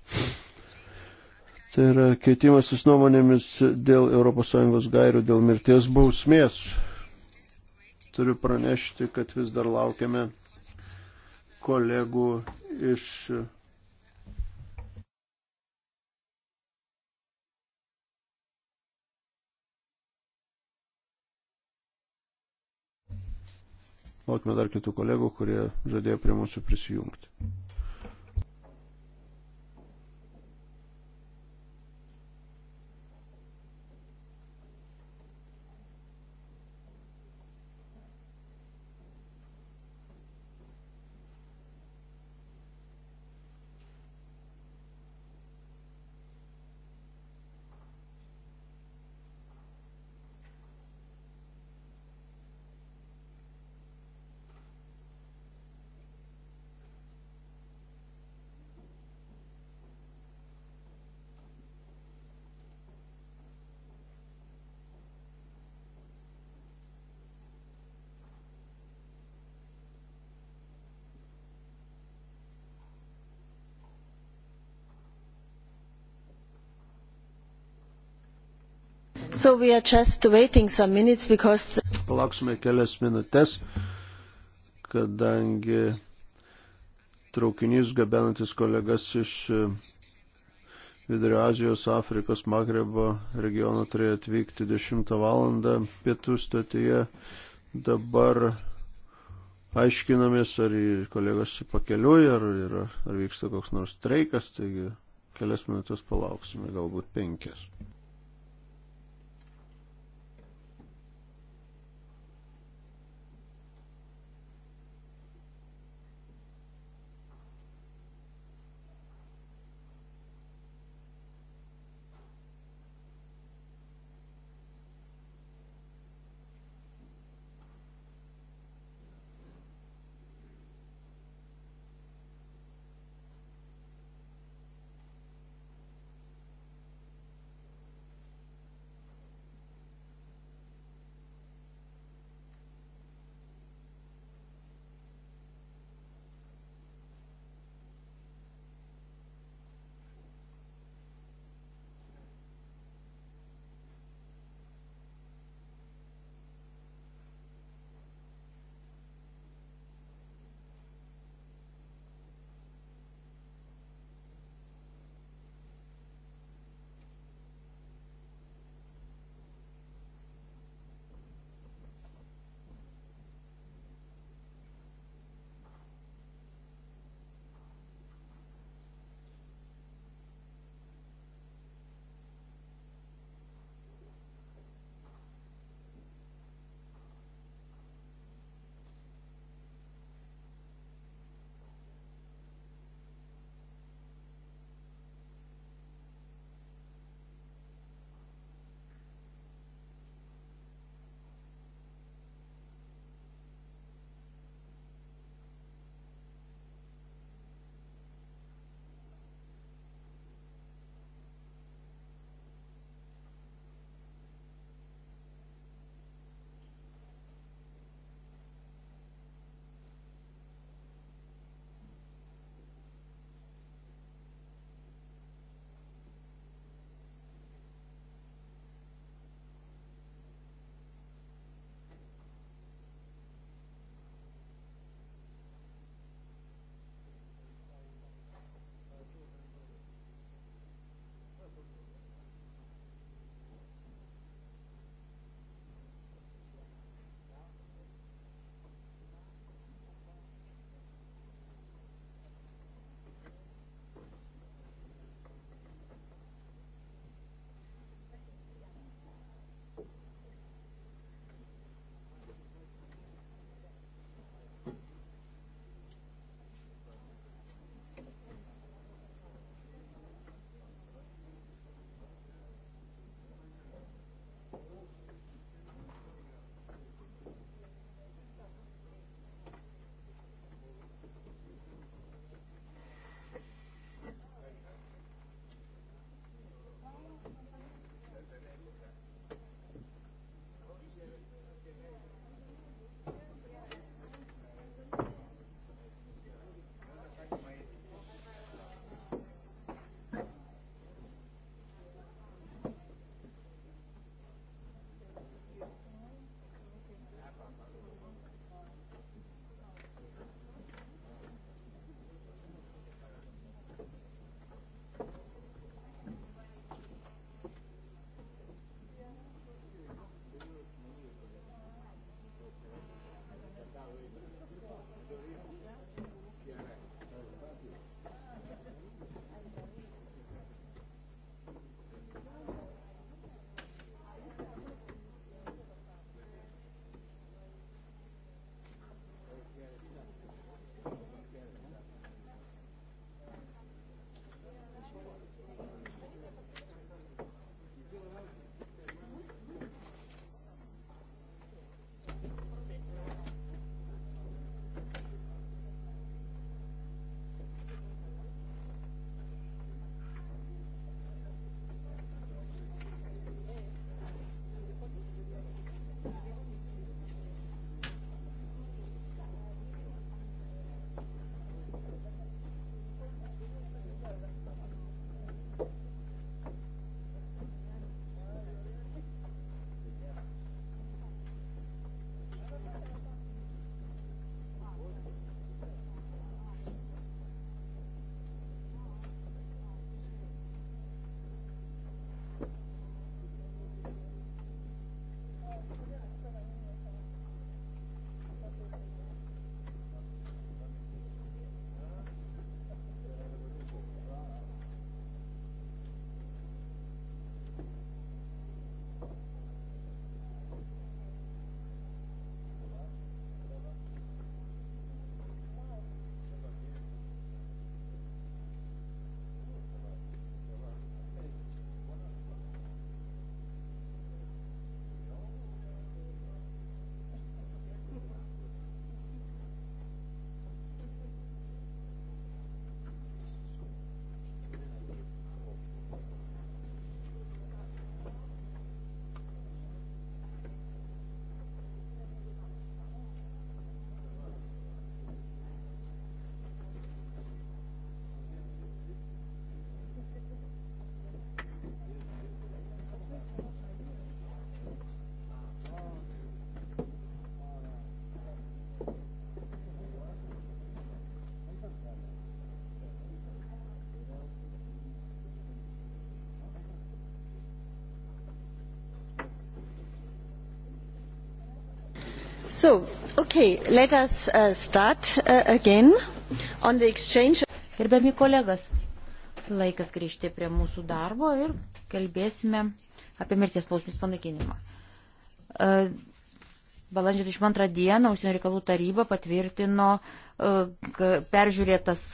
S2: Tai yra keitimasis nuomonėmis dėl ES gairių, dėl mirties bausmės. Turiu pranešti, kad vis dar laukiame kolegų iš laukime dar kitų kolegų, kurie žadėjo prie mūsų prisijungti.
S1: So we are just waiting some minutes because...
S2: Palauksime kelias minutės, kadangi traukinys gabenantis kolegas iš e, Vidurio Azijos, Afrikos, Magrebo regiono turėjo atvykti 10 valandą pietų stotyje. Dabar aiškinamės, ar kolegos pakeliui, ar, ar, ar vyksta koks nors streikas, taigi kelias minutės palauksime, galbūt penkias.
S1: So, okay, let us uh, start uh, again on the exchange. Gerbiami kolegas, laikas grįžti prie mūsų darbo ir kalbėsime apie mirties bausmės panaikinimą. Uh, Balandžio 22 dieną užsienio reikalų taryba patvirtino e, peržiūrėtas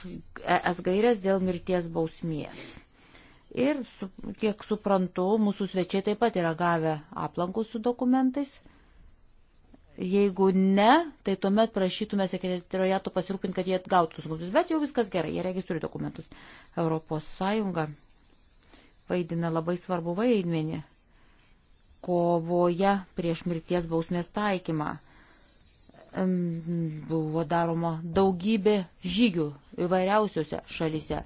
S1: ES gairias dėl mirties bausmės. Ir, su, kiek suprantu, mūsų svečiai taip pat yra gavę aplankus su dokumentais. Jeigu ne, tai tuomet prašytume sekretariato pasirūpinti, kad jie atgautų skundus. Bet jau viskas gerai, jie registruoja dokumentus. Europos Sąjunga vaidina labai svarbu vaidmenį kovoje prieš mirties bausmės taikymą. Buvo daroma daugybė žygių įvairiausiose šalyse,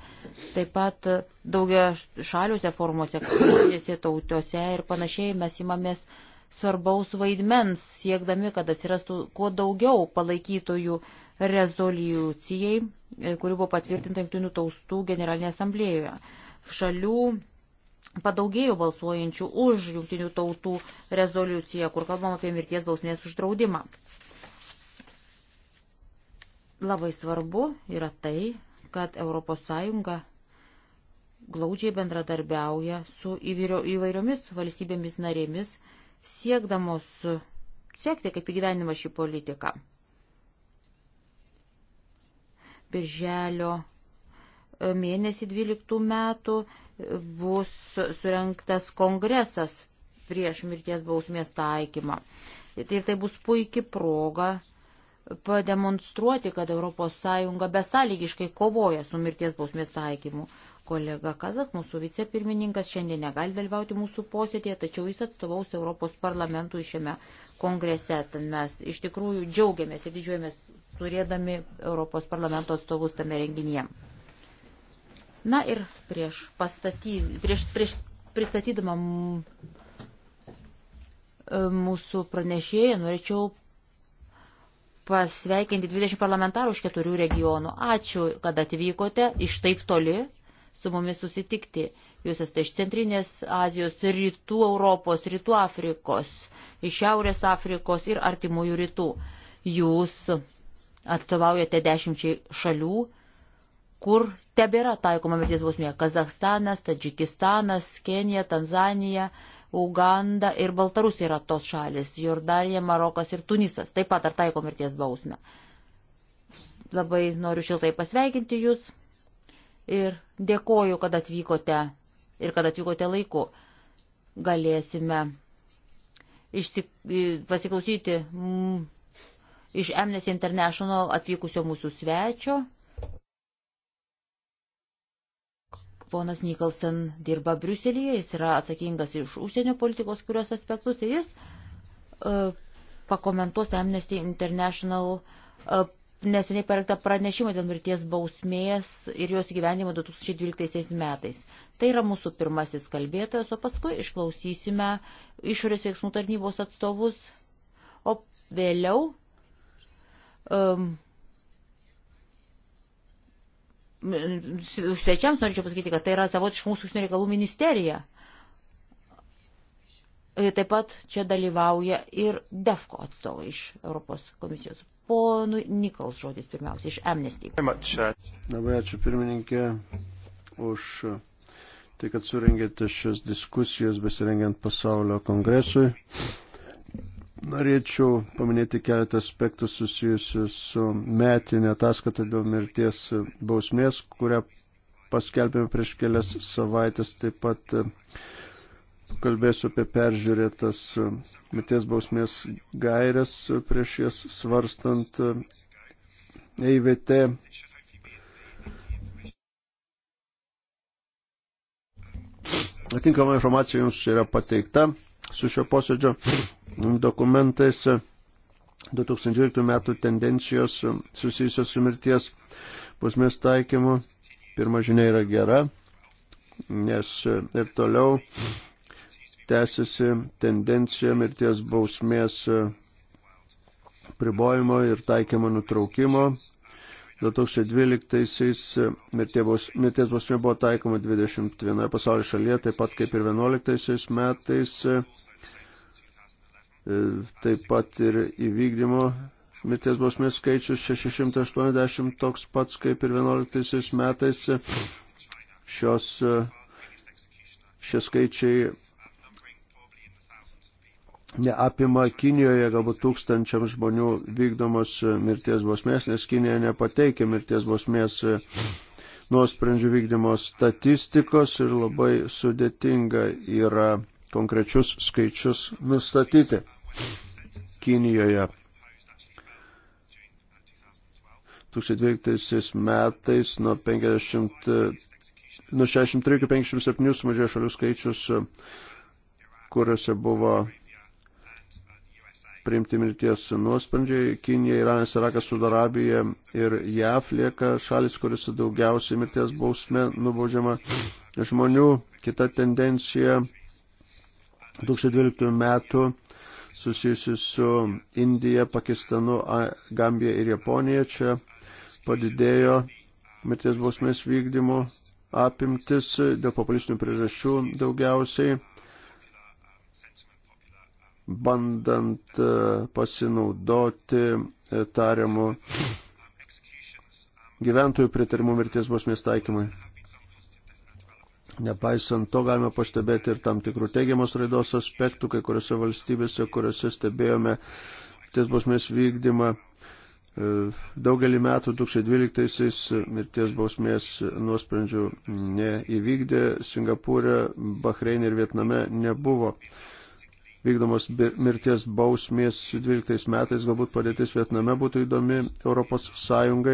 S1: taip pat daugia šaliuose formuose, kūrėsi tautiuose ir panašiai mes imamės uh, svarbaus vaidmens, siekdami, kad atsirastų kuo daugiau palaikytojų rezoliucijai, e, kuri buvo patvirtinta Junktinių tautų generalinėje asamblėjoje. Šalių padaugėjo balsuojančių už Junktinių tautų rezoliuciją, kur kalbam apie mirties bausmės uždraudimą. Labai svarbu yra tai, kad ES glaudžiai bendradarbiauja su įvairiomis valstybėmis narėmis, siekdamos sekti kaip įgyvenimą šį politiką. Birželio e, mėnesį 12 metų e, bus surinktas kongresas prieš mirties bausmės taikymą. Ir tai bus puikia proga pademonstruoti, kad ES besąlygiškai kovoja su mirties bausmės taikymu. Kolega Kazak, mūsų vicepirmininkas, šiandien negali dalyvauti mūsų posėdėje, tačiau jis atstovaus Europos parlamentui šiame kongrese. Ten mes iš tikrųjų džiaugiamės ir didžiuojamės turėdami Europos parlamento atstovus tame renginyje. Na ir prieš, pastaty, prieš, prieš pristatydama e, mūsų pranešėją norėčiau pasveikinti 20 parlamentarų iš keturių regionų. Ačiū, kad atvykote iš taip toli su mumis susitikti. Jūs esate iš Centrinės Azijos, Rytų Europos, Rytų Afrikos, iš Šiaurės Afrikos ir Artimųjų Rytų. Jūs atstovaujate dešimčiai šalių, kur tebėra taikoma mirties bausmė - Kazakstanas, Tadžikistanas, Kenija, Tanzanija. Uganda ir Baltarusija yra tos šalis, Jordanija, Marokas ir Tunisas taip pat ar taiko mirties bausmę. Labai noriu šiltai pasveikinti Jūs ir dėkoju, kad atvykote ir kad atvykote laiku. Galėsime išsik... pasiklausyti mm, iš Amnesty International atvykusio mūsų svečio. Ponas Nikolsen dirba Briuselėje, jis yra atsakingas iš užsienio politikos kurios aspektus ir jis uh, pakomentuos Amnesty International uh, neseniai parengtą pranešimą dėl mirties bausmės ir jos gyvenimo 2012 metais. Tai yra mūsų pirmasis kalbėtojas, o paskui išklausysime išorės veiksmų tarnybos atstovus, o vėliau um, svečiams norėčiau pasakyti, kad tai yra savotiška mūsų užsienio reikalų ministerija. Taip pat čia dalyvauja ir DEFCO atstovai iš Europos komisijos. Ponui Nikols žodis pirmiausia iš Amnesty.
S2: Uh, Labai ačiū pirmininkė už tai, kad surengėte šios diskusijos besirengiant pasaulio kongresui. Norėčiau paminėti keletą aspektų susijusių su metinė ataskata dėl mirties bausmės, kurią paskelbėme prieš kelias savaitės. Taip pat kalbėsiu apie peržiūrėtas e, mirties bausmės gairias e, prieš jas svarstant EIVT. E Atinkama informacija jums yra pateikta su šio posėdžio dokumentais 2012 metų tendencijos susijusios su mirties bausmės taikymu. Pirma žinia yra gera, nes ir toliau tęsiasi tendencija mirties bausmės e, pribojimo ir taikymo nutraukimo. 2012-aisiais e, mirties bausmė buvo taikoma 21 pasaulio šalyje, taip pat kaip ir 11-aisiais metais, e, taip pat ir įvykdymo mirties bausmės skaičius 680 toks pats kaip ir 11 metais. Šios, šie skaičiai neapima Kinijoje galbūt tūkstančiam žmonių vykdomos e, mirties bausmės, nes Kinija nepateikia mirties bausmės e, nuosprendžių vykdymo statistikos ir labai sudėtinga yra konkrečius skaičius nustatyti Kinijoje. 2012 metais nuo, 50, nuo 63 iki 57 sumažėjo šalių skaičius, kuriuose buvo priimti mirties nuosprendžiai. Kinija, Iranas, Irakas, Sudarabija ir JAF lieka šalis, kuris daugiausiai mirties bausme nubaudžiama žmonių. Kita tendencija 2012 metų susijusi su Indija, Pakistanu, Gambija ir Japonija. Čia padidėjo mirties bausmės vykdymo apimtis dėl populistinių priežasčių daugiausiai bandant e, pasinaudoti e, tariamu gyventojų pritarimų mirties bausmės taikymui. Nepaisant to, galime pastebėti ir tam tikrų teigiamos raidos aspektų, kai kuriuose valstybėse, kuriuose stebėjome mirties bausmės vykdymą. E, daugelį metų 2012-aisiais mirties bausmės nuosprendžių neįvykdė, Singapūrė, Bahreinė ir Vietname nebuvo vykdomos mirties bausmės 12 metais, galbūt padėtis Vietname būtų įdomi Europos Sąjungai.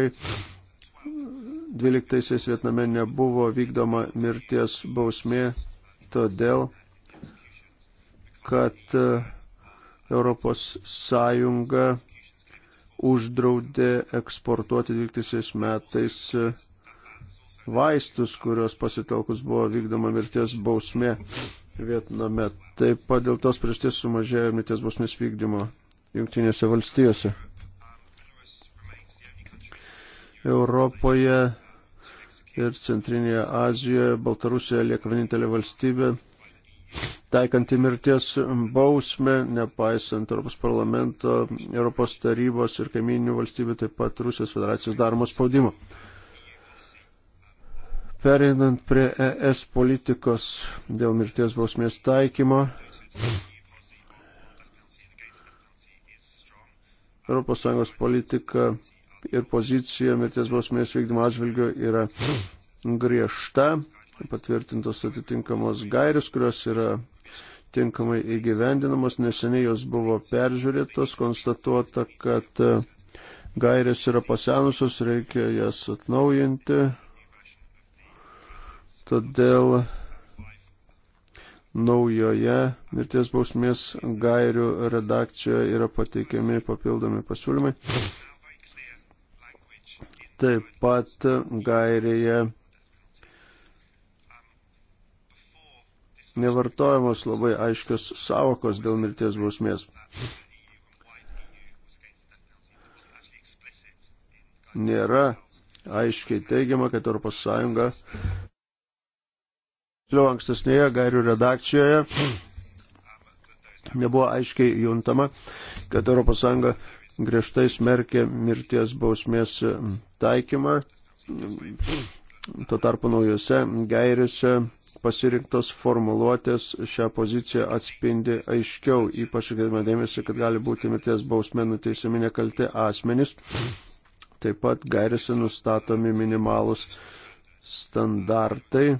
S2: 12 Vietname nebuvo vykdoma mirties bausmė, todėl, kad e, Europos Sąjunga uždraudė eksportuoti 12 metais e, vaistus, kurios pasitelkus buvo vykdoma mirties bausmė. Vietname. Taip pat dėl tos priešties sumažėjo ir mirties bausmės vykdymo Junktinėse valstijose. Europoje ir Centrinėje Azijoje Baltarusija lieka vienintelė valstybė, taikanti mirties bausmę, nepaisant Europos parlamento, Europos tarybos ir kaiminių valstybių, taip pat Rusijos federacijos daromo spaudimo. Pereinant prie ES politikos dėl mirties bausmės taikymo, ES politika ir pozicija mirties bausmės vykdymo atžvilgiu yra griežta, patvirtintos atitinkamos gairis, kurios yra tinkamai įgyvendinamos, neseniai jos buvo peržiūrėtos, konstatuota, kad gairės yra pasenusios, reikia jas atnaujinti, Todėl naujoje mirties bausmės gairių redakcijoje yra pateikiami papildomi pasiūlymai. Taip pat gairėje nevartojamos labai aiškios savokos dėl mirties bausmės. Nėra aiškiai teigiama, kad ES tiksliau ankstesnėje gairių redakcijoje nebuvo aiškiai juntama, kad ES griežtai smerkė mirties bausmės taikymą. Tuo tarpu naujose gairėse pasirinktos formuluotės šią poziciją atspindi aiškiau, ypač atkreipime dėmesį, kad gali būti mirties bausmė nuteisiami nekalti asmenys. Taip pat gairėse nustatomi minimalus standartai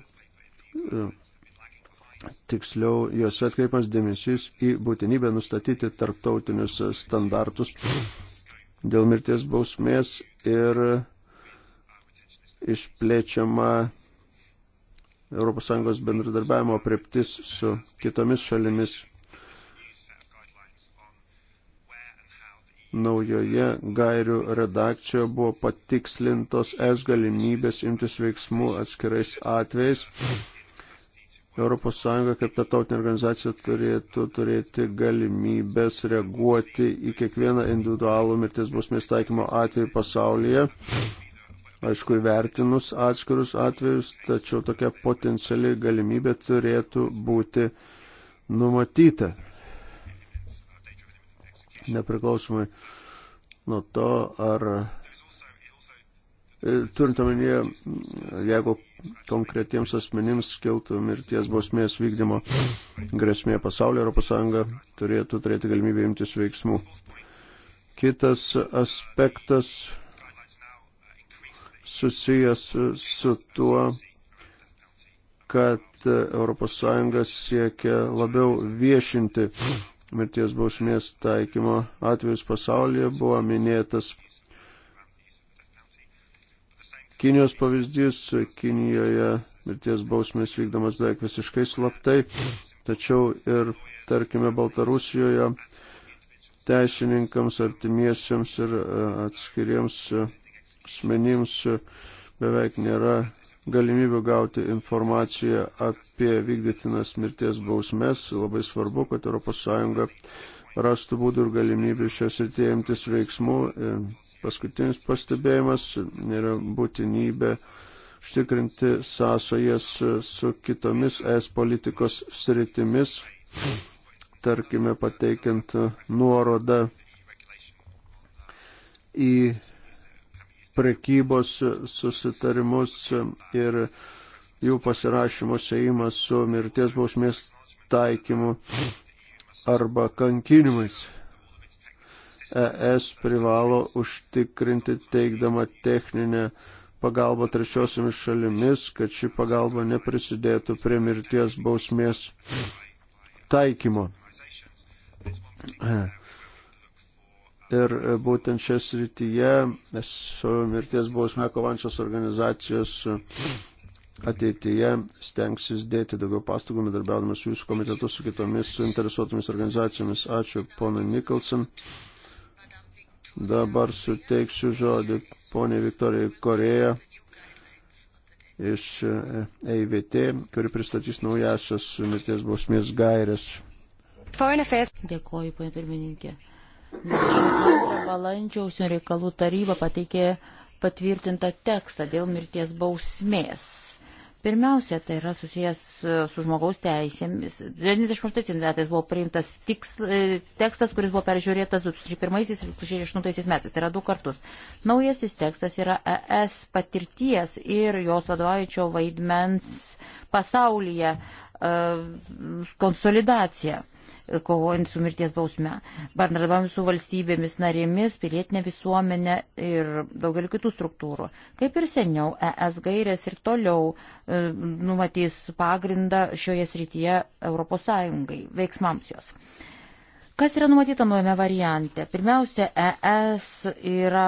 S2: tiksliau juose atkreipas dėmesys į būtinybę nustatyti tarptautinius standartus dėl mirties bausmės ir išplėčiama ES bendradarbiavimo apreptis su kitomis šalimis. Naujoje gairių redakcijoje buvo patikslintos es galimybės imtis veiksmų atskirais atvejais ES kaip tarptautinė organizacija turėtų turėti galimybės reaguoti į kiekvieną individualų mirties bausmės taikymo atvejį pasaulyje. Aišku, įvertinus atskirus atvejus, tačiau tokia potenciali galimybė turėtų būti numatyta. Nepriklausomai nuo to, ar E, turint omenyje, jeigu konkretiems asmenims kiltų mirties bausmės vykdymo grėsmė pasaulio Europos Sąjunga, turėtų turėti galimybę imtis veiksmų. Kitas aspektas susijęs su tuo, kad Europos Sąjunga siekia labiau viešinti mirties bausmės taikymo atvejus pasaulyje. Buvo minėtas Kinijos pavyzdys, Kinijoje mirties bausmės vykdomas beveik visiškai slaptai, tačiau ir, tarkime, Baltarusijoje teisininkams, artimiesiems ir e, atskiriems e, asmenims e, beveik nėra galimybių gauti informaciją apie vykdytinas mirties bausmes. Labai svarbu, kad ES rastų būdų ir galimybių šios įtėjimtis veiksmų. E, paskutinis pastebėjimas yra būtinybė užtikrinti sąsojas su kitomis es politikos sritimis, tarkime pateikiant nuorodą į prekybos susitarimus ir jų pasirašymo seimas su mirties bausmės taikymu arba kankinimais. ES privalo užtikrinti teikdama techninę pagalbą trečiosiomis šalimis, kad ši pagalba neprisidėtų prie mirties bausmės taikymo. Ir būtent šią srityje su mirties bausme kovančios organizacijos ateityje stengsis dėti daugiau pastangų, darbiaudami su jūsų komitetu, su kitomis suinteresuotomis organizacijomis. Ačiū, ponui Nikolson. Dabar suteiksiu žodį poniai Viktorijai Koreja iš EIVT, kuri pristatys naujasias mirties bausmės gairės.
S1: Dėkoju, ponė pirmininkė. Balandžio užsienio reikalų taryba pateikė patvirtintą tekstą dėl mirties bausmės. Pirmiausia, tai yra susijęs su žmogaus teisėmis. 1998 metais buvo priimtas tiksl, e, tekstas, kuris buvo peržiūrėtas 2001-2008 metais, tai yra du kartus. Naujasis tekstas yra ES patirties ir jos vadovaujančio vaidmens pasaulyje e, konsolidacija kovojant su mirties bausme, bendradarbiavim su valstybėmis narėmis, pilietinė visuomenė ir daugeliu kitų struktūrų. Kaip ir seniau, ES gairės ir toliau e, numatys pagrindą šioje srityje ES veiksmams jos. Kas yra numatyta nuojame variante? Pirmiausia, ES yra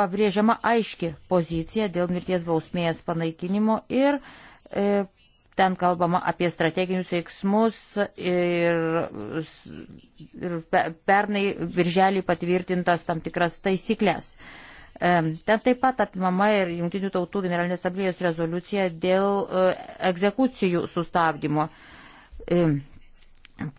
S1: pabrėžiama aiški pozicija dėl mirties bausmės panaikinimo ir e, Ten kalbama apie strateginius veiksmus ir, ir pernai virželį patvirtintas tam tikras taisyklės. Ten taip pat apimama ir Junktinių tautų generalinės asamblėjos rezoliucija dėl e, egzekucijų sustabdymo.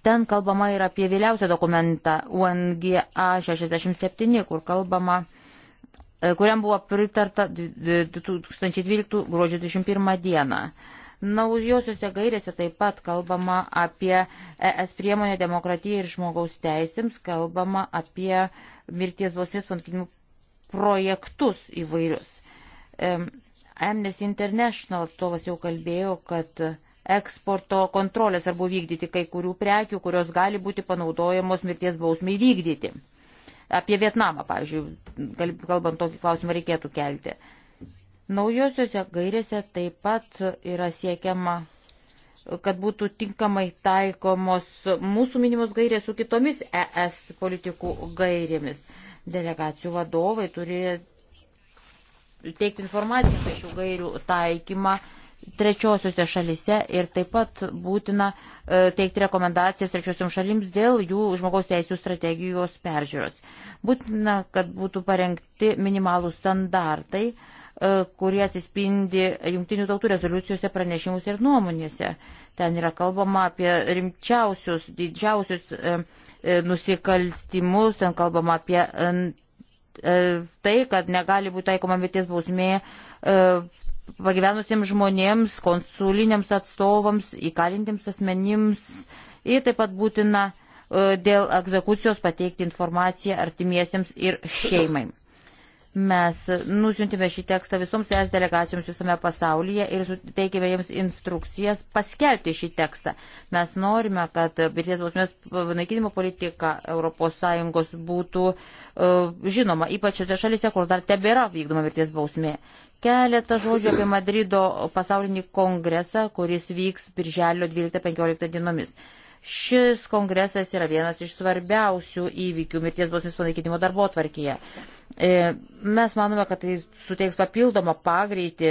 S1: Ten kalbama ir apie vėliausią dokumentą UNGA 67, kur kalbama, e, kuriam buvo pritarta 2012 gruodžio 21 dieną. Naujosiuose gairėse taip pat kalbama apie ES priemonę demokratijai ir žmogaus teisėms, kalbama apie mirties bausmės pankinimų projektus įvairius. Amnesty International atstovas jau kalbėjo, kad eksporto kontrolės arba vykdyti kai kurių prekių, kurios gali būti panaudojamos mirties bausmiai vykdyti. Apie Vietnamą, pavyzdžiui, kalbant tokį klausimą reikėtų kelti. Uh, Naujosiuose gairėse taip pat yra siekiama, kad būtų tinkamai taikomos mūsų minimos gairės su kitomis ES politikų gairėmis. Delegacijų vadovai turi teikti informaciją apie šių gairių taikymą trečiosiuose šalise ir taip pat būtina e, teikti rekomendacijas trečiosiam šalims dėl jų žmogaus teisų strategijos peržiūros. Būtina, kad būtų parengti minimalų standartai E, kurie atsispindi jungtinių tautų rezoliucijose, pranešimuose ir nuomonėse. Ten yra kalbama apie rimčiausius, didžiausius e, e, nusikalstimus, ten kalbama apie tai, kad negali būti taikoma mirties bausmė pagyvenusiems žmonėms, konsuliniams atstovams, įkalintiems asmenims ir taip pat būtina dėl egzekucijos pateikti informaciją artimiesiems ir šeimai. Mes nusintėme šį tekstą visoms es delegacijoms visame pasaulyje ir suteikėme jiems instrukcijas paskelbti šį tekstą. Mes norime, kad mirties bausmės naikinimo politika ES būtų uh, žinoma, ypač šiose šalise, kur dar tebėra vykdoma mirties bausmė. Keletą žodžių apie Madrido pasaulinį kongresą, kuris vyks birželio 12-15 dienomis. Šis kongresas yra vienas iš svarbiausių įvykių mirties bausmės panaikinimo darbo tvarkyje. E, mes manome, kad tai suteiks papildomą pagreitį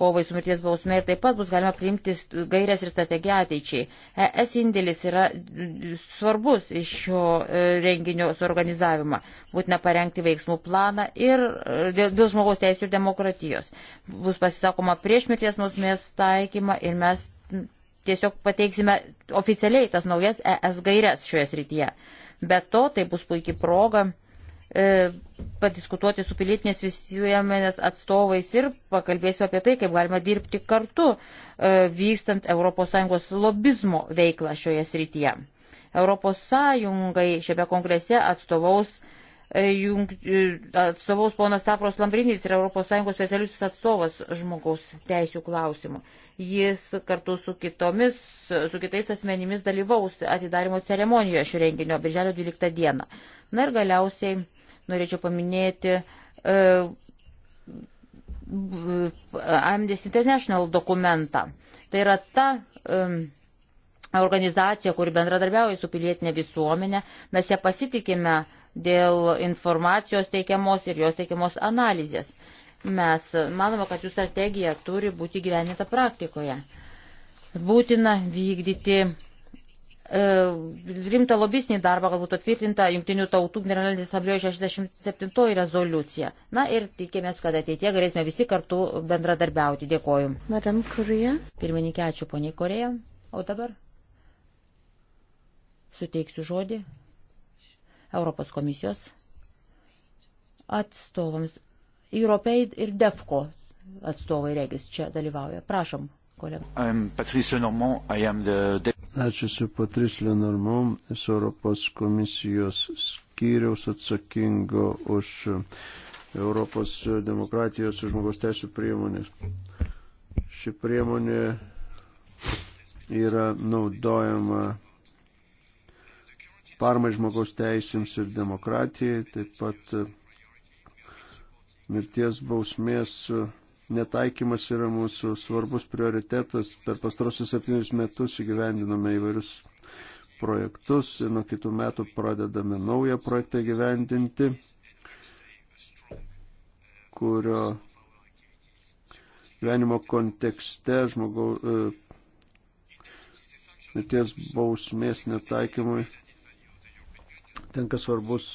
S1: kovai su mirties bausmė ir taip pat bus galima priimti gairias ir strategiją ateičiai. ES indėlis yra svarbus iš šio e, renginio suorganizavimą. Būtina parengti veiksmų planą ir e, dėl, dėl žmogaus teisų ir demokratijos. Bus pasisakoma prieš mirties bausmės taikymą ir mes tiesiog pateiksime oficialiai tas naujas ES gairias šioje srityje. Be to, tai bus puikia proga E, padiskutuoti su pilietinės visuomenės atstovais ir pakalbėsiu apie tai, kaip galima dirbti kartu, e, vykstant ES lobizmo veiklą šioje srityje. ES šiame kongrese atstovaus E, Jung, e, atstovaus ponas Tafros Lambrinys ir ES specialiusis atstovas žmogaus teisų klausimų. Jis kartu su, kitomis, su kitais asmenimis dalyvaus atidarimo ceremonijoje šio renginio birželio 12 dieną. Na ir galiausiai norėčiau paminėti uh, Amnesty International dokumentą. Tai yra ta um, organizacija, kuri bendradarbiauja su pilietinė visuomenė. Mes ją pasitikime uh, dėl informacijos teikiamos ir jos teikiamos analizės. Mes manome, kad jų strategija turi būti gyvenita praktikoje. Būtina vykdyti e, rimtą lobistinį darbą, galbūt atvirtinta Junktinių tautų generalinės asamblėjos 67 rezoliucija. Na ir tikėmės, kad ateitie galėsime visi kartu bendradarbiauti. Dėkoju. Madam Kurija. Pirmininkė, ačiū poniai Korėja. O dabar suteiksiu žodį Europos komisijos atstovams. Europeid ir DEFCO atstovai regis čia dalyvauja. Prašom, kolega.
S2: The... Ačiū su Patrice Lenormand, esu Europos komisijos skyriaus atsakingo už Europos demokratijos ir žmogaus teisų priemonės. Ši priemonė yra naudojama parmai žmogaus teisėms ir demokratijai, taip pat e, mirties bausmės e, netaikymas yra mūsų svarbus prioritetas. Per pastarosius septynius metus įgyvendinome įvairius projektus ir nuo kitų metų pradedame naują projektą gyvendinti, kurio gyvenimo kontekste žmogaus e, mirties bausmės netaikymui tenka svarbus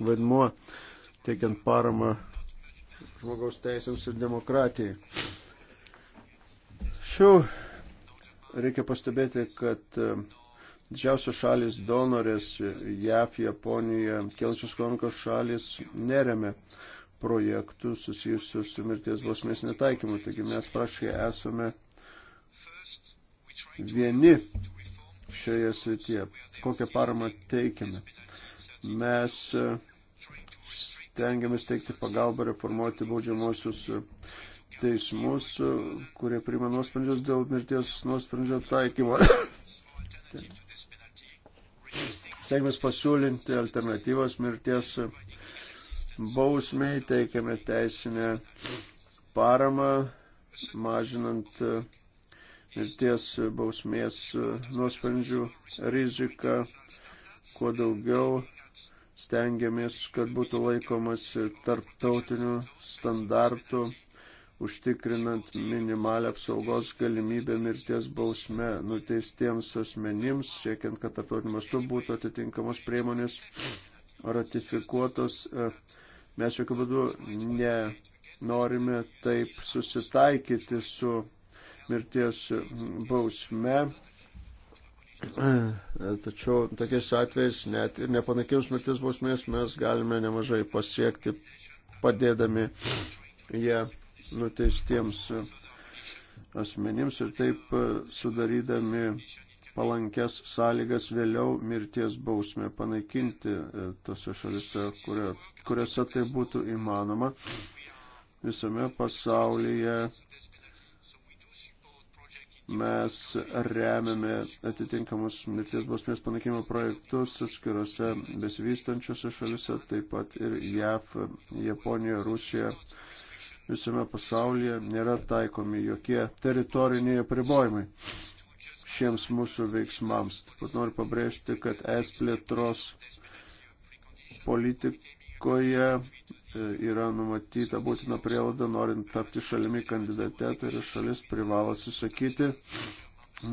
S2: vaidmuo teikiant paramą žmogaus teisėms ir demokratijai. Šiuo reikia pastebėti, kad e, didžiausios šalis donorės JAF, Japonija, kelčios konkos šalis neremia projektų susijusių su mirties bausmės netaikymu. Taigi mes prašai esame vieni šioje srityje. Kokią paramą teikiame? Mes e, stengiamės teikti pagalbą reformuoti baudžiamosius e, teismus, e, kurie priima nuosprendžius dėl mirties nuosprendžio taikymo. Stengiamės pasiūlinti alternatyvas mirties bausmiai, teikiame teisinę paramą, mažinant mirties bausmės nuosprendžių riziką, kuo daugiau stengiamės, kad būtų laikomas tarptautinių standartų, užtikrinant minimalę apsaugos galimybę mirties bausme nuteistiems asmenims, siekiant, kad tarptautiniu mastu būtų atitinkamos priemonės ratifikuotos. Mes jokių būdų nenorime taip susitaikyti su mirties bausme Tačiau tokiais atvejais net ir nepanakinus mirties bausmės mes galime nemažai pasiekti padėdami jie nuteistiems asmenims ir taip sudarydami palankės sąlygas vėliau mirties bausmę panaikinti e, tose šalise, kurio, kuriuose tai būtų įmanoma. Visame pasaulyje mes remiame atitinkamus mirties bausmės panaikinimo projektus skiriuose besivystančiuose šalise, taip pat ir JAV, Japonija, Rusija. Visame pasaulyje nėra taikomi jokie teritoriniai apribojimai šiems mūsų veiksmams. Taip pat noriu pabrėžti, kad es plėtros politikoje E, yra numatyta būtina prielaida, norint tapti šalimi kandidate, tai yra šalis privalo atsisakyti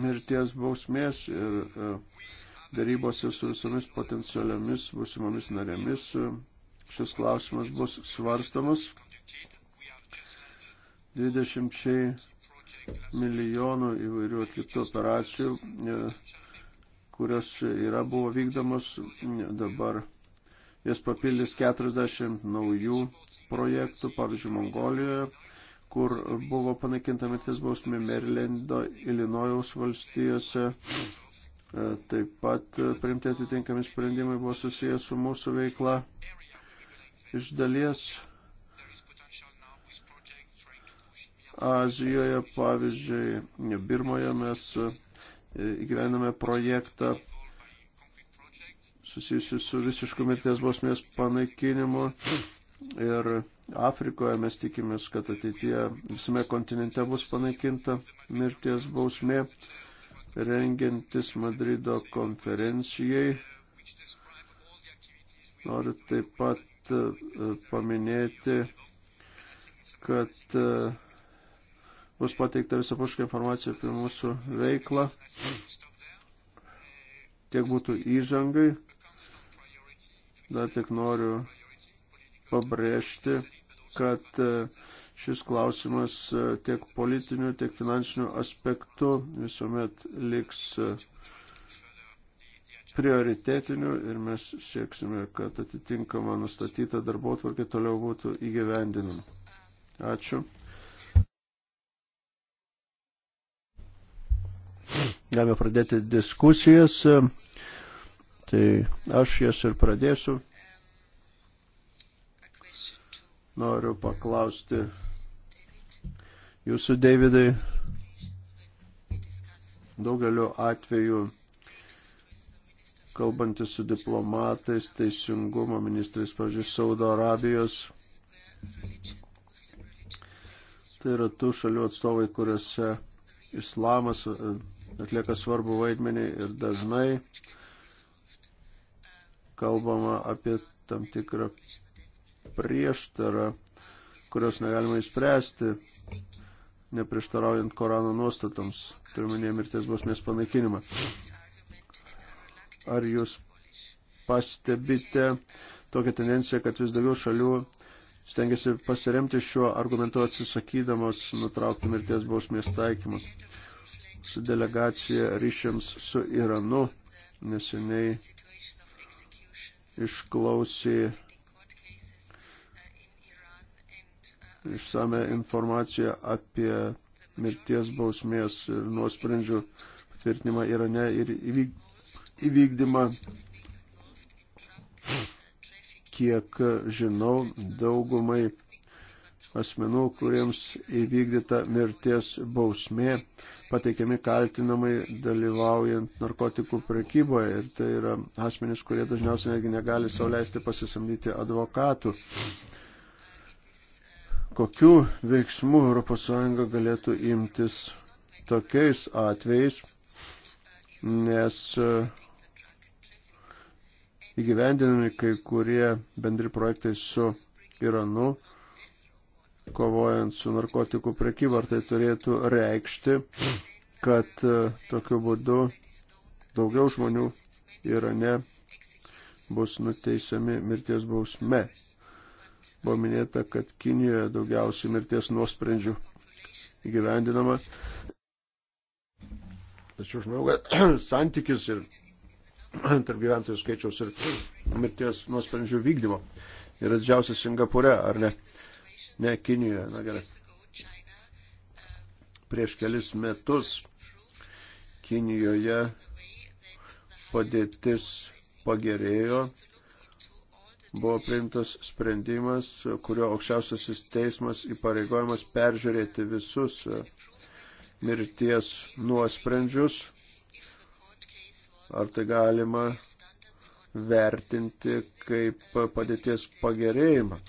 S2: mirties bausmės ir e, darybose su visomis potencialiomis būsimomis narėmis e, šis klausimas bus svarstamas. 20 milijonų įvairių atliktų operacijų, kurios yra buvo vykdomos, dabar Jis papildys 40 naujų projektų, pavyzdžiui, Mongolijoje, kur buvo panaikinta mirtis bausmė Merilendo, Ilinojaus valstijose. E, taip pat e, priimti atitinkami sprendimai buvo susijęs su mūsų veikla. Iš dalies Azijoje, pavyzdžiui, Birmoje mes e, įgyvename projektą susijusi su visišku mirties bausmės panaikinimu. Ir Afrikoje mes tikimės, kad ateityje visame kontinente bus panaikinta mirties bausmė, rengiantis Madrido konferencijai. Noriu taip pat e, paminėti, kad e, bus pateikta visapuška informacija apie mūsų veiklą. Tiek būtų įžangai. Dar tik noriu pabrėžti, kad e, šis klausimas e, tiek politiniu, tiek finansiniu aspektu visuomet liks e, prioritetiniu ir mes sieksime, kad atitinkama nustatyta darbo tvarkė toliau būtų įgyvendinama. Ačiū. Galime pradėti diskusijas. Tai aš jas ir pradėsiu. Noriu paklausti jūsų, Davidai, daugeliu atveju kalbantis su diplomatais, teisingumo ministrais, pavyzdžiui, Saudo Arabijos. Tai yra tų šalių atstovai, kuriuose islamas atlieka svarbu vaidmenį ir dažnai kalbama apie tam tikrą prieštarą, kurios negalima išspręsti, neprieštaraujant Korano nuostatoms, turiminėje mirties bausmės panaikinimą. Ar jūs pastebite tokią tendenciją, kad vis daugiau šalių stengiasi pasiremti šiuo argumentu atsisakydamos nutraukti mirties bausmės taikymą. Su delegacija ryšiams su Iranu neseniai išklausė išsame informaciją apie mirties bausmės ir nuosprendžių patvirtinimą Irane ir įvykdymą. Kiek žinau, daugumai asmenų, kuriems įvykdyta mirties bausmė, pateikiami kaltinamai dalyvaujant narkotikų prekyboje. Ir tai yra asmenys, kurie dažniausiai netgi negali sauliaisti pasisamdyti advokatų. Kokių veiksmų ES galėtų imtis tokiais atvejais, nes e, įgyvendinami kai kurie bendri projektai su Iranu, kovojant su narkotikų prekyba. Ar tai turėtų reikšti, kad e, tokiu būdu daugiau žmonių Irane bus nuteisiami mirties bausme. Buvo minėta, kad Kinijoje daugiausiai mirties nuosprendžių įgyvendinama. Tačiau žinau, kad santykis ir tarp gyventojų skaičiaus ir mirties nuosprendžių vykdymo yra didžiausias Singapūre, ar ne? Uh, ne Kinijoje. Na gerai. Prieš kelis metus Kinijoje padėtis pagerėjo. Buvo priimtas sprendimas, kurio aukščiausiasis teismas įpareigojimas peržiūrėti visus mirties nuosprendžius. Ar tai galima vertinti kaip padėties pagerėjimą?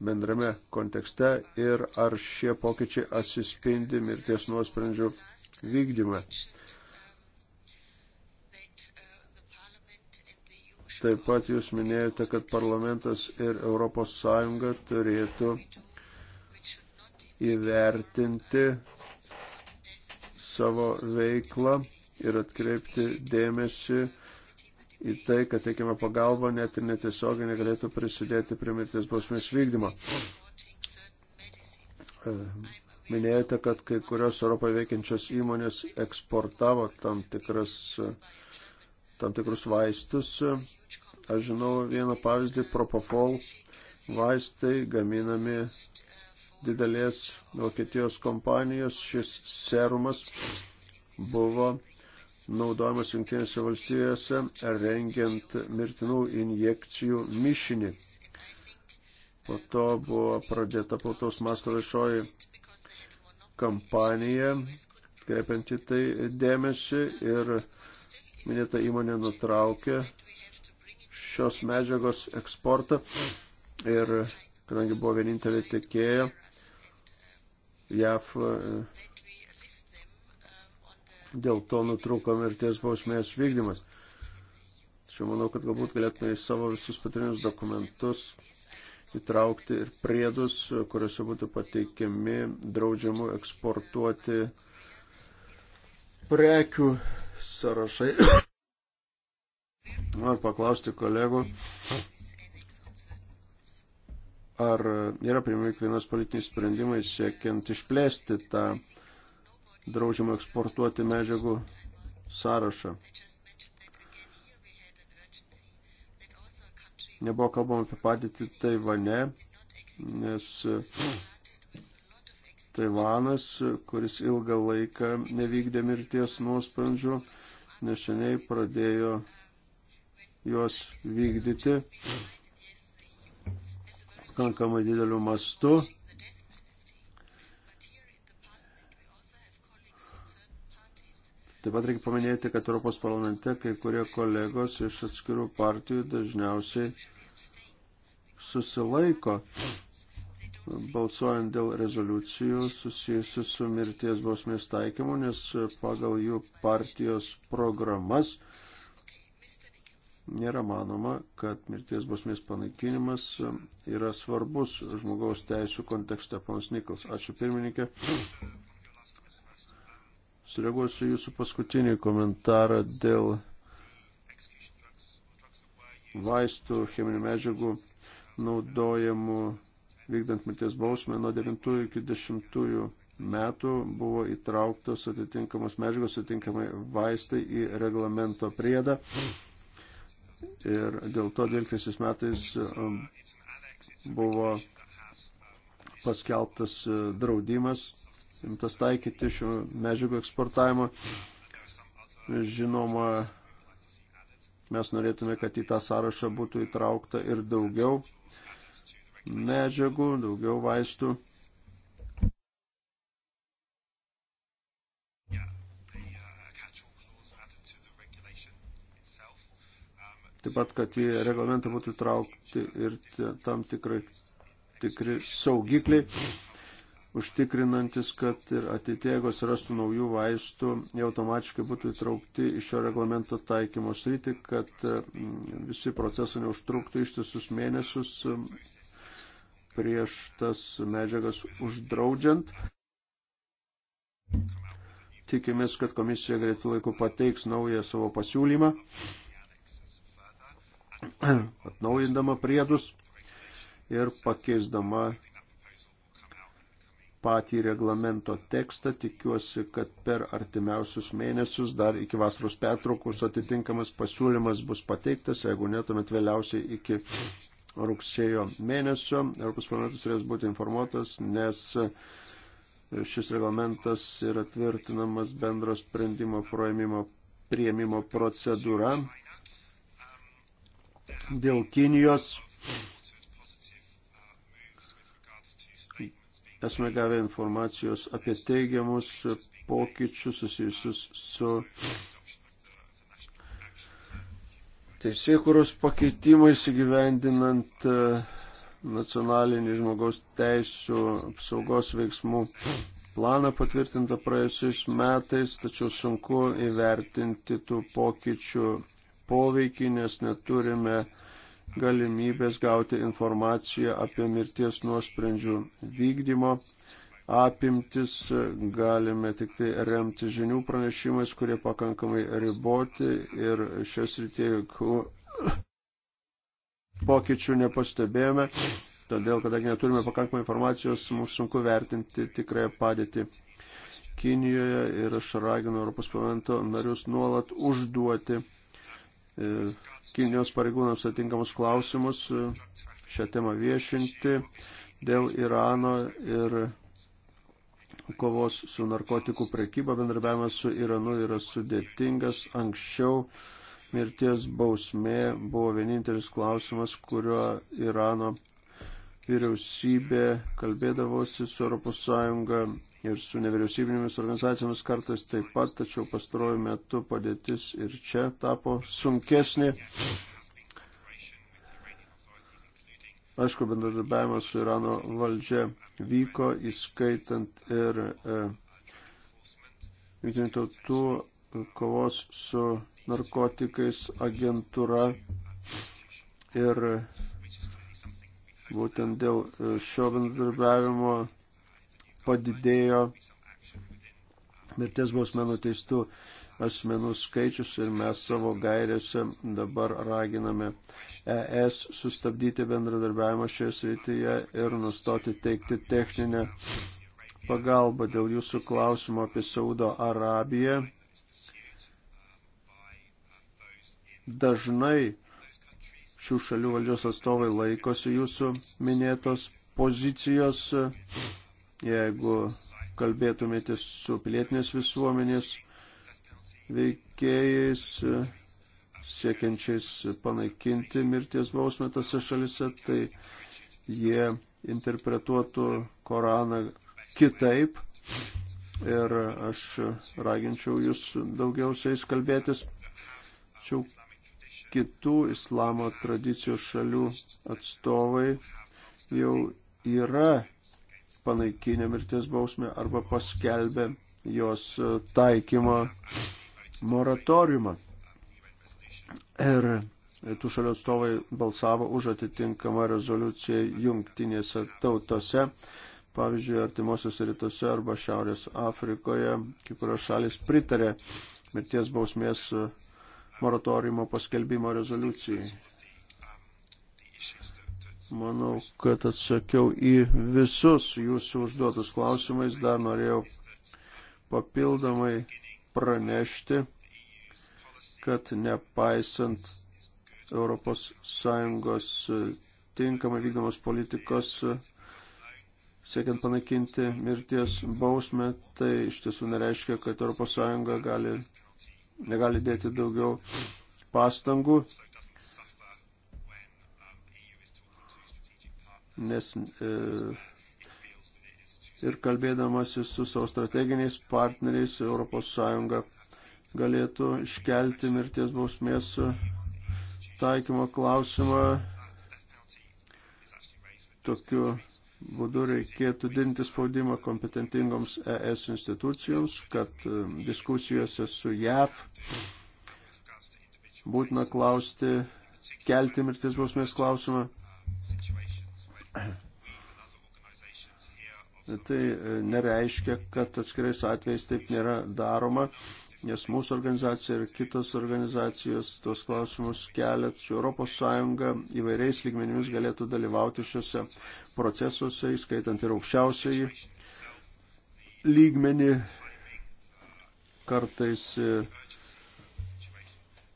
S2: bendrame kontekste ir ar šie pokyčiai atsispindi mirties nuosprendžių vykdyme. Taip pat jūs minėjote, kad parlamentas ir ES turėtų įvertinti savo veiklą ir atkreipti dėmesį į tai, kad teikiama pagalba net ir netiesioginė galėtų prisidėti prie mirties bausmės vykdymo. E, minėjote, kad kai kurios Europoje veikiančios įmonės eksportavo tam, tikras, tam tikrus vaistus. Aš žinau vieną pavyzdį, Propofol vaistai gaminami didelės Vokietijos kompanijos. Šis serumas buvo naudojamas Junktinėse valstijose rengiant mirtinų injekcijų mišinį. Po to buvo pradėta plataus masto viešoji kampanija, kreipianti tai dėmesį ir minėta įmonė nutraukė šios medžiagos eksportą ir kadangi buvo vienintelė tiekėja, JAF dėl to nutrūko mirties bausmės vykdymas. Tačiau manau, kad galbūt galėtume į savo visus patrinius dokumentus įtraukti ir priedus, kuriuose būtų pateikiami draudžiamų eksportuoti prekių sąrašai. Noriu paklausti kolegų, ar yra priimami kvienas politiniai sprendimai siekiant išplėsti tą draudžiamų eksportuoti medžiagų sąrašą. Nebuvo kalbama apie padėtį Taivane, nes Taivanas, kuris ilgą laiką nevykdė mirties nuosprendžių, nešeniai pradėjo juos vykdyti pakankamai dideliu mastu Taip pat reikia paminėti, kad Europos parlamente kai kurie kolegos iš atskirų partijų dažniausiai susilaiko balsuojant dėl rezoliucijų susijusių su mirties bausmės taikymu, nes pagal jų partijos programas nėra manoma, kad mirties bausmės panaikinimas yra svarbus žmogaus teisų kontekste. Panas Nikols, ačiū pirmininkė. Sureaguosiu jūsų paskutinį komentarą dėl vaistų, cheminių medžiagų naudojamų vykdant mirties bausmę nuo 9 iki 10 metų buvo įtrauktos atitinkamos medžiagos, atitinkamai vaistai į reglamento priedą. Ir dėl to 12 metais um, buvo paskelbtas uh, draudimas imtas taikyti šių medžiagų eksportavimo. Žinoma, mes norėtume, kad į tą sąrašą būtų įtraukta ir daugiau medžiagų, daugiau vaistų. Taip pat, kad į reglamentą būtų traukti ir tam tikrai, tikri saugikliai, užtikrinantis, kad ir ateitie, jeigu rastų naujų vaistų, jie automatiškai būtų įtraukti į šio reglamento taikymo sritį, kad mm, visi procesai neužtruktų ištisus mėnesius mm, prieš tas medžiagas uždraudžiant. Tikimės, kad komisija greitų laikų pateiks naują savo pasiūlymą, atnaujindama priedus ir pakeisdama patį reglamento tekstą. Tikiuosi, kad per artimiausius mėnesius, dar iki vasaros pertraukos, atitinkamas pasiūlymas bus pateiktas, jeigu netumėt vėliausiai iki rugsėjo mėnesio. Europos planetas turės būti informuotas, nes šis reglamentas yra tvirtinamas bendro sprendimo prieimimo procedūra dėl Kinijos. esame gavę informacijos apie teigiamus pokyčius susijusius su teisėkuros pakeitimais įgyvendinant e, nacionalinį žmogaus teisų apsaugos veiksmų planą patvirtintą praėjusiais metais, tačiau sunku įvertinti tų pokyčių poveikį, nes neturime uh, galimybės gauti informaciją apie mirties nuosprendžių vykdymo apimtis, galime tik tai remti žinių pranešimais, kurie pakankamai riboti ir šios rytie jokių pokyčių nepastebėjome. Todėl, kadangi neturime pakankamai informacijos, mums sunku vertinti tikrąją padėtį Kinijoje ir aš raginu Europos parlamento narius nuolat užduoti E, Kinijos pareigūnams atinkamus klausimus e, šią temą viešinti dėl Irano ir kovos su narkotikų prekyba. Bendrabiavimas su Iranu yra sudėtingas. Anksčiau mirties bausmė buvo vienintelis klausimas, kuriuo Irano vyriausybė kalbėdavosi su ES ir su nevyriausybinėmis organizacijomis kartais taip pat, tačiau pastaruoju metu padėtis ir čia tapo sunkesnė. Aišku, bendradarbiavimas su Irano valdžia vyko, įskaitant ir e, jungtinių tautų kovos su narkotikais agentūra ir būtent dėl e, šio bendradarbiavimo padidėjo mirties bausmė nuteistų asmenų skaičius ir mes savo gairėse dabar raginame ES sustabdyti bendradarbiavimą šioje srityje ir nustoti teikti techninę pagalbą dėl jūsų klausimo apie Saudo Arabiją. Dažnai šių šalių valdžios atstovai laikosi jūsų minėtos pozicijos jeigu kalbėtumėte su pilietinės visuomenės veikėjais, siekiančiais panaikinti mirties bausmę tose šalise, tai jie interpretuotų Koraną kitaip. Ir aš raginčiau jūs daugiausiais kalbėtis. Čia kitų islamo tradicijos šalių atstovai jau yra panaikinę mirties bausmę arba paskelbę jos e, taikymo moratoriumą. Ir tų šalių atstovai balsavo už atitinkamą rezoliuciją jungtinėse tautose. Pavyzdžiui, artimuosiuose rytuose arba Šiaurės Afrikoje kai kurios šalis pritarė mirties bausmės e, moratoriumo paskelbimo rezoliucijai. Manau, kad atsakiau į visus jūsų užduotus klausimais. Dar norėjau papildomai pranešti, kad nepaisant ES tinkamai vykdomos politikos siekiant panaikinti mirties bausmę, tai iš tiesų nereiškia, kad ES gali, negali dėti daugiau pastangų nes e, ir kalbėdamasis su savo strateginiais partneriais ES galėtų iškelti mirties bausmės taikymo klausimą. Tokiu būdu reikėtų dinti spaudimą kompetentingoms ES institucijoms, kad e, diskusijose su JAV būtina klausti, kelti mirties bausmės klausimą Tai e, nereiškia, kad atskirais atvejais taip nėra daroma, nes mūsų organizacija ir kitos organizacijos tos klausimus kelia, tačiau ES įvairiais lygmenimis galėtų dalyvauti šiuose procesuose, įskaitant ir aukščiausiai lygmenį kartais e,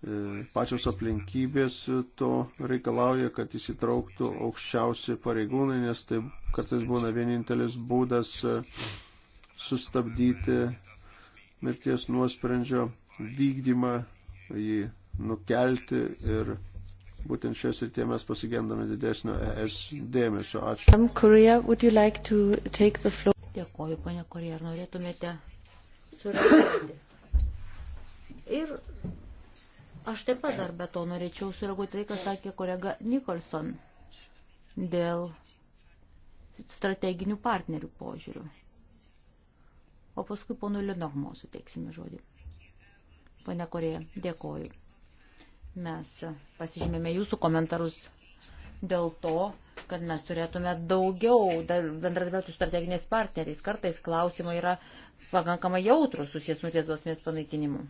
S2: E, pačios aplinkybės to reikalauja, kad įsitrauktų aukščiausi pareigūnai, nes tai kartais būna vienintelis būdas e, sustabdyti mirties nuosprendžio vykdymą, jį nukelti ir būtent šios ir tie mes pasigendame didesnio ES dėmesio. Ačiū.
S1: Um, Korea, like Dėkoju, ponia Korija, ar norėtumėte sureaguoti? Ir Aš taip pat dar be to norėčiau sureaguoti tai, ką sakė kolega Nikolson dėl strateginių partnerių požiūrių. O paskui ponui Lenormo suteiksime žodį. Pane Korėja, dėkoju. Mes pasižymėme jūsų komentarus dėl to, kad mes turėtume daugiau bendradarbiauti su strateginiais partneriais. Kartais klausimai yra pakankamai jautrus susijęs nuties basmės panaikinimu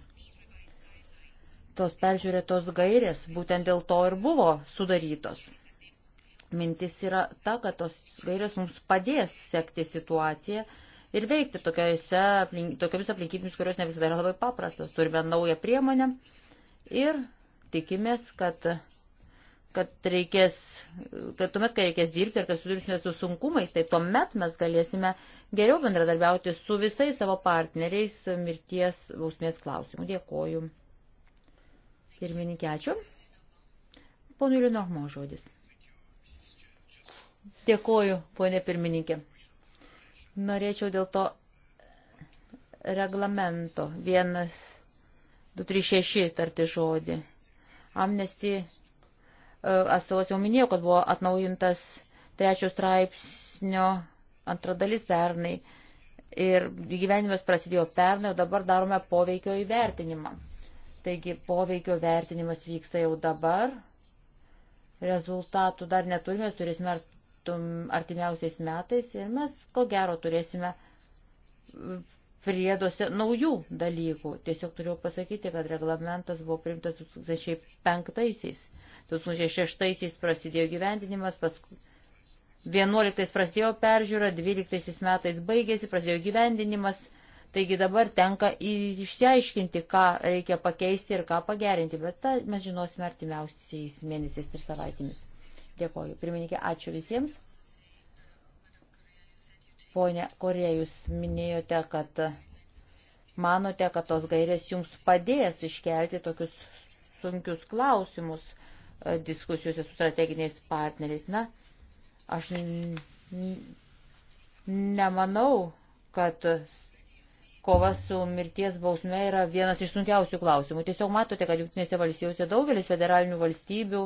S1: tos peržiūrėtos gairės būtent dėl to ir buvo sudarytos. Mintis yra ta, kad tos gairės mums padės sekti situaciją ir veikti aplink, tokiamis aplinkybėmis, kurios ne visada yra labai paprastas. Turime naują priemonę ir tikimės, kad, kad, reikės, kad tuomet, kai reikės dirbti ir kad sudursime su sunkumais, tai tuomet mes galėsime geriau bendradarbiauti su visais savo partneriais mirties bausmės klausimų. Dėkoju. Pirmininkė, ačiū. Ponui Linohmo žodis. Dėkoju, ponė pirmininkė. Norėčiau dėl to reglamento 1236 tarti žodį. Amnesty e, atstovas jau minėjo, kad buvo atnaujintas trečio straipsnio antra dalis pernai ir gyvenimas prasidėjo pernai, o dabar darome poveikio įvertinimą. Taigi poveikio vertinimas vyksta jau dabar. Rezultatų dar neturime, turėsime artimiausiais metais ir mes ko gero turėsime prieduose naujų dalykų. Tiesiog turėjau pasakyti, kad reglamentas buvo priimtas 2005-aisiais. 2006-aisiais prasidėjo gyvendinimas, paskui 2011-aisiais prasidėjo peržiūra, 2012-aisiais metais baigėsi, prasidėjo gyvendinimas Taigi dabar tenka išsiaiškinti, ką reikia pakeisti ir ką pagerinti, bet tą mes žinosime artimiausiais mėnesiais ir savaitėmis. Dėkoju. Pirmininkė, ačiū visiems. Pone Korė, jūs minėjote, kad manote, kad tos gairės jums padės iškelti tokius sunkius klausimus e, diskusijose su strateginiais partneriais. Na, aš nemanau, kad kova su mirties bausme yra vienas iš sunkiausių klausimų. Tiesiog matote, kad Junktinėse valstijose daugelis federalinių valstybių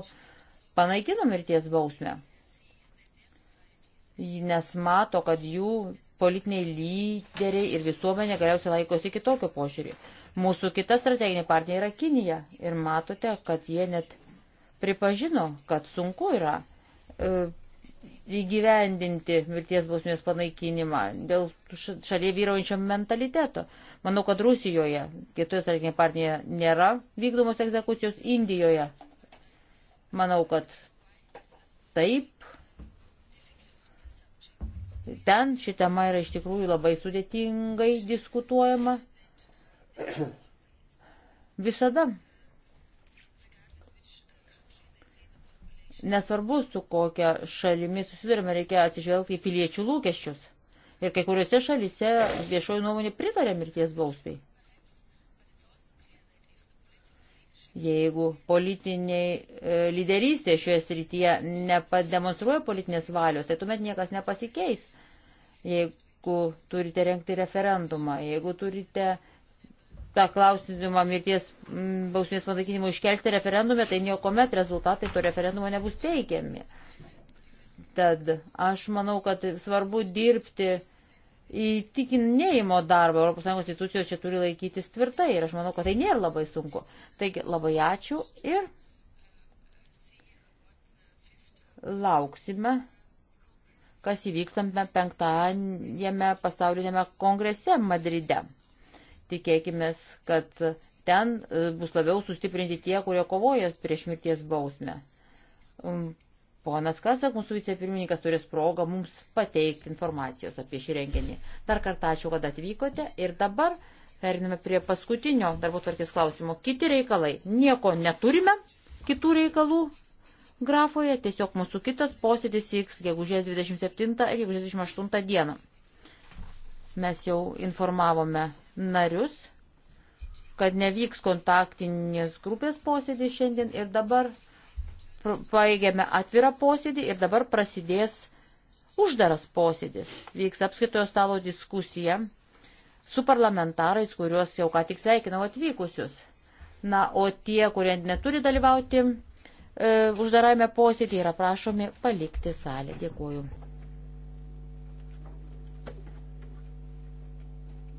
S1: panaikino mirties bausmę, nes mato, kad jų politiniai lyderiai ir visuomenė galiausiai laikosi kitokio požiūrį. Mūsų kita strateginė partija yra Kinija ir matote, kad jie net pripažino, kad sunku yra e, įgyvendinti mirties bausmės panaikinimą dėl šalyje vyraujančio mentaliteto. Manau, kad Rusijoje, kitoje strateginėje partijoje nėra vykdomos egzekucijos, Indijoje. Manau, kad taip. Ten ši tema yra iš tikrųjų labai sudėtingai diskutuojama. Visada Nesvarbu, su kokia šalimi susidurime, reikia atsižvelgti į piliečių lūkesčius. Ir kai kuriuose šalyse viešoji nuomonė pritarė mirties bausmiai. Jeigu politiniai e, lyderystė šioje srityje nepademonstruoja politinės valios, tai tuomet niekas nepasikeis. Jeigu turite renkti referendumą, jeigu turite tą klausimą mirties bausmės panaikinimo iškelti referendume, tai niekuomet rezultatai to referendumo nebus teigiami. Tad aš manau, kad svarbu dirbti įtikinėjimo darbą. ES institucijos čia turi laikytis tvirtai ir aš manau, kad tai nėra labai sunku. Taigi labai ačiū ir lauksime kas įvykstame penktąjame pasaulinėme kongrese Madride. Tikėkime, kad ten e, bus labiau sustiprinti tie, kurie kovoja prieš mirties bausmę. Um, ponas Kasak, mūsų vicepirmininkas, turės progą mums pateikti informacijos apie šį renginį. Dar kartą ačiū, kad atvykote ir dabar periname prie paskutinio darbo tvarkės klausimo. Kiti reikalai. Nieko neturime kitų reikalų grafoje, tiesiog mūsų kitas posėdis vyks gegužės 27 ir gegužės 28 dieną. Mes jau informavome narius, kad nevyks kontaktinės grupės posėdį šiandien ir dabar paėgėme atvirą posėdį ir dabar prasidės uždaras posėdis. Vyks apskaitojo stalo diskusija su parlamentarais, kuriuos jau ką tik sveikinau atvykusius. Na, o tie, kurie neturi dalyvauti e, uždarame posėdį, yra prašomi palikti salę. Dėkuoju.